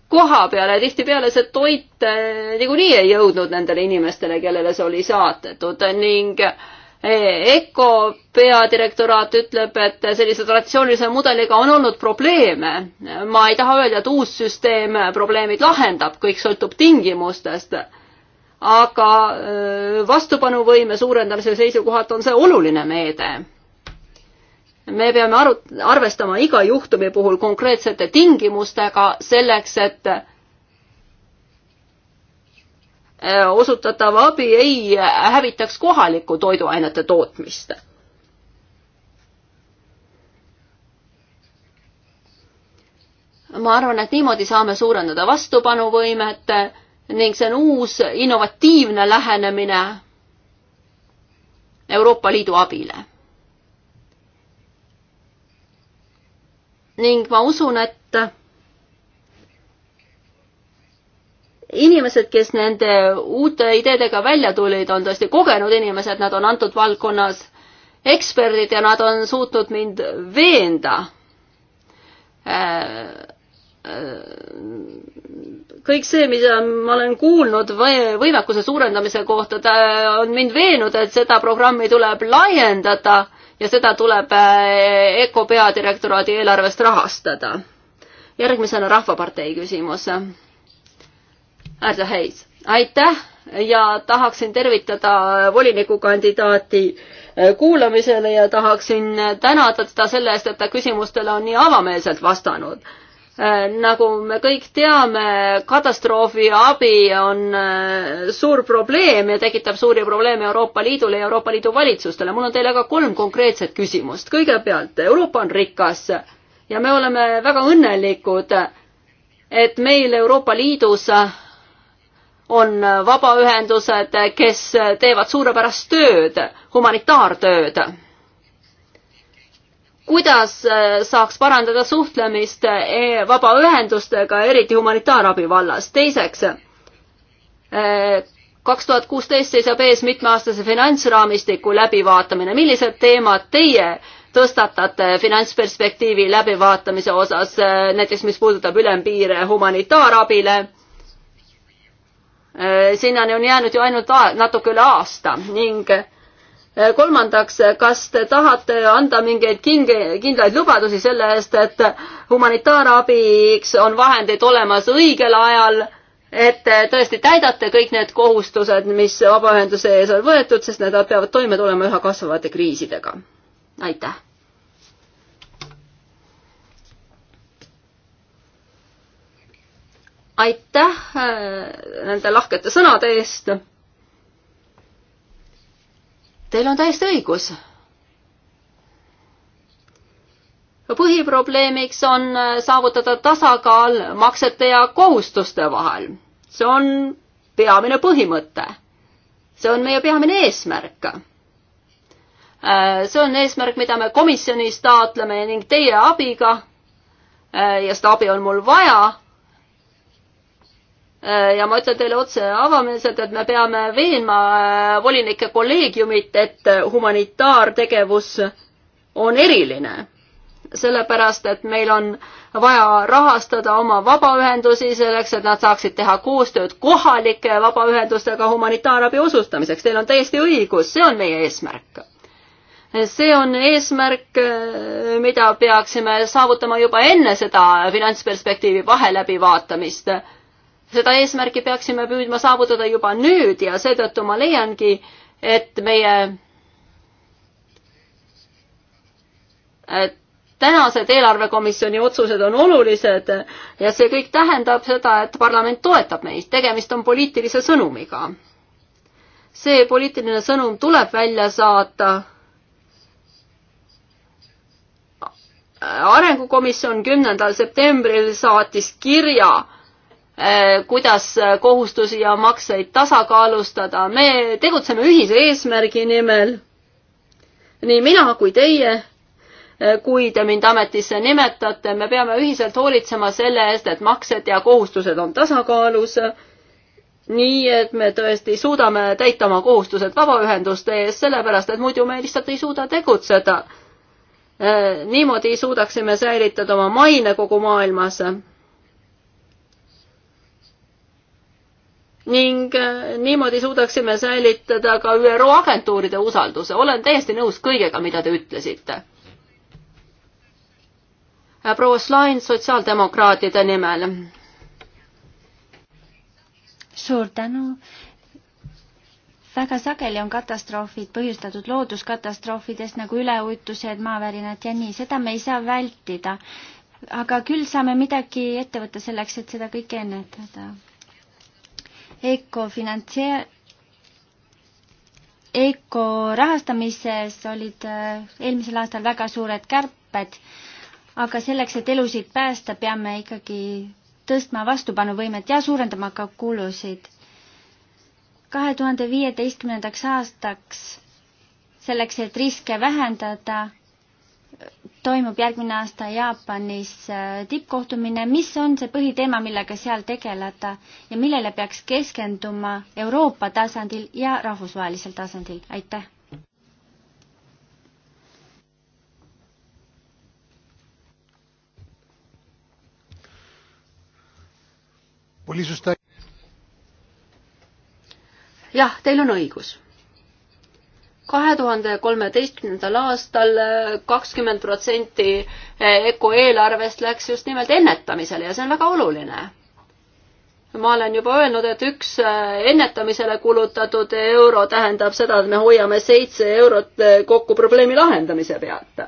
koha peale, tihtipeale see toit äh, niikuinii ei jõudnud nendele inimestele, kellele see oli saadetud ning äh, EKO peadirektoraat ütleb, et sellise traditsioonilise mudeliga on olnud probleeme. ma ei taha öelda, et uus süsteem probleemid lahendab, kõik sõltub tingimustest aga vastupanuvõime suurendamise seisukohalt on see oluline meede. me peame aru-, arvestama iga juhtumi puhul konkreetsete tingimustega selleks, et osutatav abi ei hävitaks kohalikku toiduainete tootmist. ma arvan, et niimoodi saame suurendada vastupanuvõimet ning see on uus innovatiivne lähenemine Euroopa Liidu abile. ning ma usun, et inimesed, kes nende uute ideedega välja tulid, on tõesti kogenud inimesed, nad on antud valdkonnas eksperdid ja nad on suutnud mind veenda äh, äh, kõik see, mida ma olen kuulnud võimekuse suurendamise kohta, ta on mind veenud, et seda programmi tuleb laiendada ja seda tuleb äh, EKO peadirektoraadi eelarvest rahastada. järgmisena Rahvapartei küsimus. Ärge Heis, aitäh ja tahaksin tervitada volinikukandidaati äh, kuulamisele ja tahaksin tänada teda selle eest, et ta küsimustele on nii avameelselt vastanud Äh, nagu me kõik teame, katastroofiabi on äh, suur probleem ja tekitab suuri probleeme Euroopa Liidule ja Euroopa Liidu valitsustele. mul on teile ka kolm konkreetset küsimust. kõigepealt, Euroopa on rikas ja me oleme väga õnnelikud, et meil Euroopa Liidus on vabaühendused, kes teevad suurepärast tööd, humanitaartööd kuidas äh, saaks parandada suhtlemist äh, vabaühendustega, eriti humanitaarabi vallas. teiseks, äh, kaks tuhat kuusteist seisab ees mitmeaastase finantsraamistiku läbivaatamine. millised teemad teie tõstatate finantsperspektiivi läbivaatamise osas, näiteks mis puudutab ülempiire humanitaarabile? sinnani on jäänud ju ainult natuke üle aasta ning Äh, kolmandaks, kas te tahate anda mingeid kinge, kindlaid lubadusi selle eest, et humanitaarabiks on vahendeid olemas õigel ajal, et te tõesti täidate kõik need kohustused, mis vabaühenduse ees on võetud, sest need peavad toime tulema üha kasvavate kriisidega. aitäh! aitäh äh, nende lahkete sõnade eest Teil on täiesti õigus. põhiprobleemiks on äh, saavutada tasakaal maksete ja kohustuste vahel. see on peamine põhimõte. see on meie peamine eesmärk. Äh, see on eesmärk, mida me komisjonis taotleme ning teie abiga äh, ja seda abi on mul vaja Äh, ja ma ütlen teile otse avameelselt, et me peame veenma äh, volinike kolleegiumit, et äh, humanitaartegevus on eriline. sellepärast, et meil on vaja rahastada oma vabaühendusi selleks, et nad saaksid teha koostööd kohalike vabaühendustega humanitaarabi osustamiseks. Teil on täiesti õigus, see on meie eesmärk see on eesmärk, mida peaksime saavutama juba enne seda finantsperspektiivi vaheläbivaatamist seda eesmärki peaksime püüdma saavutada juba nüüd ja seetõttu ma leiangi, et meie et tänased eelarvekomisjoni otsused on olulised ja see kõik tähendab seda, et parlament toetab meid, tegemist on poliitilise sõnumiga. see poliitiline sõnum tuleb välja saata arengukomisjon kümnendal septembril saatis kirja Äh, kuidas äh, kohustusi ja makseid tasakaalustada. me tegutseme ühise eesmärgi nimel. nii mina kui teie, äh, kui te mind ametisse nimetate, me peame ühiselt hoolitsema selle eest, et maksed ja kohustused on tasakaalus. nii et me tõesti suudame täita oma kohustused vabaühenduste ees, sellepärast et muidu me lihtsalt ei suuda tegutseda niimoodi suudaksime säilitada oma maine kogu maailmas ning äh, niimoodi suudaksime säilitada ka ÜRO agentuuride usalduse. olen täiesti nõus kõigega, mida te ütlesite. Äh, proua Slain sotsiaaldemokraatide nimel. suur tänu väga sageli on katastroofid põhjustatud looduskatastroofidest nagu üleujutused, maavärinad ja nii, seda me ei saa vältida. aga küll saame midagi ette võtta selleks, et seda kõike ennetada. EKO-finantsie-, EKO rahastamises olid äh, eelmisel aastal väga suured kärped, aga selleks, et elusid päästa, peame ikkagi tõstma vastupanuvõimet ja suurendama ka kulusid. kahe tuhande viieteistkümnendaks aastaks selleks, et riske vähendada toimub järgmine aasta Jaapanis äh, tippkohtumine, mis on see põhiteema, millega seal tegeleda ja millele peaks keskenduma Euroopa tasandil ja rahvusvahelisel tasandil, aitäh! jah, teil on õigus kahe tuhande kolmeteistkümnendal aastal eh, kakskümmend protsenti EKO eh, eelarvest läks just nimelt ennetamisele ja see on väga oluline. ma olen juba öelnud, et üks eh, ennetamisele kulutatud euro tähendab seda, et me hoiame seitse eurot kokku probleemi lahendamise pealt.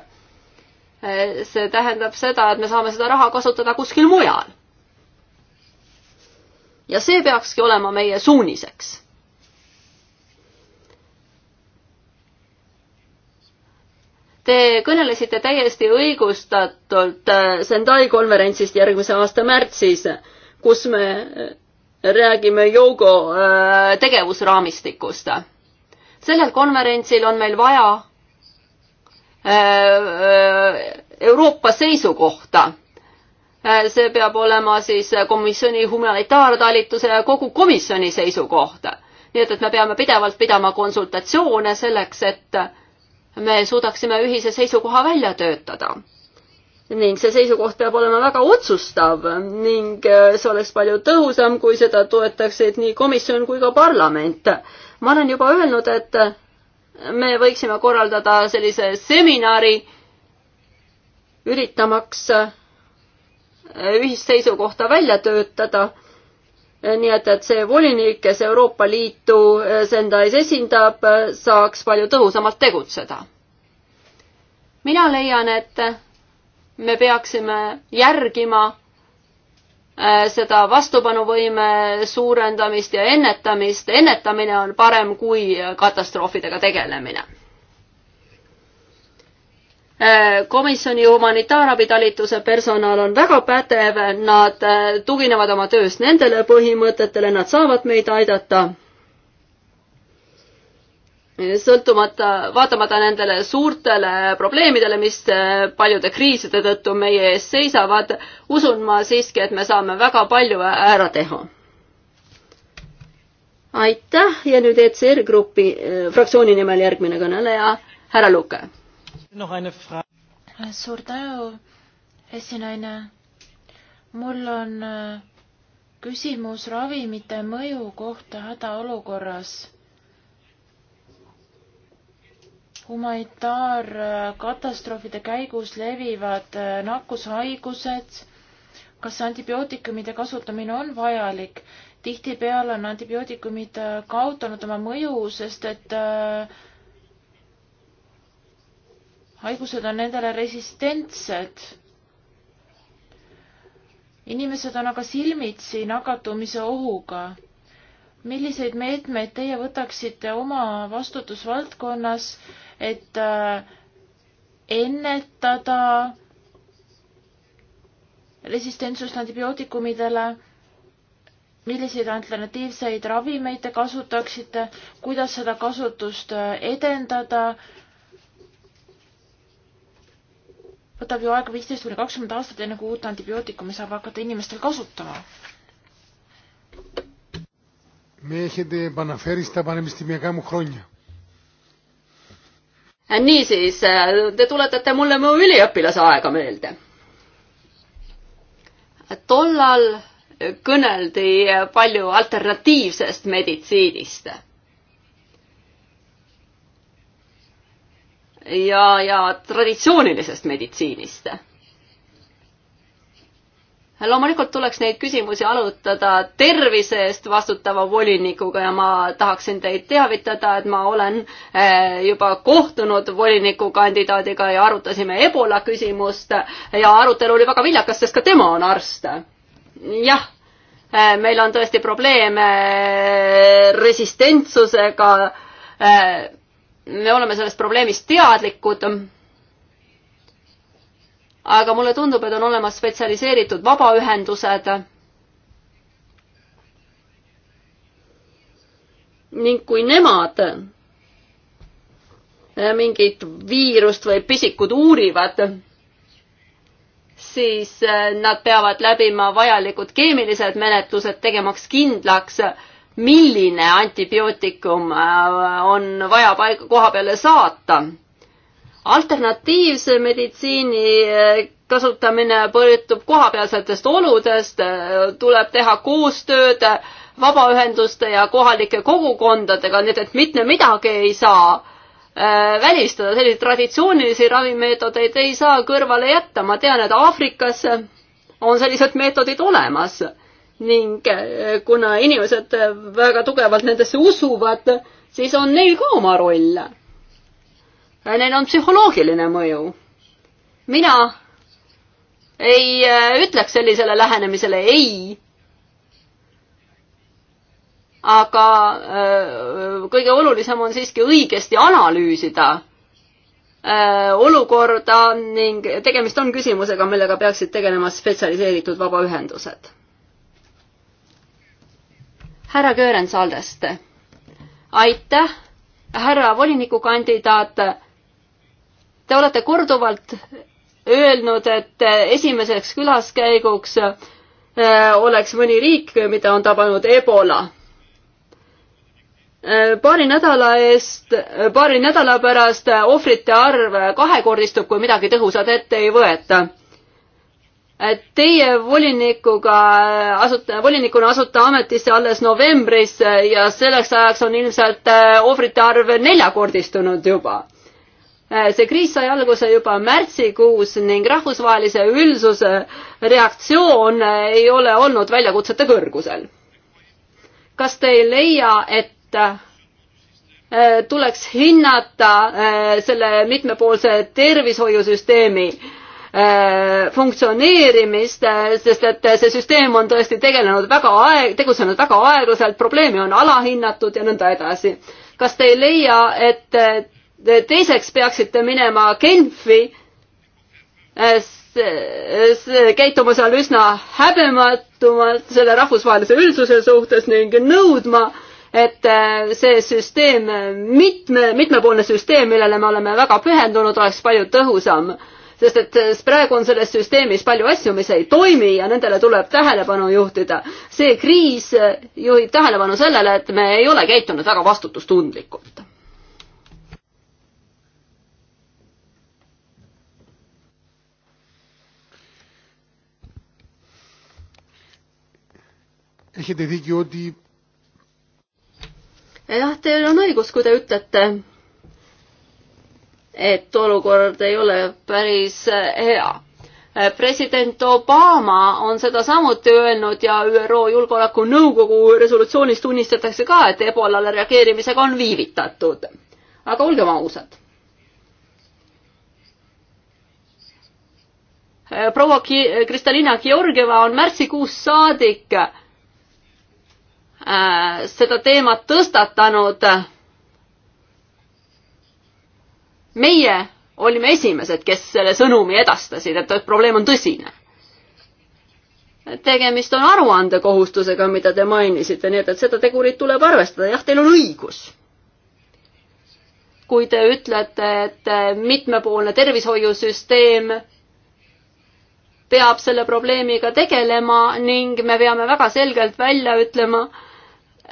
see tähendab seda, et me saame seda raha kasutada kuskil mujal. ja see peakski olema meie suuniseks Te kõnelesite täiesti õigustatult äh, Sendai konverentsist järgmise aasta märtsis, kus me äh, räägime Jougo äh, tegevusraamistikust. sellel konverentsil on meil vaja Euroopa seisukohta. see peab olema siis komisjoni humanitaartalituse ja kogu komisjoni seisukoht. nii et, et me peame pidevalt pidama konsultatsioone selleks, et me suudaksime ühise seisukoha välja töötada. ning see seisukoht peab olema väga otsustav ning äh, see oleks palju tõhusam, kui seda toetaksid nii komisjon kui ka parlament. ma olen juba öelnud, et äh, me võiksime korraldada sellise seminari, üritamaks äh, ühist seisukohta välja töötada nii et, et see volinik, kes Euroopa Liitu eh, enda ees esindab, eh, saaks palju tõhusamalt tegutseda. mina leian, et me peaksime järgima eh, seda vastupanuvõime suurendamist ja ennetamist. ennetamine on parem kui katastroofidega tegelemine Äh, komisjoni humanitaarabitalituse personal on väga pädev, nad äh, tuginevad oma töös nendele põhimõtetele, nad saavad meid aidata. sõltumata, vaatamata nendele suurtele probleemidele, mis äh, paljude kriiside tõttu meie ees seisavad, usun ma siiski, et me saame väga palju ära teha aitäh ja nüüd ECR Grupi äh, fraktsiooni nimel järgmine kõneleja, härra Luke suur tänu, esinaine. mul on äh, küsimus ravimite mõju kohta hädaolukorras. humanitaarkatastroofide äh, käigus levivad äh, nakkushaigused. kas antibiootikumide kasutamine on vajalik? tihtipeale on antibiootikumid kaotanud oma mõju, sest et äh, haigused on nendele resistentsed. inimesed on aga silmitsi nakatumise ohuga. milliseid meetmeid teie võtaksite oma vastutusvaldkonnas, et äh, ennetada resistentsust antibiootikumidele, milliseid alternatiivseid ravimeid te kasutaksite, kuidas seda kasutust äh, edendada võtab ju aega viisteist kuni kakskümmend aastat, enne kui uut antibiootikumi saab hakata inimestel kasutama. niisiis, äh, äh, te tuletate mulle mu üliõpilase aega meelde. Äh, tollal kõneldi palju alternatiivsest meditsiinist ja, ja traditsioonilisest meditsiinist loomulikult tuleks neid küsimusi arutada tervise eest vastutava volinikuga ja ma tahaksin teid teavitada, et ma olen eh, juba kohtunud volinikukandidaadiga ja arutasime Ebola küsimust ja arutelu oli väga viljakas, sest ka tema on arst. jah, eh, meil on tõesti probleeme eh, resistentsusega me oleme sellest probleemist teadlikud. aga mulle tundub, et on olemas spetsialiseeritud vabaühendused. ning kui nemad mingit viirust või pisikut uurivad, siis nad peavad läbima vajalikud keemilised menetlused, tegemaks kindlaks, milline antibiootikum äh, on vaja paiga, koha peale saata. alternatiivse meditsiini äh, kasutamine põrjutub kohapealsetest oludest, äh, tuleb teha koostööd vabaühenduste ja kohalike kogukondadega, nii et mitte midagi ei saa välistada, selliseid traditsioonilisi ravimeetodeid ei saa kõrvale jätta, ma tean, et Aafrikas on sellised meetodid olemas ning eh, kuna inimesed väga tugevalt nendesse usuvad, siis on neil ka oma roll. Neil on psühholoogiline mõju. mina ei eh, ütleks sellisele lähenemisele ei. aga eh, kõige olulisem on siiski õigesti analüüsida olukorda ning tegemist on küsimusega, millega peaksid tegelema spetsialiseeritud vabaühendused härra Göörens Aldest. aitäh, härra volinikukandidaat. Te olete korduvalt öelnud, et esimeseks külaskäiguks äh, oleks mõni riik, mida on tabanud Ebola. Äh, paari nädala eest, äh, paari nädala pärast ohvrite arv kahekordistub, kui midagi tõhusat ette ei võeta Teie volinikuga asute, volinikuna asute ametisse alles novembris äh, ja selleks ajaks on ilmselt äh, ohvrite arv neljakordistunud juba. Äh, see kriis sai alguse juba märtsikuus ning rahvusvahelise üldsuse reaktsioon ei ole olnud väljakutsete kõrgusel. kas te ei leia, et tuleks hinnata selle mitmepoolse tervishoiusüsteemi Äh, funktsioneerimist, äh, sest et äh, see süsteem on tõesti tegelenud väga aeg-, tegutsenud väga aeglaselt, probleeme on alahinnatud ja nõnda edasi. kas te ei leia, et teiseks peaksite minema Genfi, käituma seal üsna häbematumalt selle rahvusvahelise üldsuse suhtes ning nõudma, et see süsteem, mitme, mitmepoolne süsteem, millele me oleme väga pühendunud, oleks palju tõhusam sest et eh, praegu on selles süsteemis palju asju, mis ei toimi ja nendele tuleb tähelepanu juhtida. see kriis eh, juhib tähelepanu sellele, et me ei ole käitunud väga vastutustundlikult. jah, teil on õigus, kui te ütlete et olukord ei ole päris eh, hea. Eh, president Obama on seda samuti öelnud ja ÜRO Julgeolekunõukogu resolutsioonis tunnistatakse ka, et ebolale reageerimisega on viivitatud. aga olgem ausad eh, proua Kristalina Georgieva on märtsikuus saadik seda teemat tõstatanud meie olime esimesed, kes selle sõnumi edastasid, et probleem on tõsine. tegemist on aruandekohustusega, mida te mainisite, nii et, et seda tegurit tuleb arvestada, jah, teil on õigus. kui te ütlete, et mitmepoolne tervishoiusüsteem peab selle probleemiga tegelema ning me peame väga selgelt välja ütlema,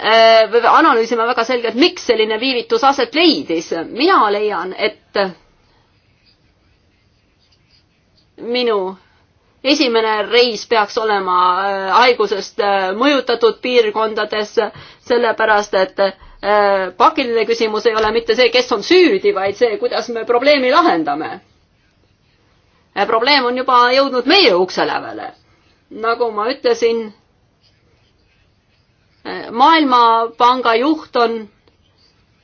või äh, analüüsima väga selgelt, miks selline viivitus aset leidis. mina leian, et minu esimene reis peaks olema äh, haigusest äh, mõjutatud piirkondades, sellepärast et pakiline küsimus ei ole mitte see, kes on süüdi, vaid see, kuidas me probleemi lahendame. probleem on juba jõudnud meie ukse lävele. nagu ma ütlesin maailmapanga juht on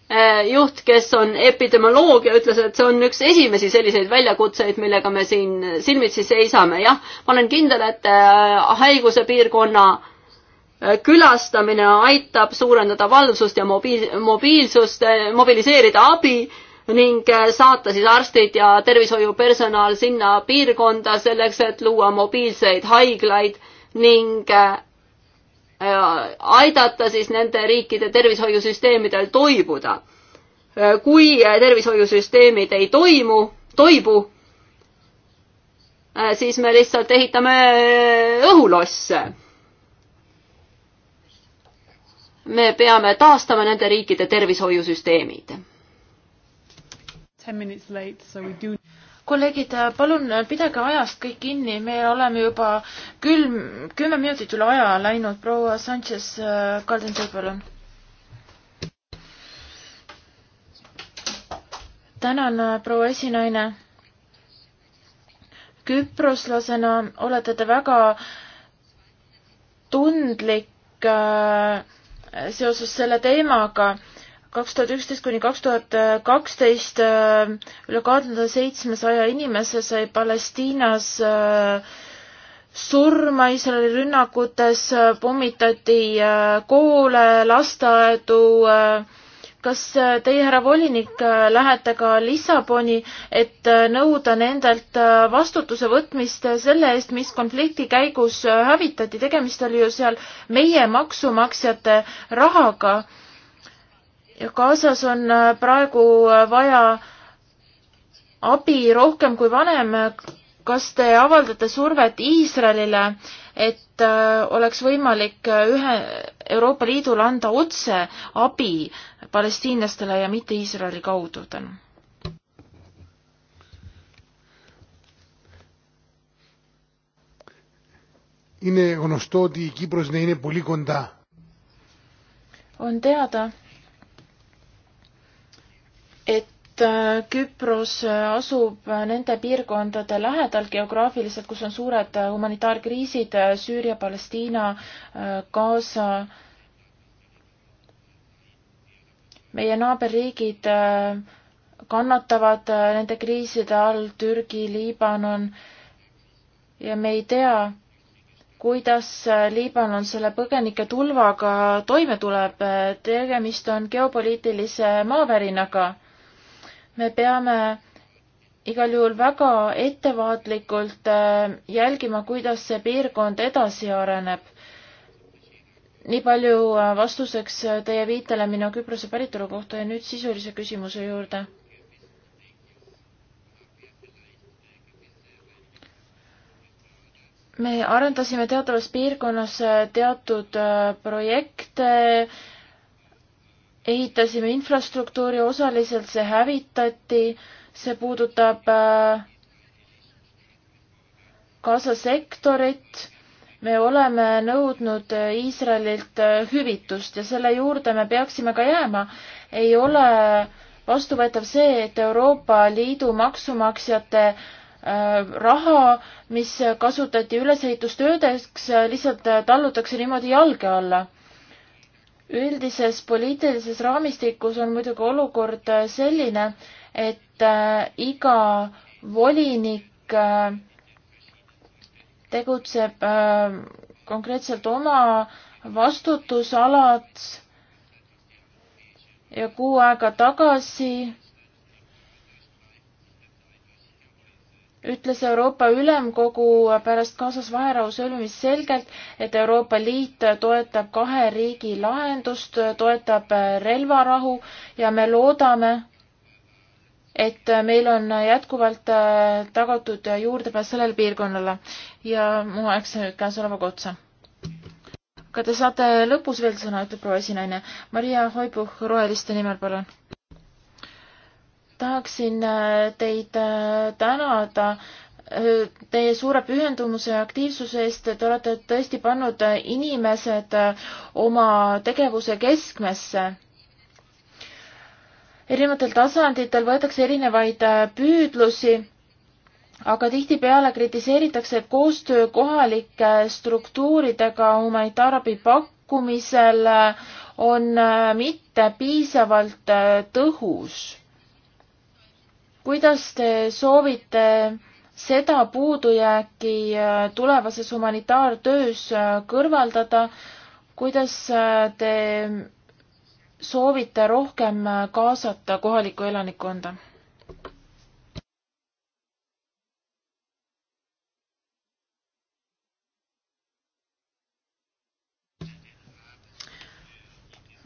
eh, juht, kes on epidemioloogia, ütles, et see on üks esimesi selliseid väljakutseid, millega me siin silmitsi seisame. jah, ma olen kindel, et eh, haiguse piirkonna eh, külastamine aitab suurendada valvsust ja mobiil, mobiilsust, mobiliseerida abi ning saata siis arstid ja tervishoiupersonal sinna piirkonda selleks, et luua mobiilseid haiglaid ning Äh, aidata siis nende riikide tervishoiusüsteemidel toibuda. Äh, kui äh, tervishoiusüsteemid ei toimu, toibu, siis me lihtsalt ehitame õhulosse. me peame taastama nende riikide tervishoiusüsteemid. Ten minutes late, so we do kolleegid, palun pidage ajast kõik kinni, me oleme juba külm, kümme minutit üle aja läinud, proua Sanchez, Kaldentöö, äh, palun. tänan, äh, proua esinaine. küproslasena olete te väga tundlik äh, seoses selle teemaga kaks tuhat üksteist kuni kaks tuhat kaksteist äh, üle kahe tuhande seitsmesaja inimese sai Palestiinas äh, surma Iisraeli rünnakutes, äh, pommitati koole, lasteaedu. kas teie, härra volinik, lähete ka Lissaboni, et nõuda nendelt vastutuse võtmist selle eest, mis konflikti käigus hävitati, tegemist oli ju seal meie maksumaksjate rahaga ja Gazas on äh, praegu äh, vaja abi rohkem kui vanem. kas te avaldate survet Iisraelile, et äh, oleks võimalik ühe Euroopa Liidul anda otse abi palestiinlastele ja mitte Iisraeli kaudu? tänu. είναι γνωστό ότι η Κύπρος να είναι πολύ κοντά. On teada, et äh, Küpros äh, asub äh, nende piirkondade lähedal geograafiliselt, kus on suured humanitaarkriisid Süüria, Palestiina, Gaza. meie naaberriigid kannatavad nende kriiside all, Türgi, Liibanon ja me ei tea, kuidas Liibanon selle põgenike tulvaga toime tuleb. tegemist on geopoliitilise maavärinaga me peame igal juhul väga ettevaatlikult äh, jälgima, kuidas see piirkond edasi areneb. nii palju äh, vastuseks äh, teie viitele minu Küprose päritolu kohta ja nüüd sisulise küsimuse juurde. me arendasime teatavas piirkonnas teatud projekte, ehitasime infrastruktuuri, osaliselt see hävitati, see puudutab Gaza äh, sektorit. me oleme nõudnud äh, Iisraelilt äh, hüvitust ja selle juurde me peaksime ka jääma. ei ole vastuvõetav see, et Euroopa Liidu maksumaksjate raha, mis kasutati ülesehitustöödeks, lihtsalt tallutakse niimoodi jalge alla üldises poliitilises raamistikus on muidugi olukord selline, et äh, iga volinik äh, tegutseb äh, konkreetselt oma vastutusalad ja kuu aega tagasi ütles Euroopa Ülemkogu pärast kaasas vaherahu sõlmimist selgelt, et Euroopa Liit toetab kahe riigi lahendust, toetab relvarahu ja me loodame, et meil on jätkuvalt äh, tagatud juurdepääs sellele piirkonnale ja mu aeg sai nüüd käesolevaga otsa. aga te saate lõpus veel sõna, ütleb proua esinaine. Maria Hoibuh Roheliste nimel, palun tahaksin äh, teid äh, tänada äh, teie suure pühendumuse ja aktiivsuse eest, te olete tõesti pannud inimesed oma tegevuse keskmesse. erinevatel tasanditel võetakse erinevaid püüdlusi, aga tihtipeale kritiseeritakse koostöö kohalike struktuuridega humanitaarabi pakkumisel on mitte piisavalt tõhus kuidas te soovite seda puudujääki äh, tulevases humanitaartöös äh, kõrvaldada, kuidas äh, te soovite rohkem kaasata kohalikku elanikkonda?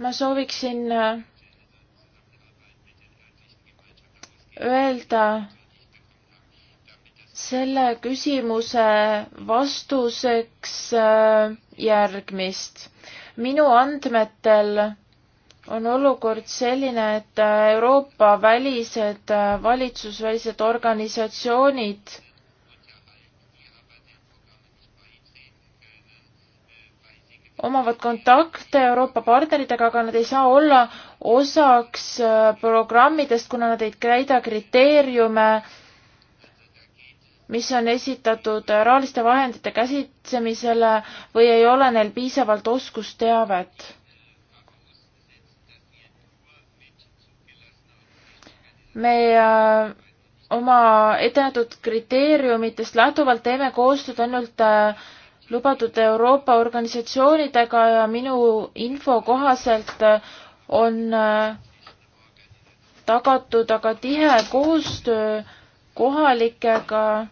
ma sooviksin öelda selle küsimuse vastuseks äh, järgmist. minu andmetel on olukord selline, et Euroopa välised äh, valitsusvälised organisatsioonid omavad kontakte Euroopa partneritega, aga nad ei saa olla osaks äh, programmidest, kuna nad ei täida kriteeriume, mis on esitatud äh, rahaliste vahendite käsitsemisele või ei ole neil piisavalt oskusteavet. me äh, oma ettenähtud kriteeriumitest lähtuvalt teeme koostööd ainult äh, lubatud Euroopa organisatsioonidega ja minu info kohaselt äh, on äh, tagatud aga tihe koostöö kohalikega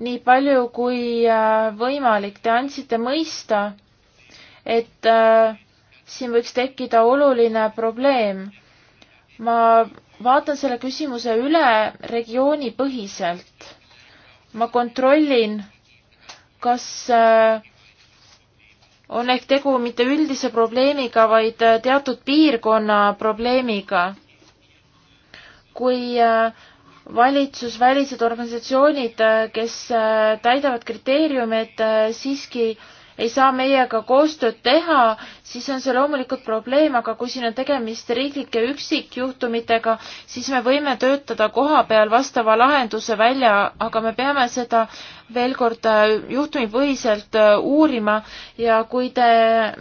nii palju kui äh, võimalik. Te andsite mõista, et siin võiks tekkida oluline probleem. ma vaatan selle küsimuse üle regioonipõhiselt. ma kontrollin, kas äh, on ehk tegu mitte üldise probleemiga, vaid äh, teatud piirkonna probleemiga. kui äh, valitsusvälised organisatsioonid, kes täidavad kriteeriumid, siiski äh, ei saa meiega koostööd teha, siis on see loomulikult probleem, aga kui siin on tegemist riiklike üksikjuhtumitega, siis me võime töötada koha peal vastava lahenduse välja, aga me peame seda veel kord äh, juhtumipõhiselt äh, uurima ja kui te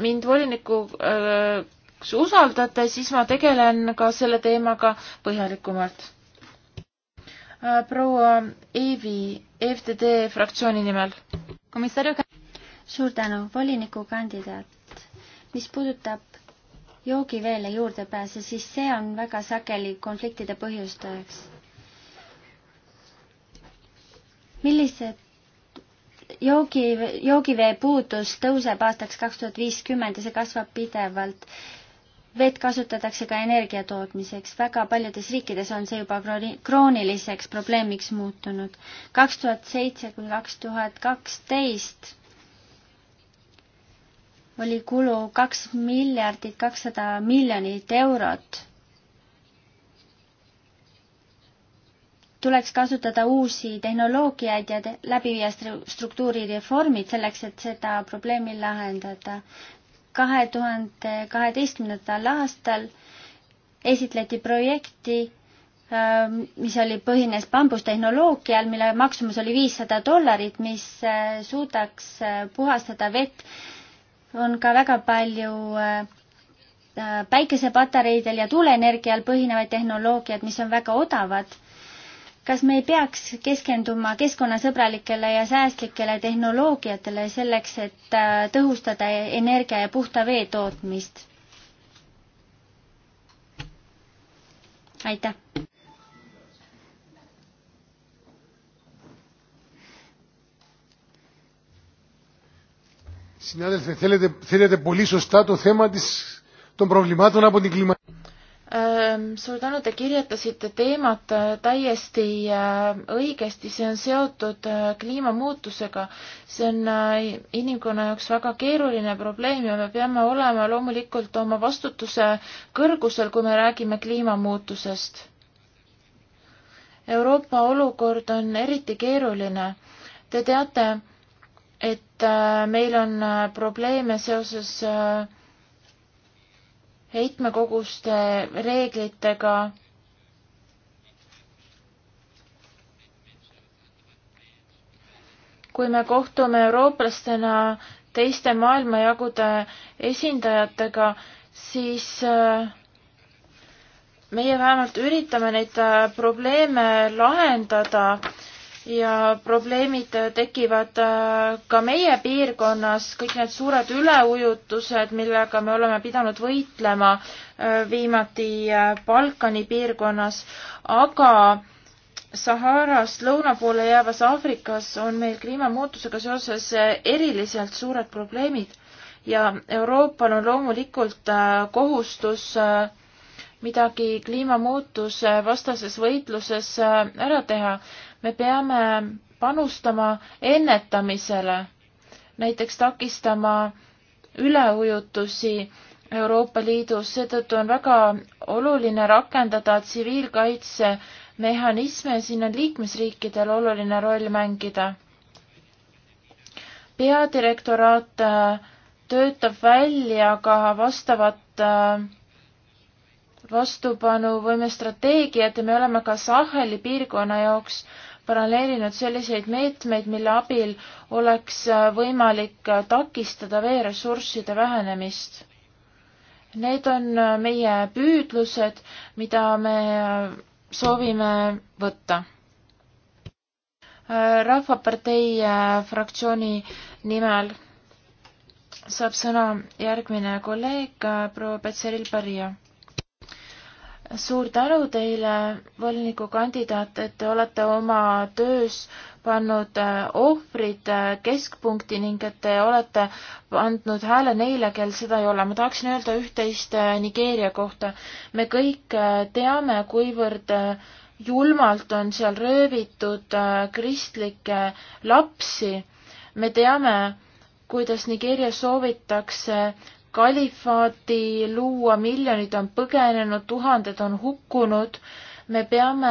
mind voliniku kas äh, usaldate, siis ma tegelen ka selle teemaga põhjalikumalt. proua Eevi, EFTD fraktsiooni nimel suur tänu, volinikukandidaat. mis puudutab joogiveele juurdepääsu, siis see on väga sageli konfliktide põhjustajaks. millised joogi, joogivee puudus tõuseb aastaks kaks tuhat viiskümmend ja see kasvab pidevalt. vett kasutatakse ka energia tootmiseks, väga paljudes riikides on see juba krooniliseks probleemiks muutunud. kaks tuhat seitse kuni kaks tuhat kaksteist oli kulu kaks miljardit kakssada miljonit eurot. tuleks kasutada uusi tehnoloogiaid ja te läbi viia struktuurireformid selleks, et seda probleemi lahendada. kahe tuhande kaheteistkümnendal aastal esitleti projekti, ähm, mis oli, põhines bambustehnoloogial, mille maksumus oli viissada dollarit, mis äh, suudaks äh, puhastada vett on ka väga palju äh, äh, päikesepatareidel ja tuuleenergial põhinevaid tehnoloogiaid, mis on väga odavad. kas me ei peaks keskenduma keskkonnasõbralikele ja säästlikele tehnoloogiatele selleks, et äh, tõhustada energia ja puhta vee tootmist? aitäh! Συνάδελφε, θέλετε, θέλετε πολύ σωστά το θέμα της, των προβλημάτων από την κλιματική. Suur tänu, te kirjeldasite teemat äh, täiesti äh, õigesti, see on seotud äh, kliimamuutusega. see on inimkonna jaoks väga keeruline probleem ja me peame olema loomulikult oma vastutuse kõrgusel, kui me räägime kliimamuutusest. Euroopa olukord on eriti keeruline. Te teate, et äh, meil on äh, probleeme seoses äh, heitmekoguste reeglitega. kui me kohtume eurooplastena teiste maailmajagude esindajatega, siis meie vähemalt üritame neid probleeme lahendada ja probleemid tekivad äh, ka meie piirkonnas, kõik need suured üleujutused, millega me oleme pidanud võitlema äh, viimati äh, Balkani piirkonnas, aga Saharast lõuna poole jäävas Aafrikas on meil kliimamuutusega seoses eriliselt suured probleemid ja Euroopal on loomulikult kohustus midagi kliimamuutuse vastases võitluses ära teha me peame panustama ennetamisele, näiteks takistama üleujutusi Euroopa Liidus, seetõttu on väga oluline rakendada tsiviilkaitsemehhanisme ja siin on liikmesriikidel oluline roll mängida. peadirektoraat äh, töötab välja ka vastavat äh, vastupanuvõime strateegiat ja me oleme ka Saheli piirkonna jaoks äh, paralleelinud selliseid meetmeid, mille abil oleks äh, võimalik äh, takistada veeressursside vähenemist. Need on äh, meie püüdlused, mida me soovime võtta. rahvapartei fraktsiooni nimel saab sõna järgmine kolleeg proua Petseril Pärja suur tänu teile, volinikukandidaat, et te olete oma töös pannud äh, ohvrid äh, keskpunkti ning et te olete andnud hääle neile, kel seda ei ole. ma tahaksin öelda üht-teist äh, Nigeeria kohta. me kõik teame, kuivõrd julmalt on seal röövitud kristlikke lapsi. me teame, kuidas Nigeerias soovitakse kalifaati luua, miljonid on põgenenud, tuhanded on hukkunud. me peame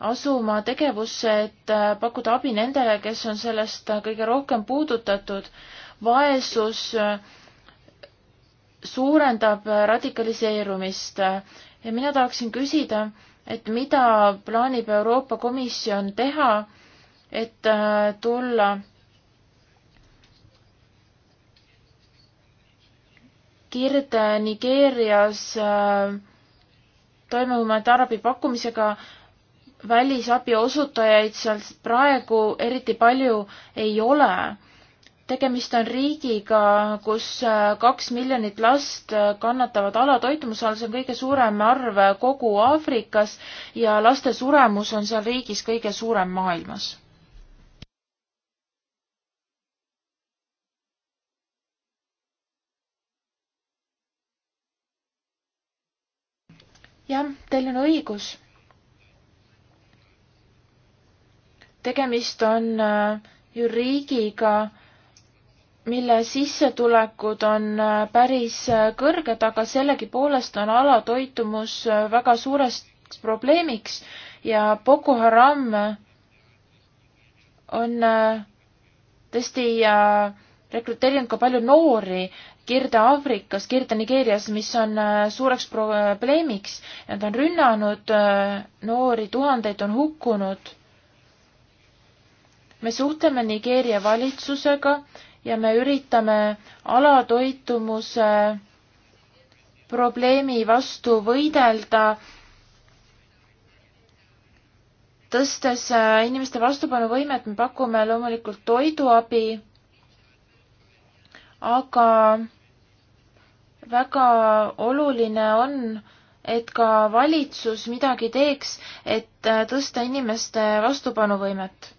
asuma tegevusse, et äh, pakkuda abi nendele, kes on sellest äh, kõige rohkem puudutatud. vaesus äh, suurendab radikaliseerumist ja mina tahaksin küsida, et mida plaanib Euroopa Komisjon teha, et tulla Kirde Nigeerias äh, toime humanitaarabi pakkumisega välisabi osutajaid seal praegu eriti palju ei ole. tegemist on riigiga, kus äh, kaks miljonit last äh, kannatavad alatoitumuse all, see on kõige suurem arv kogu Aafrikas ja laste suremus on seal riigis kõige suurem maailmas jah, teil on õigus. tegemist on äh, ju riigiga, mille sissetulekud on äh, päris äh, kõrged, aga sellegipoolest on alatoitumus väga suureks probleemiks ja Boko Haram on tõesti rekruteerinud ka palju noori Kirde-Aafrikas, Kirde-Nigeerias, mis on äh, suureks probleemiks. Nad on rünnanud äh, noori, tuhandeid on hukkunud. me suhtleme Nigeeria valitsusega ja me üritame alatoitumuse probleemi vastu võidelda, tõstes äh, inimeste vastupanuvõimet, me pakume loomulikult toiduabi, aga väga oluline on, et ka valitsus midagi teeks, et äh, tõsta inimeste vastupanuvõimet.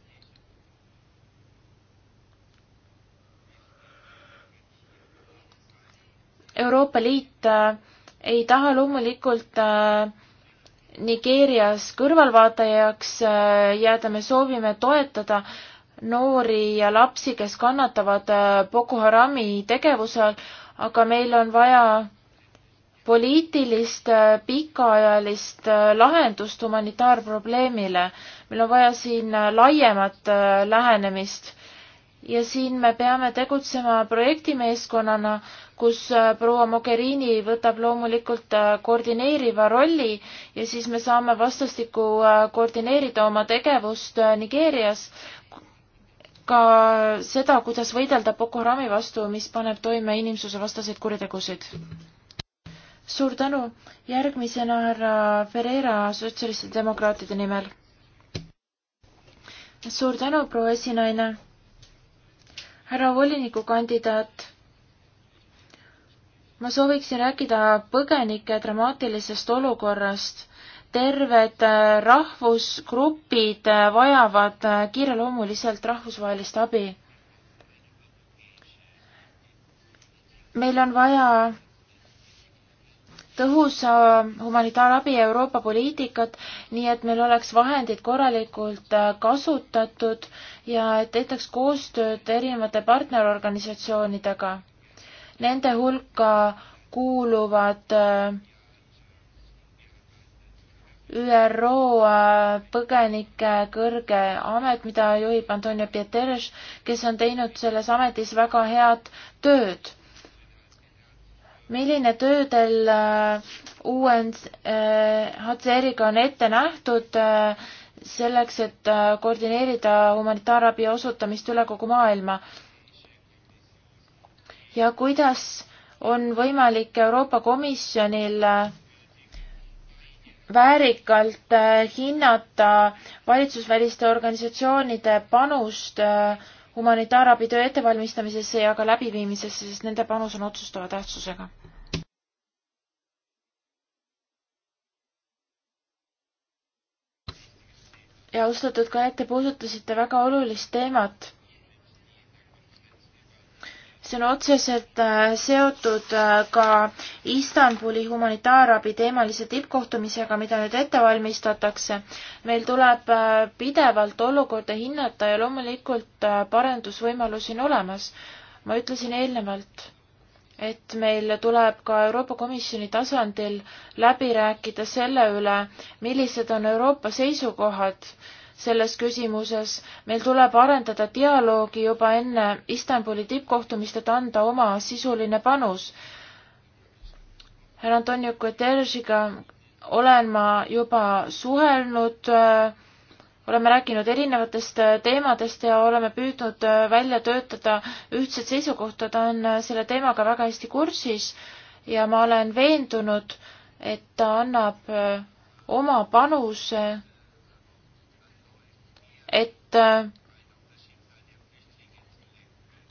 Euroopa Liit äh, ei taha loomulikult äh, Nigeerias kõrvalvaatajaks jääda, me soovime toetada noori ja lapsi, kes kannatavad Boko Harami tegevuse all, aga meil on vaja poliitilist äh, pikaajalist äh, lahendust humanitaarprobleemile. meil on vaja siin äh, laiemat lähenemist ja siin me peame tegutsema projektimeeskonnana, kus proua Mogherini võtab loomulikult koordineeriva rolli ja siis me saame vastastikku koordineerida oma tegevust Nigeerias, ka seda, kuidas võidelda Boko Harami vastu, mis paneb toime inimsusevastaseid kuritegusid. suur tänu, järgmisena härra Ferreira sotsialistide demokraatide nimel. suur tänu, proua esinaine. härra volinikukandidaat ma sooviksin rääkida põgenike dramaatilisest olukorrast terved äh, rahvusgrupid äh, vajavad äh, kiireloomuliselt rahvusvahelist abi. meil on vaja tõhusa humanitaarabi Euroopa poliitikat, nii et meil oleks vahendid korralikult kasutatud ja et tehtaks koostööd erinevate partnerorganisatsioonidega. Nende hulka kuuluvad äh, ÜRO äh, põgenike kõrge amet, mida juhib Antonio Pieteres, kes on teinud selles ametis väga head tööd. milline töö teil äh, UNHCR-iga äh, on ette nähtud selleks, et koordineerida humanitaarabi osutamist üle kogu maailma? ja kuidas on võimalik Euroopa Komisjonil väärikalt äh, hinnata valitsusväliste organisatsioonide panust äh, humanitaarabitöö ettevalmistamisesse ja ka läbiviimisesse, sest nende panus on otsustava tähtsusega. ja austatud Kaet, te puudutasite väga olulist teemat see on otseselt äh, seotud äh, ka Istanbuli humanitaarabi teemalise tippkohtumisega, mida nüüd ette valmistatakse. meil tuleb äh, pidevalt olukorda hinnata ja loomulikult parendusvõimalusi on olemas. ma ütlesin eelnevalt, et meil tuleb ka Euroopa Komisjoni tasandil läbi rääkida selle üle, millised on Euroopa seisukohad selles küsimuses. meil tuleb arendada dialoogi juba enne Istanbuli tippkohtumist, et anda oma sisuline panus. härra Antonio Guterresiga olen ma juba suhelnud, äh, oleme rääkinud erinevatest äh, teemadest ja oleme püüdnud äh, välja töötada ühtset seisukohta, ta on selle teemaga väga hästi kursis ja ma olen veendunud, et ta annab oma panuse et äh,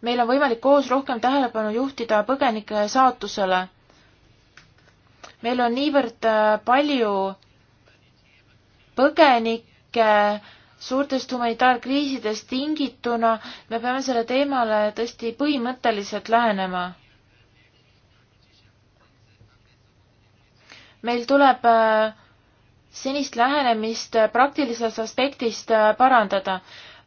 meil on võimalik koos rohkem tähelepanu juhtida põgenike saatusele. meil on niivõrd äh, palju põgenikke suurtest humanitaarkriisidest tingituna, me peame selle teemale tõesti põhimõtteliselt lähenema. meil tuleb äh, senist lähenemist praktilisest aspektist äh, parandada.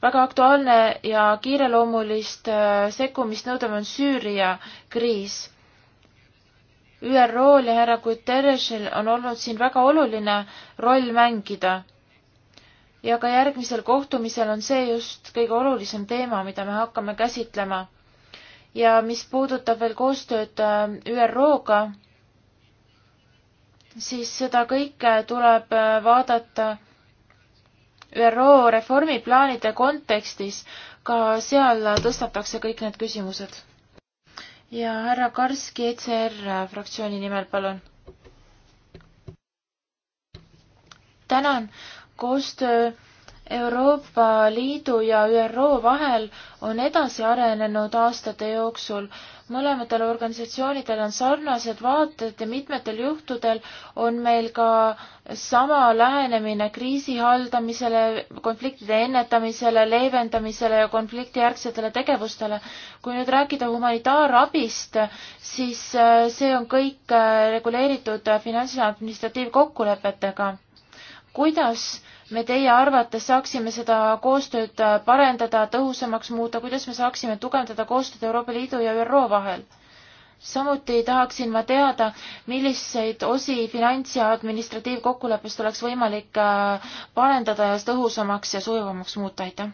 väga aktuaalne ja kiireloomulist äh, sekkumist nõudev on Süüria kriis. ÜRO-l ja härra Guterresil on olnud siin väga oluline roll mängida. ja ka järgmisel kohtumisel on see just kõige olulisem teema, mida me hakkame käsitlema. ja mis puudutab veel koostööd äh, ÜRO-ga, siis seda kõike tuleb äh, vaadata ÜRO reformiplaanide kontekstis, ka seal tõstatakse kõik need küsimused. ja härra Karski ECR fraktsiooni nimel, palun. tänan, koostöö Euroopa Liidu ja ÜRO vahel on edasi arenenud aastate jooksul. mõlematel organisatsioonidel on sarnased vaated ja mitmetel juhtudel on meil ka sama lähenemine kriisi haldamisele, konfliktide ennetamisele, leevendamisele ja konfliktijärgsetele tegevustele. kui nüüd rääkida humanitaarabist, siis äh, see on kõik äh, reguleeritud äh, finants- ja administratiivkokkulepetega. kuidas me teie arvates saaksime seda koostööd äh, parendada, tõhusamaks muuta, kuidas me saaksime tugevdada koostööd Euroopa Liidu ja ÜRO vahel? samuti tahaksin ma teada, milliseid osi finants- ja administratiivkokkuleppest oleks võimalik äh, parendada ja tõhusamaks ja sujuvamaks muuta, aitäh!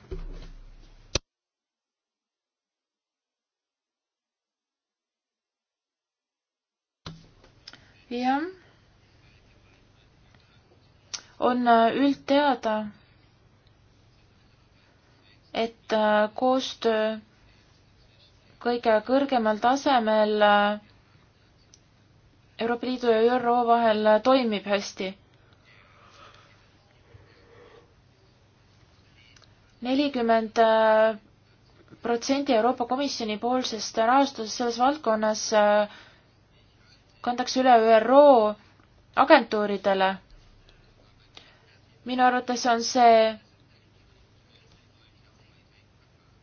jah on äh, üldteada, et äh, koostöö kõige kõrgemal tasemel äh, Euroopa Liidu ja ÜRO vahel toimib hästi. nelikümmend protsenti Euroopa Komisjoni poolsest rahastusest selles valdkonnas kantakse üle ÜRO agentuuridele minu arvates on see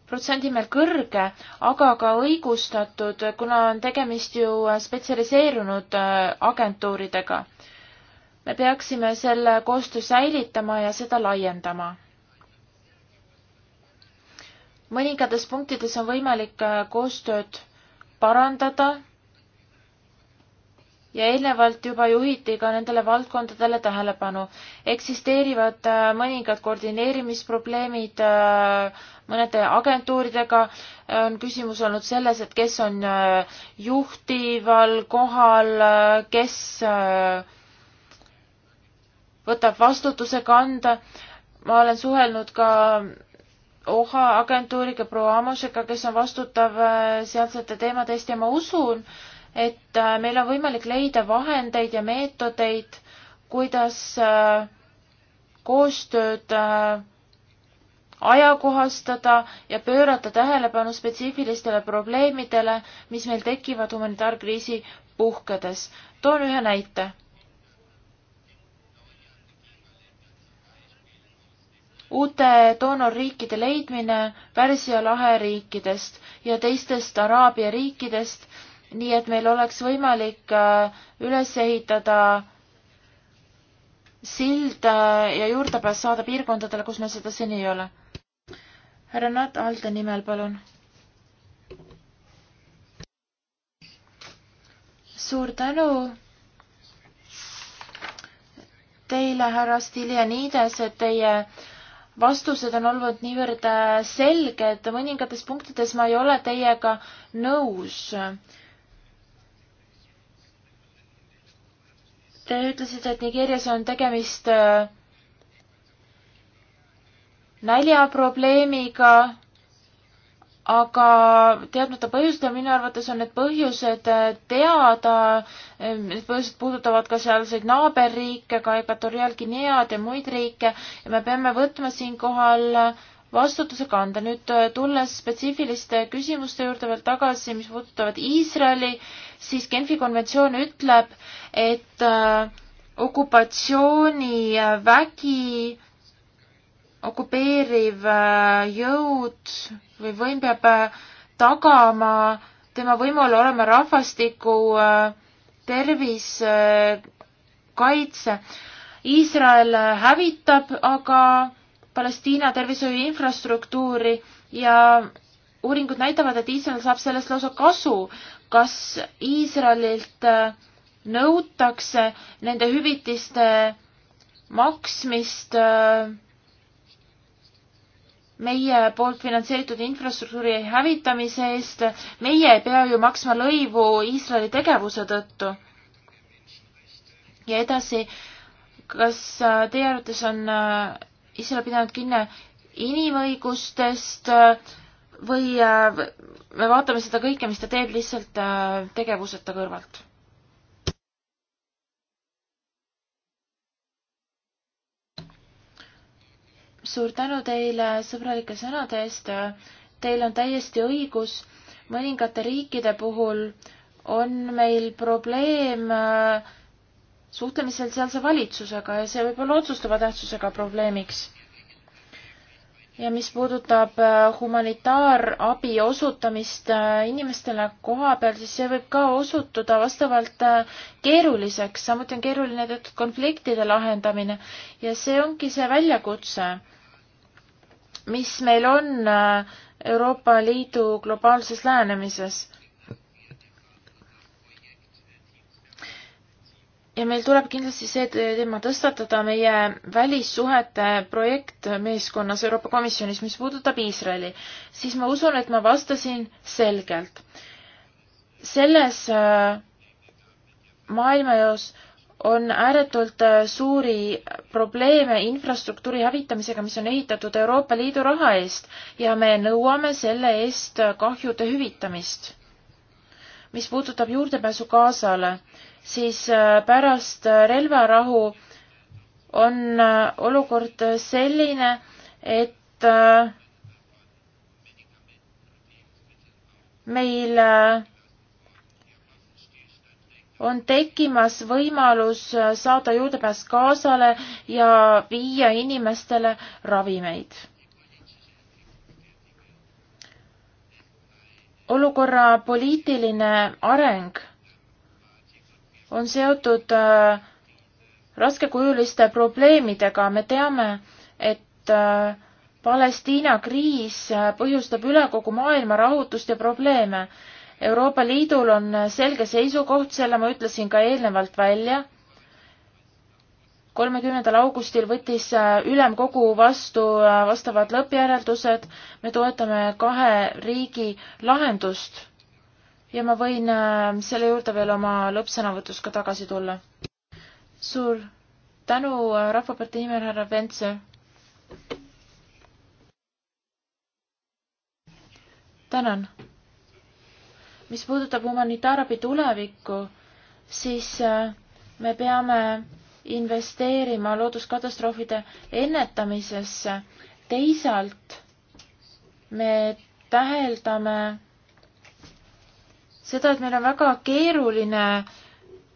protsendimäär kõrge, aga ka õigustatud, kuna on tegemist ju spetsialiseerunud äh, agentuuridega. me peaksime selle koostöö säilitama ja seda laiendama. mõningates punktides on võimalik äh, koostööd parandada ja eelnevalt juba juhiti ka nendele valdkondadele tähelepanu. eksisteerivad äh, mõningad koordineerimisprobleemid äh, mõnede agentuuridega, äh, on küsimus olnud selles, et kes on juhtival kohal, kes võtab vastutuse kanda. ma olen suhelnud ka OHA agentuuriga proua Amosega, kes on vastutav sealsete teemade eest ja ma usun, et äh, meil on võimalik leida vahendeid ja meetodeid, kuidas äh, koostööd äh, ajakohastada ja pöörata tähelepanu spetsiifilistele probleemidele, mis meil tekivad humanitaarkriisi puhkedes. toon ühe näite. uute doonorriikide leidmine Pärsia lahe riikidest ja teistest Araabia riikidest nii et meil oleks võimalik äh, üles ehitada sild äh, ja juurdepääs saada piirkondadele, kus meil seda seni ei ole. härra Nat Alde nimel, palun. suur tänu teile, härra Stiljanides, et teie vastused on olnud niivõrd äh, selged, mõningates punktides ma ei ole teiega nõus Te ütlesite, et Nigeerias on tegemist äh, näljaprobleemiga, aga teadmata põhjustel, minu arvates on need põhjused äh, teada, äh, need põhjused puudutavad ka sealseid naaberriike, ka Ekvatoriaalguinead ja muid riike ja me peame võtma siinkohal äh, vastutuse kanda. nüüd äh, tulles spetsiifiliste küsimuste juurde veel tagasi, mis puudutavad Iisraeli, siis Genfi konventsioon ütleb, et äh, okupatsioonivägi, äh, okupeeriv jõud või võim peab tagama tema võimul olema rahvastiku tervise kaitse. Iisrael hävitab aga Palestiina tervishoiu infrastruktuuri ja uuringud näitavad, et Iisrael saab sellest lausa kasu. kas Iisraelilt äh, nõutakse nende hüvitiste maksmist äh, meie poolt finantseeritud infrastruktuuri hävitamise eest, meie ei pea ju maksma lõivu Iisraeli tegevuse tõttu. ja edasi, kas äh, teie arvates on ise pidanud kinni inimõigustest äh, või äh, me vaatame seda kõike, mis ta teeb lihtsalt äh, tegevuseta kõrvalt? suur tänu teile sõbralike sõnade eest. Teil on täiesti õigus, mõningate riikide puhul on meil probleem äh, suhtlemisel sealse valitsusega ja see võib olla otsustava tähtsusega probleemiks. ja mis puudutab äh, humanitaarabi osutamist äh, inimestele koha peal, siis see võib ka osutuda vastavalt äh, keeruliseks, samuti on keeruline teatud konfliktide lahendamine ja see ongi see väljakutse, mis meil on Euroopa Liidu globaalses lähenemises ja meil tuleb kindlasti see teema tõstatada meie välissuhete projekt meeskonnas Euroopa Komisjonis, mis puudutab Iisraeli, siis ma usun, et ma vastasin selgelt. selles äh, maailmajaos on ääretult äh, suuri probleeme infrastruktuuri hävitamisega, mis on ehitatud Euroopa Liidu raha eest ja me nõuame selle eest äh, kahjude hüvitamist mis puudutab juurdepääsu gaasale, siis äh, pärast äh, relvarahu on äh, olukord selline, et meil on tekkimas võimalus saada juurdepääs gaasale ja viia inimestele ravimeid olukorra poliitiline areng on seotud äh, raskekujuliste probleemidega, me teame, et äh, Palestiina kriis äh, põhjustab üle kogu maailma rahutust ja probleeme. Euroopa Liidul on selge seisukoht, selle ma ütlesin ka eelnevalt välja kolmekümnendal augustil võttis äh, ülemkogu vastu äh, vastavad lõppjäreldused. me toetame kahe riigi lahendust ja ma võin äh, selle juurde veel oma lõppsõnavõtus ka tagasi tulla. suur tänu Rahvapartei nimel, härra Ventse. tänan. mis puudutab humanitaarabi tulevikku, siis me peame investeerima looduskatastroofide ennetamisesse. teisalt me täheldame seda, et meil on väga keeruline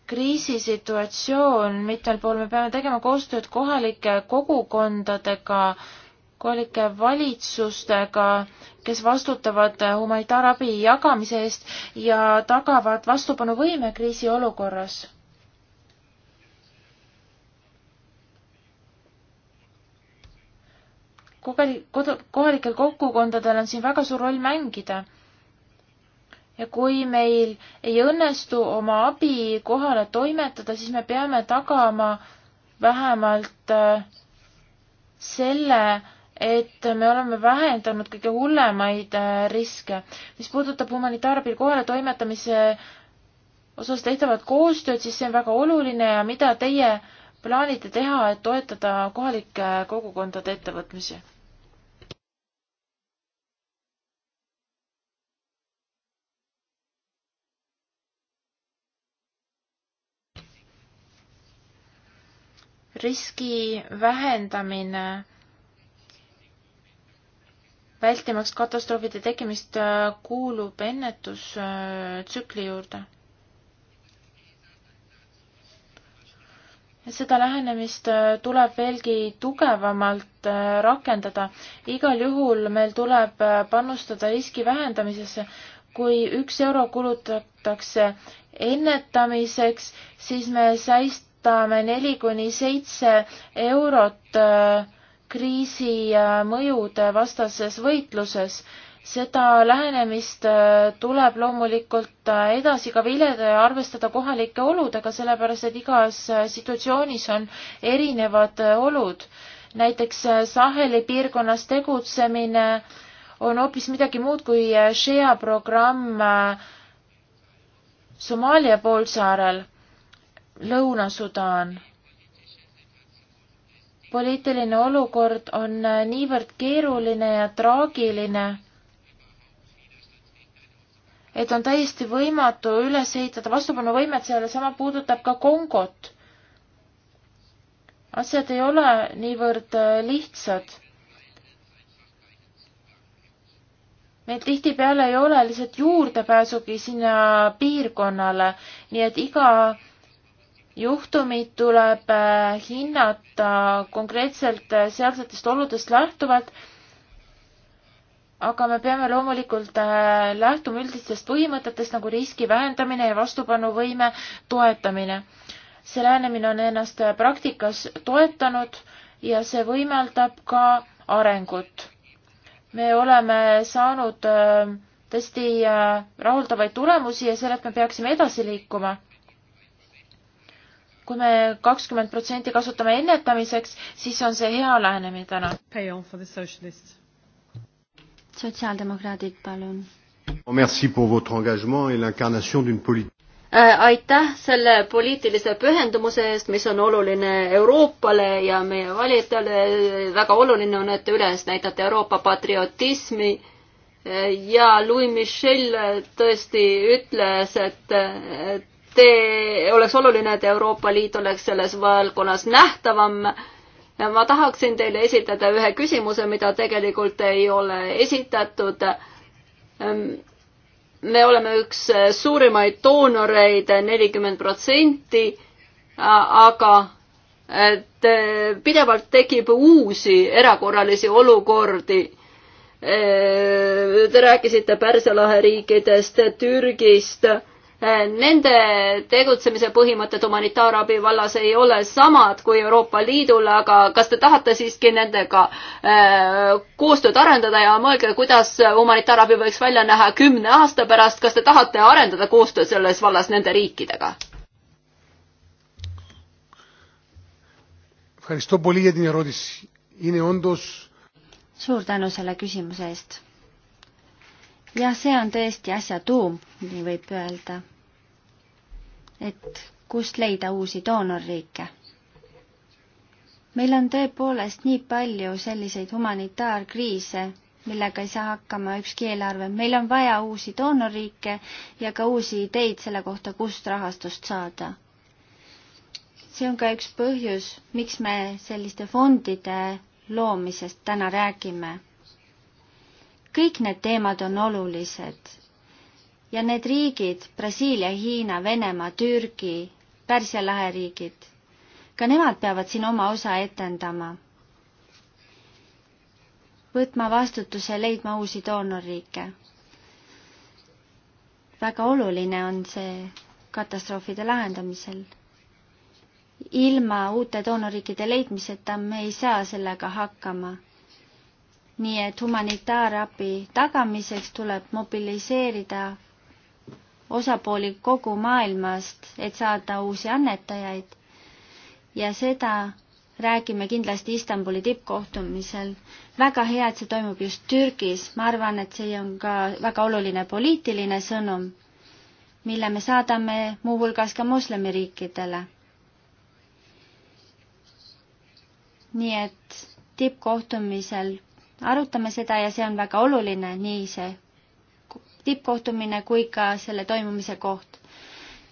kriisisituatsioon mitmel pool, me peame tegema koostööd kohalike kogukondadega, kohalike valitsustega, kes vastutavad humanitaarabi jagamise eest ja tagavad vastupanuvõime kriisiolukorras kohalikel kogukondadel on siin väga suur roll mängida. ja kui meil ei õnnestu oma abi kohale toimetada, siis me peame tagama vähemalt äh, selle, et me oleme vähendanud kõige hullemaid äh, riske. mis puudutab humanitaarabil kohale toimetamise osas tehtavat koostööd, siis see on väga oluline ja mida teie äh, plaanite teha, et toetada kohalike kogukondade ettevõtmisi? riski vähendamine, vältimaks katastroofide tekkimist, kuulub ennetustsükli juurde seda lähenemist äh, tuleb veelgi tugevamalt äh, rakendada. igal juhul meil tuleb äh, panustada riski vähendamisesse. kui üks euro kulutatakse ennetamiseks, siis me säistame neli kuni seitse eurot kriisi mõjude vastases võitluses seda lähenemist äh, tuleb loomulikult äh, edasi ka viljeda ja arvestada kohalike oludega, sellepärast et igas äh, situatsioonis on erinevad olud. näiteks Saheli piirkonnas tegutsemine on hoopis midagi muud kui Shea programm Somaalia poolsaarel, Lõuna-Sudaan poliitiline olukord on niivõrd keeruline ja traagiline, et on täiesti võimatu üles ehitada vastupanuvõimet seal ja sama puudutab ka Kongot. asjad ei ole niivõrd äh, lihtsad. meil tihtipeale ei ole lihtsalt juurdepääsugi sinna piirkonnale, nii et iga juhtumit tuleb äh, hinnata konkreetselt äh, sealsetest oludest lähtuvalt aga me peame loomulikult äh, lähtuma üldistest põhimõtetest nagu riski vähendamine ja vastupanuvõime toetamine. see lähenemine on ennast äh, praktikas toetanud ja see võimaldab ka arengut. me oleme saanud äh, tõesti rahuldavaid tulemusi ja sellelt me peaksime edasi liikuma kui me kakskümmend protsenti kasutame ennetamiseks, siis on see hea lähenemine täna. Pay on for the socialists sotsiaaldemokraadid, palun. Oh, äh, aitäh selle poliitilise pühendumuse eest, mis on oluline Euroopale ja meie valijatele. väga oluline on, et te üles näitate Euroopa patriotismi äh, ja Louis Michel tõesti ütles, et te, oleks oluline, et Euroopa Liit oleks selles valdkonnas nähtavam ma tahaksin teile esitada ühe küsimuse, mida tegelikult ei ole esitatud. Ehm, me oleme üks suurimaid doonoreid, nelikümmend protsenti, aga et pidevalt tekib uusi erakorralisi olukordi e, Te rääkisite Pärsia lahe riikidest, Türgist, Äh, nende tegutsemise põhimõtted humanitaarabi vallas ei ole samad kui Euroopa Liidul, aga kas te tahate siiski nendega äh, koostööd arendada ja mõelge, kuidas humanitaarabi võiks välja näha kümne aasta pärast, kas te tahate arendada koostööd selles vallas nende riikidega? suur tänu selle küsimuse eest jah, see on tõesti asja tuum, nii võib öelda et kust leida uusi doonorriike. meil on tõepoolest nii palju selliseid humanitaarkriise, millega ei saa hakkama ükski eelarve. meil on vaja uusi doonorriike ja ka uusi ideid selle kohta, kust rahastust saada. see on ka üks põhjus, miks me selliste fondide loomisest täna räägime. kõik need teemad on olulised ja need riigid, Brasiilia, Hiina, Venemaa, Türgi, Pärsia lahe riigid, ka nemad peavad siin oma osa etendama, võtma vastutuse, leidma uusi doonorriike. väga oluline on see katastroofide lahendamisel. ilma uute doonorriikide leidmiseta me ei saa sellega hakkama nii et humanitaarabi tagamiseks tuleb mobiliseerida osapooli kogu maailmast, et saada uusi annetajaid ja seda räägime kindlasti Istanbuli tippkohtumisel. väga hea, et see toimub just Türgis, ma arvan, et see on ka väga oluline poliitiline sõnum, mille me saadame muuhulgas ka moslemiriikidele. nii et tippkohtumisel arutame seda ja see on väga oluline, nii see tippkohtumine kui ka selle toimumise koht.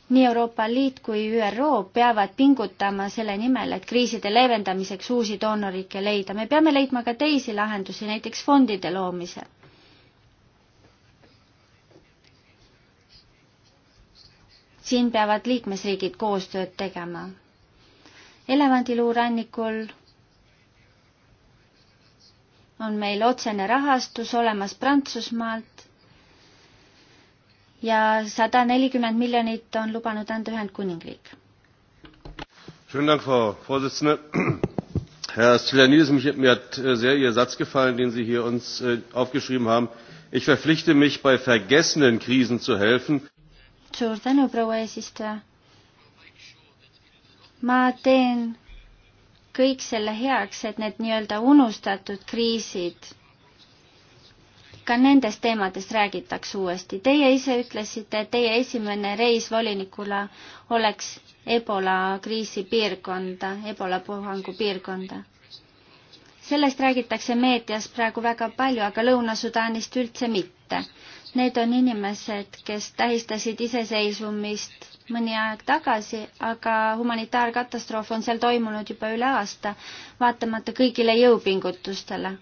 nii Euroopa Liit kui ÜRO peavad pingutama selle nimel, et kriiside leevendamiseks uusi doonoriike leida. me peame leidma ka teisi lahendusi, näiteks fondide loomise. siin peavad liikmesriigid koostööd tegema. elevandiluurannikul on meil otsene rahastus olemas Prantsusmaalt ja sada nelikümmend miljonit on lubanud anda Ühendkuningriik. Herr Stylianides, mir hat äh, sehr Ihr Satz gefallen, den Sie hier uns äh, aufgeschrieben haben. Ich verpflichte mich, bei vergessenen Krisen zu helfen. Suur tänu, proua eesistuja. ma teen kõik selle heaks, et need nii-öelda unustatud kriisid ka nendest teemadest räägitakse uuesti. Teie ise ütlesite, et teie esimene reis volinikuna oleks Ebola kriisi piirkonda, Ebola puhangu piirkonda. sellest räägitakse meedias praegu väga palju, aga Lõuna-Sudaanist üldse mitte. Need on inimesed, kes tähistasid iseseisvumist mõni aeg tagasi, aga humanitaarkatastroof on seal toimunud juba üle aasta, vaatamata kõigile jõupingutustele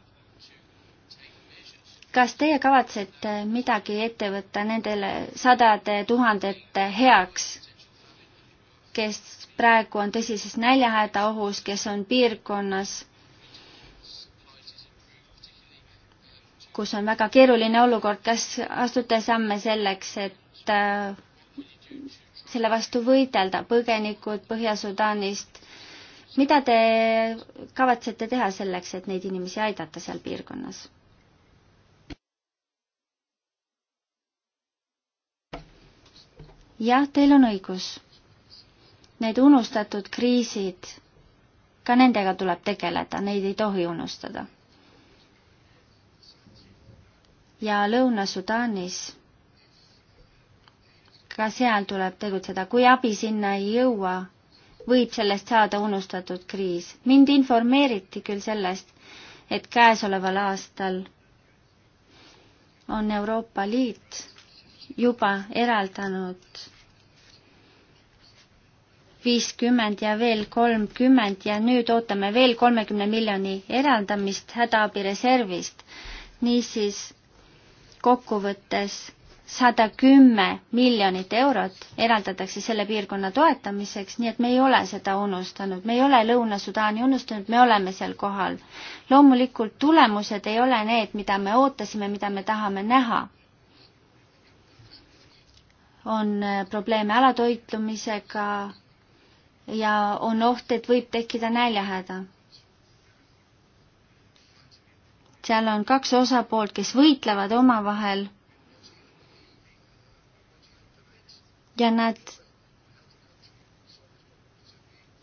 kas teie kavatsete midagi ette võtta nendele sadade tuhandete heaks, kes praegu on tõsises näljahäda ohus, kes on piirkonnas, kus on väga keeruline olukord, kas astute samme selleks, et äh, selle vastu võidelda, põgenikud Põhja-Sudaanist, mida te kavatsete teha selleks, et neid inimesi aidata seal piirkonnas? jah, teil on õigus. Need unustatud kriisid, ka nendega tuleb tegeleda, neid ei tohi unustada. ja Lõuna-Sudaanis, ka seal tuleb tegutseda, kui abi sinna ei jõua, võib sellest saada unustatud kriis. mind informeeriti küll sellest, et käesoleval aastal on Euroopa Liit juba eraldanud viiskümmend ja veel kolmkümmend ja nüüd ootame veel kolmekümne miljoni eraldamist hädaabireservist. niisiis kokkuvõttes sada kümme miljonit eurot eraldatakse selle piirkonna toetamiseks, nii et me ei ole seda unustanud, me ei ole Lõuna-Sudaani unustanud, me oleme seal kohal. loomulikult tulemused ei ole need, mida me ootasime, mida me tahame näha on äh, probleeme alatoitlumisega ja on oht, et võib tekkida näljahäda. seal on kaks osapoolt, kes võitlevad omavahel ja nad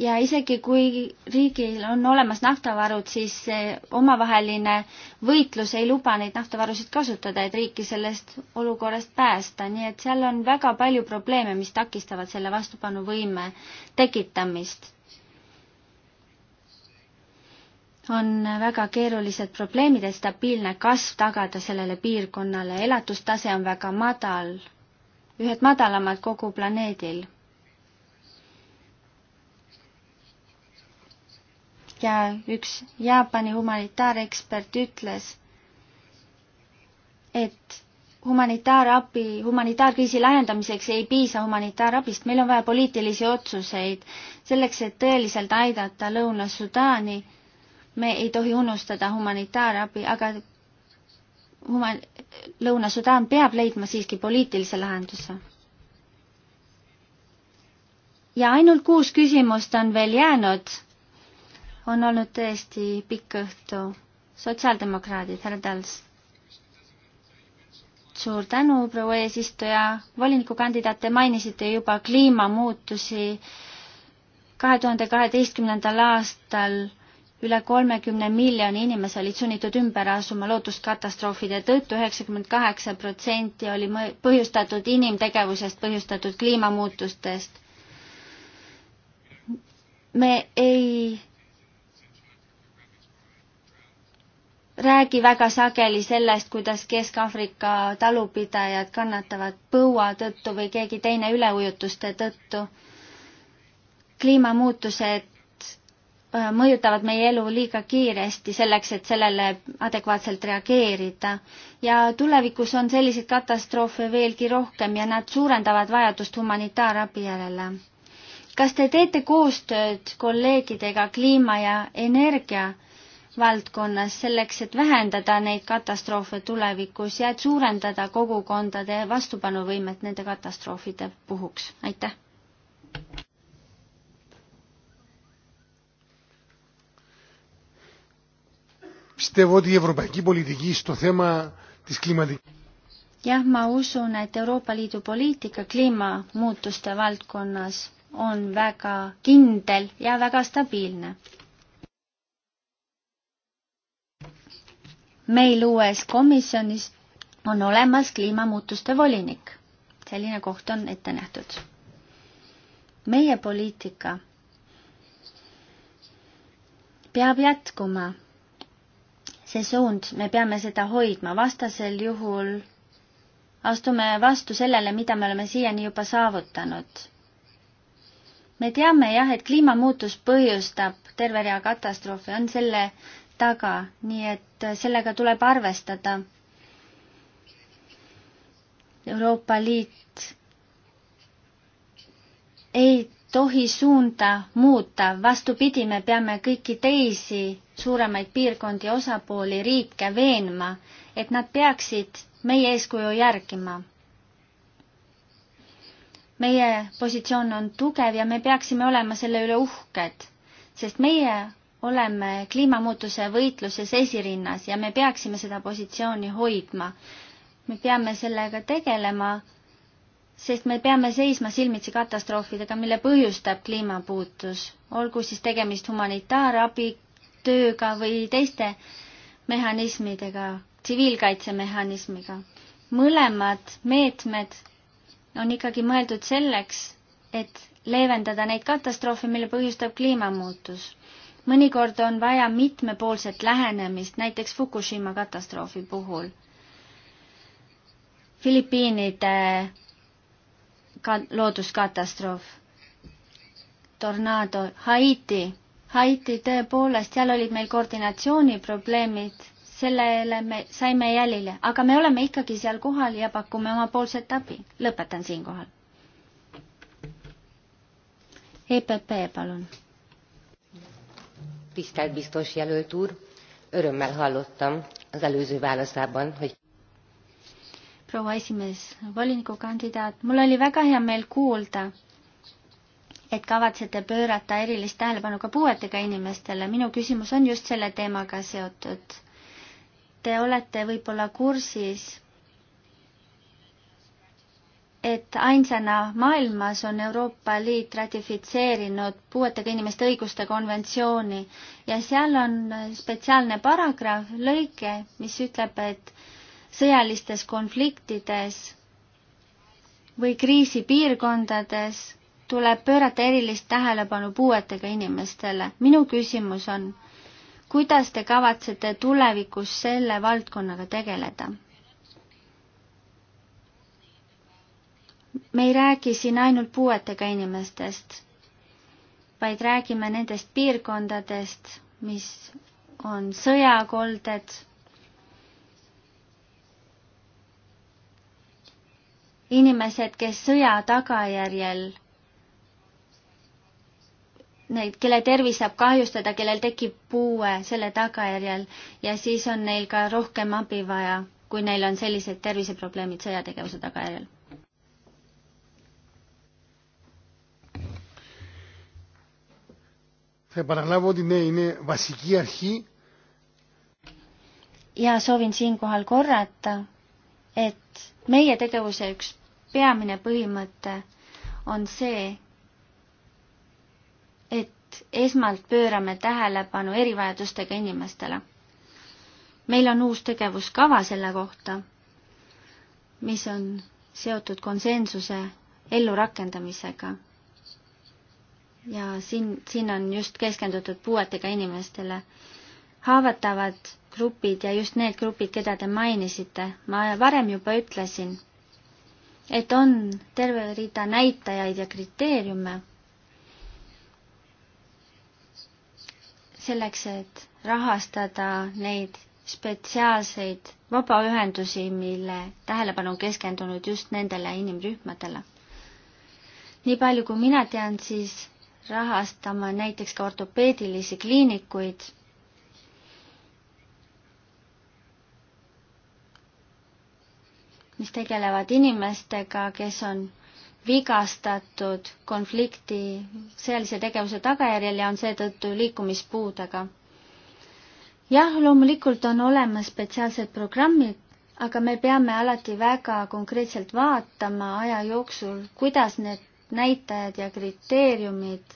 ja isegi kui riigil on olemas naftavarud, siis omavaheline võitlus ei luba neid naftavarusid kasutada, et riiki sellest olukorrast päästa, nii et seal on väga palju probleeme, mis takistavad selle vastupanuvõime tekitamist. on väga keerulised probleemid, et stabiilne kasv tagada sellele piirkonnale, elatustase on väga madal, ühed madalamad kogu planeedil ja üks Jaapani humanitaarekspert ütles, et humanitaarabi, humanitaarkriisi lahendamiseks ei piisa humanitaarabist, meil on vaja poliitilisi otsuseid. selleks, et tõeliselt aidata Lõuna-Sudaani, me ei tohi unustada humanitaarabi, aga huma-, Lõuna-Sudaan peab leidma siiski poliitilise lahenduse. ja ainult kuus küsimust on veel jäänud on olnud tõesti pikk õhtu. sotsiaaldemokraadid, härra Tals. suur tänu, proua eesistuja. volinikukandidaat, te mainisite juba kliimamuutusi. kahe tuhande kaheteistkümnendal aastal üle kolmekümne miljoni inimese olid sunnitud ümber asuma looduskatastroofide tõttu, üheksakümmend kaheksa protsenti oli põhjustatud inimtegevusest põhjustatud kliimamuutustest. me ei räägi väga sageli sellest, kuidas Kesk-Aafrika talupidajad kannatavad põua tõttu või keegi teine üleujutuste tõttu. kliimamuutused äh, mõjutavad meie elu liiga kiiresti selleks, et sellele adekvaatselt reageerida. ja tulevikus on selliseid katastroofe veelgi rohkem ja nad suurendavad vajadust humanitaarabi järele. kas te teete koostööd kolleegidega kliima ja energia valdkonnas selleks, et vähendada neid katastroofe tulevikus ja et suurendada kogukondade vastupanuvõimet nende katastroofide puhuks, aitäh! Πιστεύω ότι η ευρωπαϊκή πολιτική στο θέμα της κλιματικής... Jah, ma usun, et Euroopa Liidu poliitika kliimamuutuste valdkonnas on väga kindel ja väga stabiilne. meil uues komisjonis on olemas kliimamuutuste volinik. selline koht on ette nähtud. meie poliitika peab jätkuma. see suund, me peame seda hoidma, vastasel juhul astume vastu sellele, mida me oleme siiani juba saavutanud. me teame jah, et kliimamuutus põhjustab terve rea katastroofe, on selle taga, nii et et sellega tuleb arvestada. Euroopa Liit ei tohi suunda muuta, vastupidi, me peame kõiki teisi suuremaid piirkondi, osapooli, riike veenma, et nad peaksid meie eeskuju järgima. meie positsioon on tugev ja me peaksime olema selle üle uhked, sest meie oleme kliimamuutuse võitluses esirinnas ja me peaksime seda positsiooni hoidma. me peame sellega tegelema, sest me peame seisma silmitsi katastroofidega, mille põhjustab kliimapuutus, olgu siis tegemist humanitaarabi, tööga või teiste mehhanismidega, tsiviilkaitsemehhanismiga. mõlemad meetmed on ikkagi mõeldud selleks, et leevendada neid katastroofe, mille põhjustab kliimamuutus mõnikord on vaja mitmepoolset lähenemist, näiteks Fukushima katastroofi puhul. Filipiinide ka looduskatastroof, tornaado, Haiti, Haiti tõepoolest, seal olid meil koordinatsiooniprobleemid, sellele me saime jälile, aga me oleme ikkagi seal kohal ja pakume omapoolset abi. lõpetan siinkohal. EPP, palun tisztelt biztos jelölt úr örömmel hallottam az előző válaszában hogy proua esimees, volinikukandidaat, mul oli väga hea meel kuulda, et kavatsete pöörata erilist tähelepanu ka puuetega inimestele. minu küsimus on just selle teemaga seotud. Te olete võib-olla kursis et ainsana maailmas on Euroopa Liit ratifitseerinud puuetega inimeste õiguste konventsiooni ja seal on spetsiaalne paragrahv, lõige, mis ütleb, et sõjalistes konfliktides või kriisipiirkondades tuleb pöörata erilist tähelepanu puuetega inimestele. minu küsimus on, kuidas te kavatsete tulevikus selle valdkonnaga tegeleda? me ei räägi siin ainult puuetega inimestest, vaid räägime nendest piirkondadest, mis on sõjakolded, inimesed, kes sõja tagajärjel, neid, kelle tervis saab kahjustada, kellel tekib puue selle tagajärjel ja siis on neil ka rohkem abi vaja, kui neil on sellised terviseprobleemid sõjategevuse tagajärjel Θα επαναλάβω ότι ναι, είναι βασική αρχή. ja soovin siinkohal korrata, et meie tegevuse üks peamine põhimõte on see, et esmalt pöörame tähelepanu erivajadustega inimestele. meil on uus tegevuskava selle kohta, mis on seotud konsensuse ellurakendamisega ja siin, siin on just keskendutud puuetega inimestele. haavatavad grupid ja just need grupid, keda te mainisite, ma varem juba ütlesin, et on terve rida näitajaid ja kriteeriume selleks, et rahastada neid spetsiaalseid vabaühendusi, mille tähelepanu on keskendunud just nendele inimrühmadele. nii palju, kui mina tean, siis rahastama näiteks ka ortopeedilisi kliinikuid. mis tegelevad inimestega, kes on vigastatud konflikti sõjalise tegevuse tagajärjel ja on seetõttu liikumispuudega. jah, loomulikult on olemas spetsiaalsed programmid, aga me peame alati väga konkreetselt vaatama aja jooksul, kuidas need näitajad ja kriteeriumid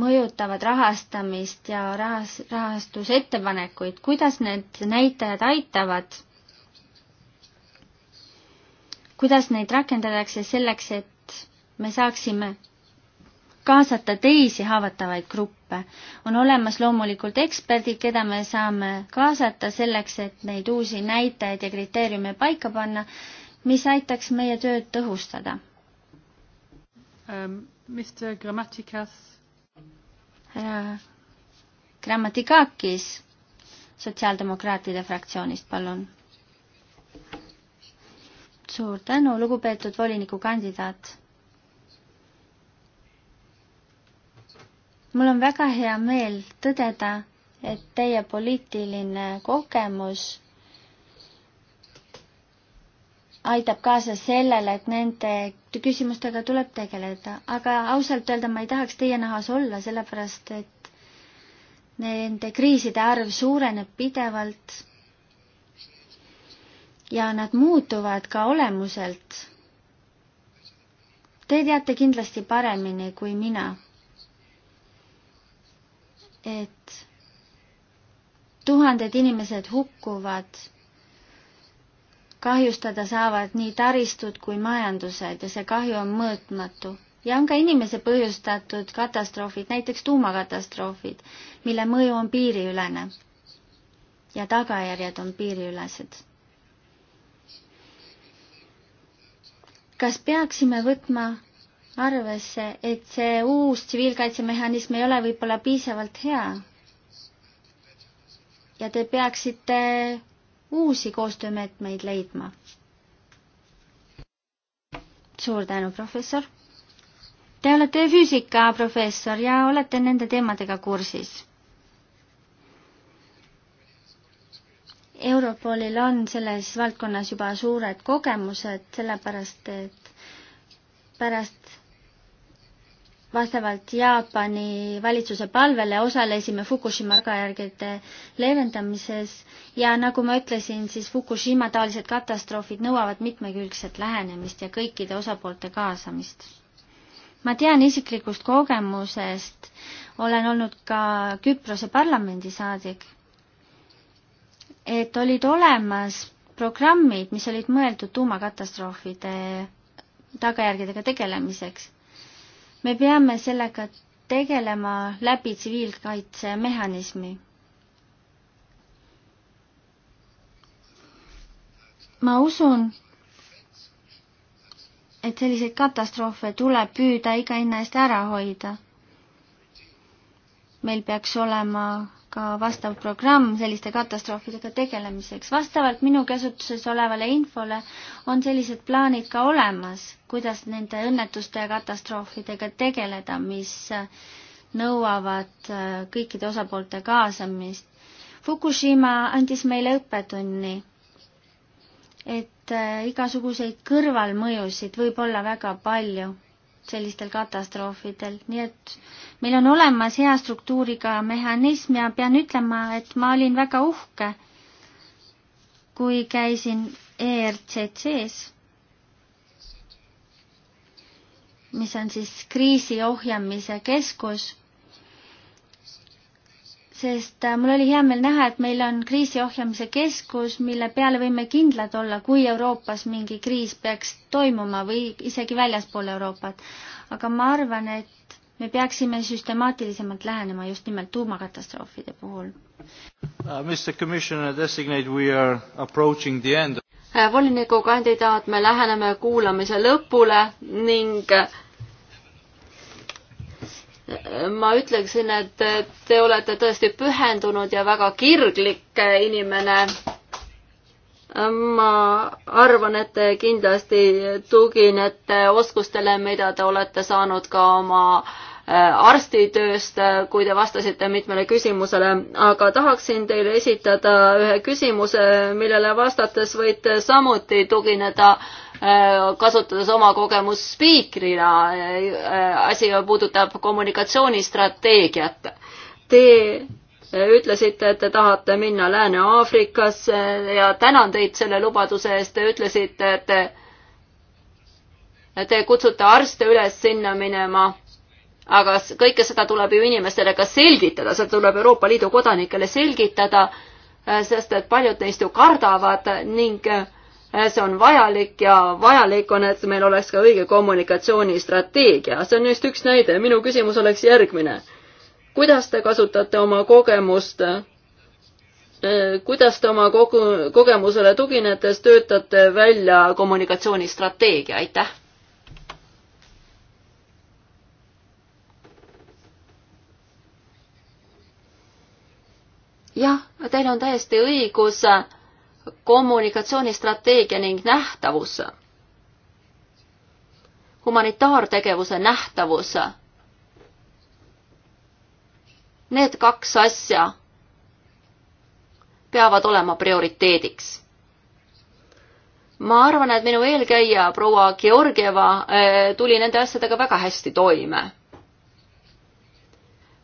mõjutavad rahastamist ja rahas, rahastusettepanekuid, kuidas need näitajad aitavad? kuidas neid rakendatakse selleks, et me saaksime kaasata teisi haavatavaid gruppe. on olemas loomulikult eksperdid, keda me saame kaasata selleks, et neid uusi näitajaid ja kriteeriume paika panna, mis aitaks meie tööd tõhustada um,. Mr Grammatikas. härra Grammatikakis sotsiaaldemokraatide fraktsioonist, palun. suur tänu, lugupeetud volinikukandidaat. mul on väga hea meel tõdeda, et teie poliitiline kogemus aitab kaasa sellele, et nende küsimustega tuleb tegeleda, aga ausalt öelda ma ei tahaks teie nahas olla, sellepärast et nende kriiside arv suureneb pidevalt. ja nad muutuvad ka olemuselt. Te teate kindlasti paremini kui mina, et tuhanded inimesed hukkuvad kahjustada saavad nii taristud kui majandused ja see kahju on mõõtmatu. ja on ka inimese põhjustatud katastroofid, näiteks tuumakatastroofid, mille mõju on piiriülene ja tagajärjed on piiriülesed. kas peaksime võtma arvesse, et see uus tsiviilkaitsemehhanism ei ole võib-olla piisavalt hea? ja te peaksite uusi koostöömeetmeid leidma. suur tänu, professor. Te olete füüsikaprofessor ja olete nende teemadega kursis. Europolil on selles valdkonnas juba suured kogemused, sellepärast et pärast vastavalt Jaapani valitsuse palvele osalesime Fukushima tagajärgede leevendamises ja nagu ma ütlesin, siis Fukushima taolised katastroofid nõuavad mitmekülgset lähenemist ja kõikide osapoolte kaasamist. ma tean isiklikust kogemusest, olen olnud ka Küprose parlamendi saadik, et olid olemas programmid, mis olid mõeldud tuumakatastroofide tagajärgedega tegelemiseks me peame sellega tegelema läbi tsiviilkaitsemehhanismi. ma usun, et selliseid katastroofe tuleb püüda iga hinna eest ära hoida. meil peaks olema ka vastav programm selliste katastroofidega tegelemiseks. vastavalt minu käsutuses olevale infole on sellised plaanid ka olemas, kuidas nende õnnetuste ja katastroofidega tegeleda, mis nõuavad äh, kõikide osapoolte kaasamist. Fukushima andis meile õppetunni, et äh, igasuguseid kõrvalmõjusid võib olla väga palju sellistel katastroofidel, nii et meil on olemas hea struktuuriga mehhanism ja pean ütlema, et ma olin väga uhke, kui käisin ERCC-s, mis on siis kriisi ohjamise keskus sest äh, mul oli hea meel näha, et meil on kriisiohjamise keskus, mille peale võime kindlad olla, kui Euroopas mingi kriis peaks toimuma või isegi väljaspool Euroopat. aga ma arvan, et me peaksime süstemaatilisemalt lähenema just nimelt tuumakatastroofide puhul uh,. uh voliniku kandidaat, me läheneme kuulamise lõpule ning ma ütleksin, et te olete tõesti pühendunud ja väga kirglik inimene. ma arvan, et te kindlasti tuginete oskustele, mida te olete saanud ka oma äh, arstitööst, kui te vastasite mitmele küsimusele, aga tahaksin teile esitada ühe küsimuse, millele vastates võite samuti tugineda äh, Äh, kasutades oma kogemust spiikrina, äh, äh, asi puudutab kommunikatsioonistrateegiat. Te ütlesite, et te tahate minna Lääne-Aafrikasse ja tänan teid selle lubaduse eest, te ütlesite, et te, te kutsute arste üles sinna minema aga kõike seda tuleb ju inimestele ka selgitada, seda tuleb Euroopa Liidu kodanikele selgitada, sest et paljud neist ju kardavad ning äh, Eh, see on vajalik ja vajalik on, et meil oleks ka õige kommunikatsioonistrateegia. see on just üks näide. minu küsimus oleks järgmine. kuidas te kasutate oma kogemust eh, kuidas te oma kogu, kogemusele tuginedes töötate välja kommunikatsioonistrateegia, aitäh! jah, teil on täiesti õigus kommunikatsioonistrateegia ning nähtavus, humanitaartegevuse nähtavus. Need kaks asja peavad olema prioriteediks. ma arvan, et minu eelkäija proua Georgieva eh, tuli nende asjadega väga hästi toime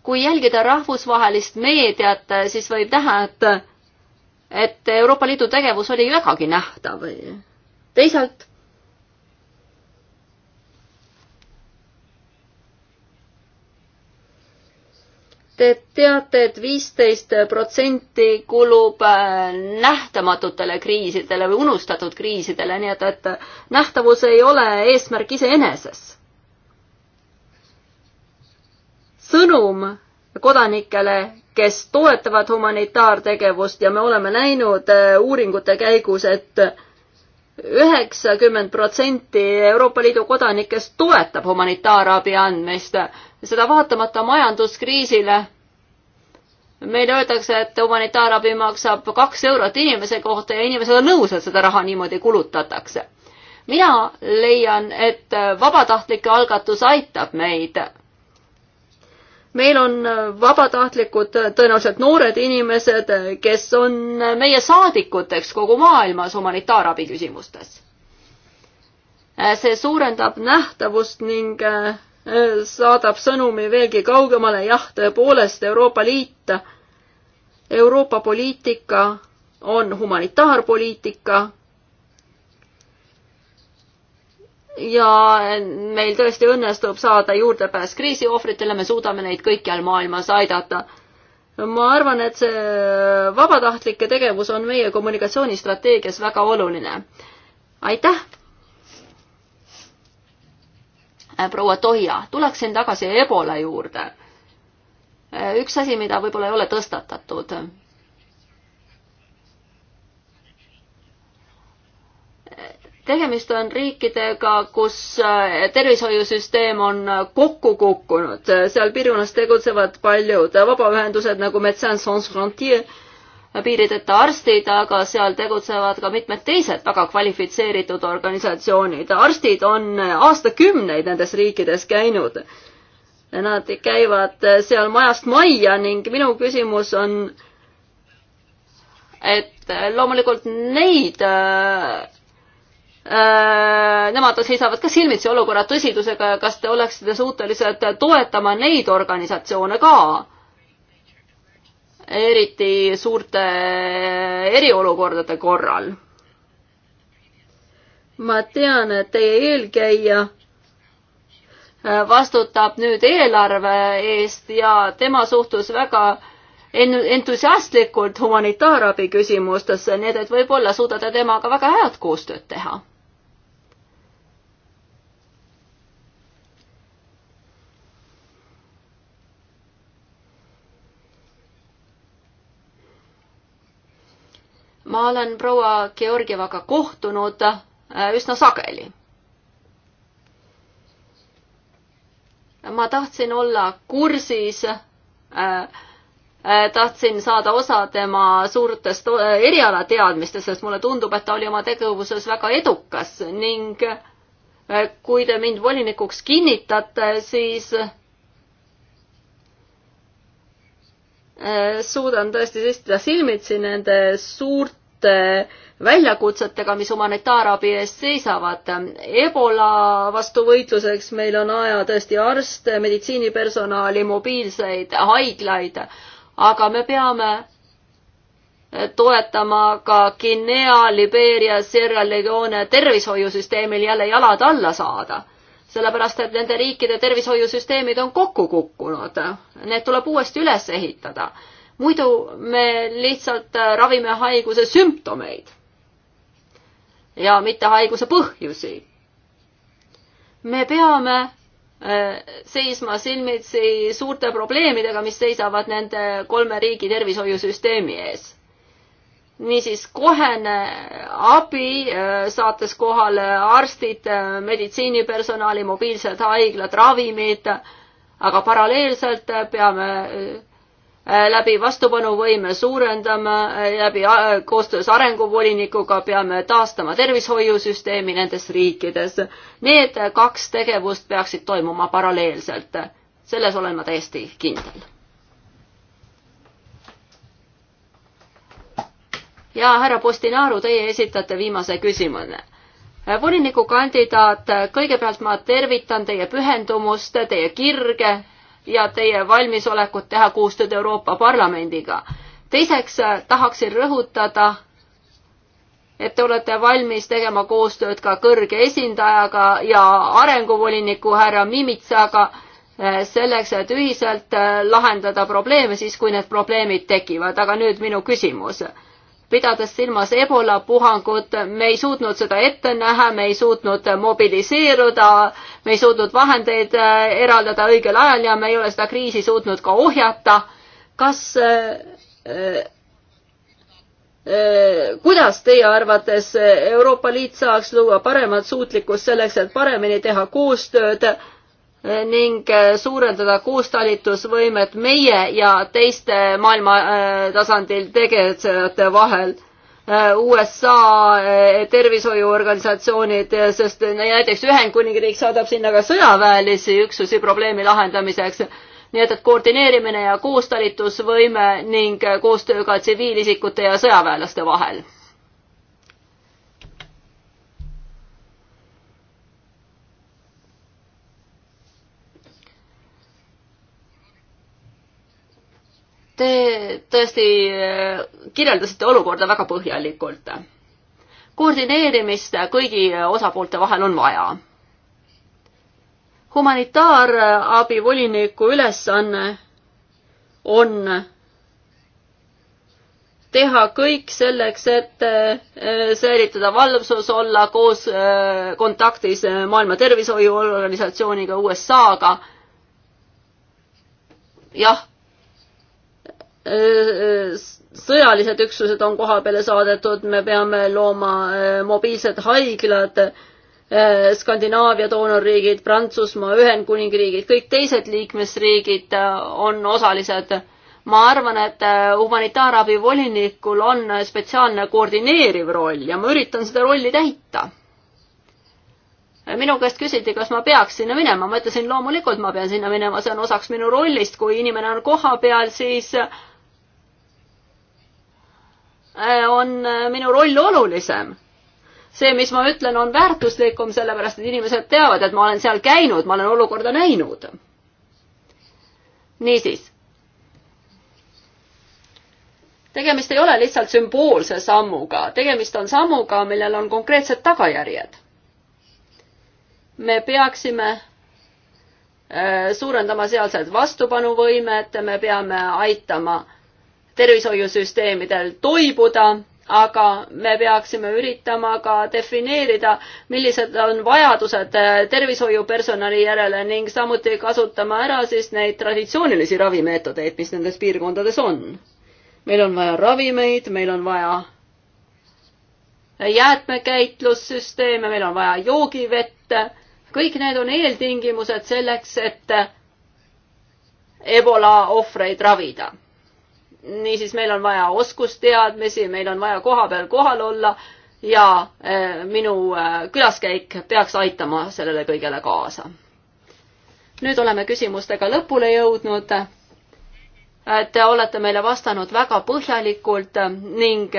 kui jälgida rahvusvahelist meediat, eh, siis võib näha, et et Euroopa Liidu tegevus oli vägagi nähtav. teisalt Te teate et, et viisteist protsenti kulub äh, nähtamatutele kriisidele või unustatud kriisidele, nii et, et nähtavus ei ole eesmärk iseeneses. sõnum kodanikele, kes toetavad humanitaartegevust ja me oleme näinud äh, uuringute käigus et, et üheksakümmend protsenti Euroopa Liidu kodanikest toetab humanitaarabi andmist, seda vaatamata majanduskriisile. meile öeldakse, et humanitaarabi maksab kaks eurot inimese kohta ja inimesed on nõus, et seda raha niimoodi kulutatakse. mina leian, et vabatahtlike algatus aitab meid meil on äh, vabatahtlikud, äh, tõenäoliselt noored inimesed, äh, kes on meie saadikuteks kogu maailmas humanitaarabi küsimustes. see suurendab nähtavust ning saadab sõnumi veelgi kaugemale, jah, tõepoolest Euroopa Liit, Euroopa poliitika on humanitaarpoliitika ja meil tõesti õnnestub saada juurdepääs kriisiohvritele, me suudame neid kõikjal maailmas aidata. ma arvan, et see vabatahtlike tegevus on meie kommunikatsioonistrateegias väga oluline. aitäh! Äh, proua Toia, tuleksin tagasi Ebola juurde. Äh, üks asi, mida võib-olla ei ole tõstatatud tegemist on riikidega, kus äh, tervishoiusüsteem on äh, kokku kukkunud, seal piirkonnas tegutsevad paljud vabaühendused nagu Médecins Sans Frontières, piirideta arstid, aga seal tegutsevad ka mitmed teised väga kvalifitseeritud organisatsioonid. arstid on äh, aastakümneid nendes riikides käinud. Nad käivad seal majast majja ning minu küsimus on, et loomulikult neid Äh, nemad seisavad ka silmitsi olukorra tõsidusega ja kas te oleksite suutelised toetama neid organisatsioone ka? eriti suurte eriolukordade korral. ma tean, et teie eelkäija äh, vastutab nüüd eelarve eest ja tema suhtus väga entusiastlikult humanitaarabi küsimustesse, nii et, et võib-olla suudate temaga väga head koostööd teha ma olen proua Georgievaga kohtunud äh, üsna sageli. ma tahtsin olla kursis, äh, äh, tahtsin saada osa tema suurtest erialateadmistest, sest mulle tundub, et ta oli oma tegevuses väga edukas ning kui te mind volinikuks kinnitate, siis suudan tõesti seista silmitsi nende suurte suurte väljakutsetega, mis humanitaarabi eest seisavad. Ebola vastu võitluseks meil on vaja tõesti arste, meditsiinipersonali, mobiilseid haiglaid, aga me peame toetama ka Guinea, Libeeria, Sierra Leone tervishoiusüsteemil jälle jalad alla saada. sellepärast, et nende riikide tervishoiusüsteemid on kokku kukkunud. Need tuleb uuesti üles ehitada muidu me lihtsalt äh, ravime haiguse sümptomeid ja mitte haiguse põhjusi. me peame äh, seisma silmitsi suurte probleemidega, mis seisavad nende kolme riigi tervishoiusüsteemi ees. niisiis kohene abi, äh, saates kohale arstid, meditsiinipersonali, mobiilsed haiglad, ravimid, aga paralleelselt peame Äh, läbi vastupanuvõime suurendame, äh, läbi äh, koostöös arenguvolinikuga peame taastama tervishoiusüsteemi nendes riikides. Need kaks tegevust peaksid toimuma paralleelselt. selles olen ma täiesti kindel. ja härra Postinaru, teie esitate viimase küsimuse volinikukandidaat, kõigepealt ma tervitan teie pühendumust, teie kirge ja teie valmisolekut teha koostööd Euroopa Parlamendiga. teiseks äh, tahaksin rõhutada, et te olete valmis tegema koostööd ka kõrge esindajaga ja arenguvoliniku härra Mimitsaga äh, selleks, et ühiselt äh, lahendada probleeme siis, kui need probleemid tekivad. aga nüüd minu küsimus pidades silmas Ebola puhangut, me ei suutnud seda ette näha, me ei suutnud mobiliseeruda, me ei suutnud vahendeid äh, eraldada õigel ajal ja me ei ole seda kriisi suutnud ka ohjata. kas äh, äh, äh, kuidas teie arvates Euroopa Liit saaks luua paremat suutlikkust selleks, et paremini teha koostööd äh, ning äh, suurendada koostalitusvõimet meie ja teiste maailma äh, tasandil tegutsejate vahel. Äh, USA tervishoiuorganisatsioonid, sest näiteks Ühendkuningriik saadab sinna ka sõjaväelisi üksusi probleemi lahendamiseks. nii et, et koordineerimine ja koostalitusvõime ning koostöö ka tsiviilisikute ja sõjaväelaste vahel Te tõesti äh, kirjeldasite olukorda väga põhjalikult. koordineerimist kõigi osapoolte vahel on vaja. humanitaarabi voliniku ülesanne on, on teha kõik selleks, et äh, säilitada valvsus, olla koos äh, kontaktis Maailma Tervishoiuorganisatsiooniga, USA-ga. jah, Äh, äh, sõjalised üksused on koha peale saadetud, me peame looma äh, mobiilsed haiglad, Skandinaavia doonorriigid, Prantsusmaa, Ühendkuningriigid, kõik teised liikmesriigid on osalised. ma arvan, et humanitaarabi volinikul on spetsiaalne koordineeriv roll ja ma üritan seda rolli täita minu käest küsiti, kas ma peaks sinna minema, ma ütlesin loomulikult ma pean sinna minema, see on osaks minu rollist, kui inimene on kohapeal, siis äh, Äh, on äh, minu roll olulisem. see, mis ma ütlen, on väärtuslikum, sellepärast et inimesed teavad, et ma olen seal käinud, ma olen olukorda näinud. niisiis. tegemist ei ole lihtsalt sümboolse sammuga, tegemist on sammuga, millel on konkreetsed tagajärjed. me peaksime äh, suurendama sealset vastupanuvõimet, me peame aitama tervishoiusüsteemidel toibuda, aga me peaksime üritama ka defineerida, millised on vajadused äh, tervishoiupersonali järele ning samuti kasutama ära siis neid traditsioonilisi ravimeetodeid, mis nendes piirkondades on. meil on vaja ravimeid, meil on vaja jäätmekäitlussüsteeme, meil on vaja joogivett, kõik need on eeltingimused selleks, et ebola ohvreid ravida niisiis, meil on vaja oskusteadmisi, meil on vaja kohapeal kohal olla ja eh, minu eh, külaskäik peaks aitama sellele kõigele kaasa. nüüd oleme küsimustega lõpule jõudnud. Eh, te olete meile vastanud väga põhjalikult ning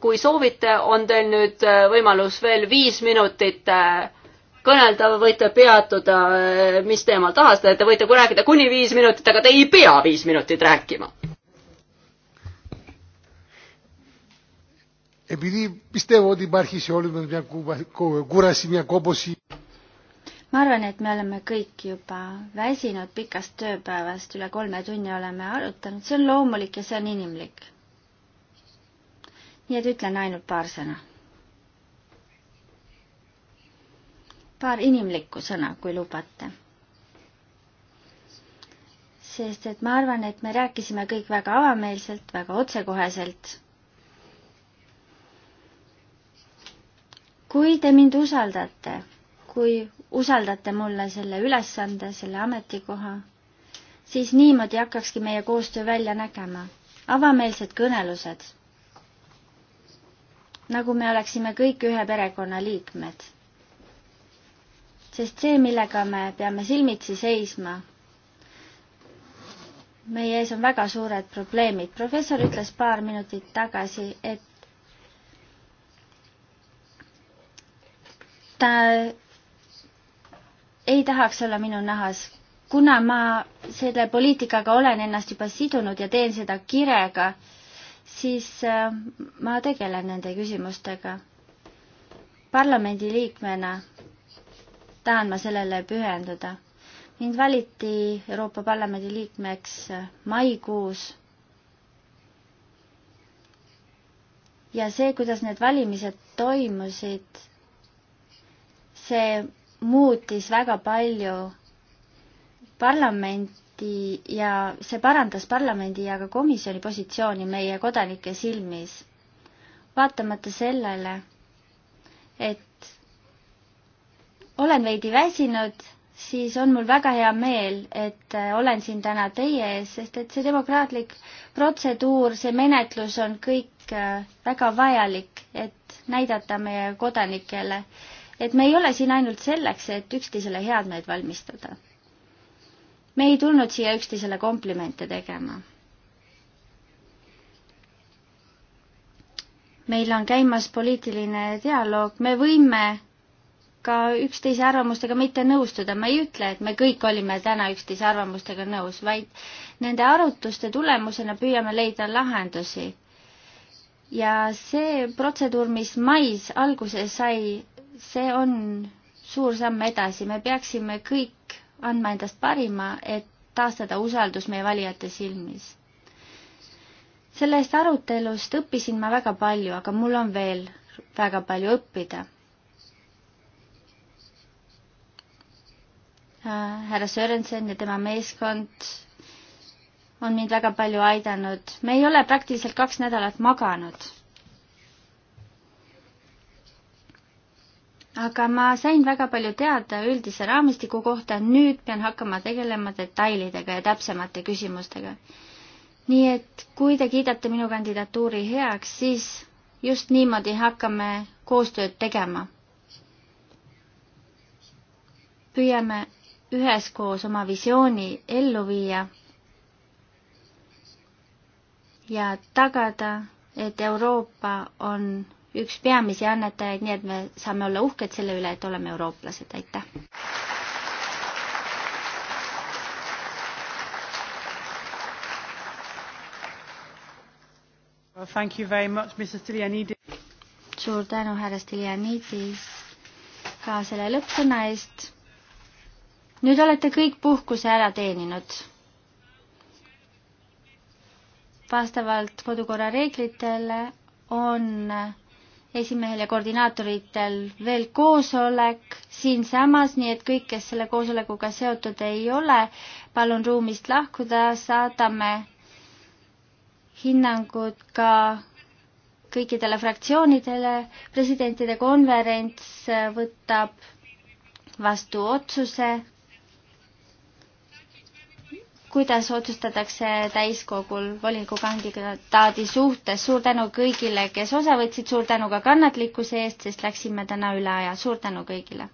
kui soovite, on teil nüüd võimalus veel viis minutit kõnelda, võite peatuda, eh, mis teemal tahas, te võite rääkida kuni viis minutit, aga te ei pea viis minutit rääkima. ma arvan, et me oleme kõik juba väsinud pikast tööpäevast, üle kolme tunni oleme arutanud, see on loomulik ja see on inimlik. nii et ütlen ainult paar sõna paar inimlikku sõna, kui lubate. sest et ma arvan, et me rääkisime kõik väga avameelselt, väga otsekoheselt. kui te mind usaldate, kui usaldate mulle selle ülesande, selle ametikoha, siis niimoodi hakkakski meie koostöö välja nägema. avameelsed kõnelused. nagu me oleksime kõik ühe perekonna liikmed sest see, millega me peame silmitsi seisma, meie ees on väga suured probleemid. professor ütles paar minutit tagasi, et ta ei tahaks olla minu nahas. kuna ma selle poliitikaga olen ennast juba sidunud ja teen seda kirega, siis äh, ma tegelen nende küsimustega. parlamendiliikmena tahan ma sellele pühenduda. mind valiti Euroopa Parlamendi liikmeks maikuus. ja see, kuidas need valimised toimusid, see muutis väga palju parlamenti ja see parandas parlamendi ja ka komisjoni positsiooni meie kodanike silmis. vaatamata sellele, et olen veidi väsinud, siis on mul väga hea meel, et äh, olen siin täna teie ees, sest et see demokraatlik protseduur, see menetlus on kõik äh, väga vajalik, et näidata meie kodanikele, et me ei ole siin ainult selleks, et üksteisele headmeid valmistada. me ei tulnud siia üksteisele komplimente tegema meil on käimas poliitiline dialoog, me võime ka üksteise arvamustega mitte nõustuda, ma ei ütle, et me kõik olime täna üksteise arvamustega nõus, vaid nende arutluste tulemusena püüame leida lahendusi. ja see protseduur, mis mais alguse sai, see on suur samm edasi, me peaksime kõik andma endast parima, et taastada usaldus meie valijate silmis sellest arutelust õppisin ma väga palju, aga mul on veel väga palju õppida. Äh, härra Sörensen ja tema meeskond on mind väga palju aidanud. me ei ole praktiliselt kaks nädalat maganud. aga ma sain väga palju teada üldise raamistiku kohta, nüüd pean hakkama tegelema detailidega ja täpsemate küsimustega. nii et kui te kiidate minu kandidatuuri heaks, siis just niimoodi hakkame koostööd tegema. püüame üheskoos oma visiooni ellu viia ja tagada, et Euroopa on üks peamisi annetajaid, nii et me saame olla uhked selle üle, et oleme eurooplased, aitäh! Well, thank you very much, Mrs. Stylianidis. suur tänu, härra Stylianidis, ka selle lõppsõna eest nüüd olete kõik puhkuse ära teeninud. vastavalt kodukorra reeglitele on esimehel ja koordinaatoritel veel koosolek siinsamas, nii et kõik, kes selle koosolekuga seotud ei ole, palun ruumist lahkuda, saadame hinnangud ka kõikidele fraktsioonidele. presidentide konverents võtab vastu otsuse kuidas otsustatakse täiskogul voliniku kandidaadi suhtes. suur tänu kõigile, kes osa võtsid, suur tänu ka kannatlikkuse eest, sest läksime täna üle aja. suur tänu kõigile!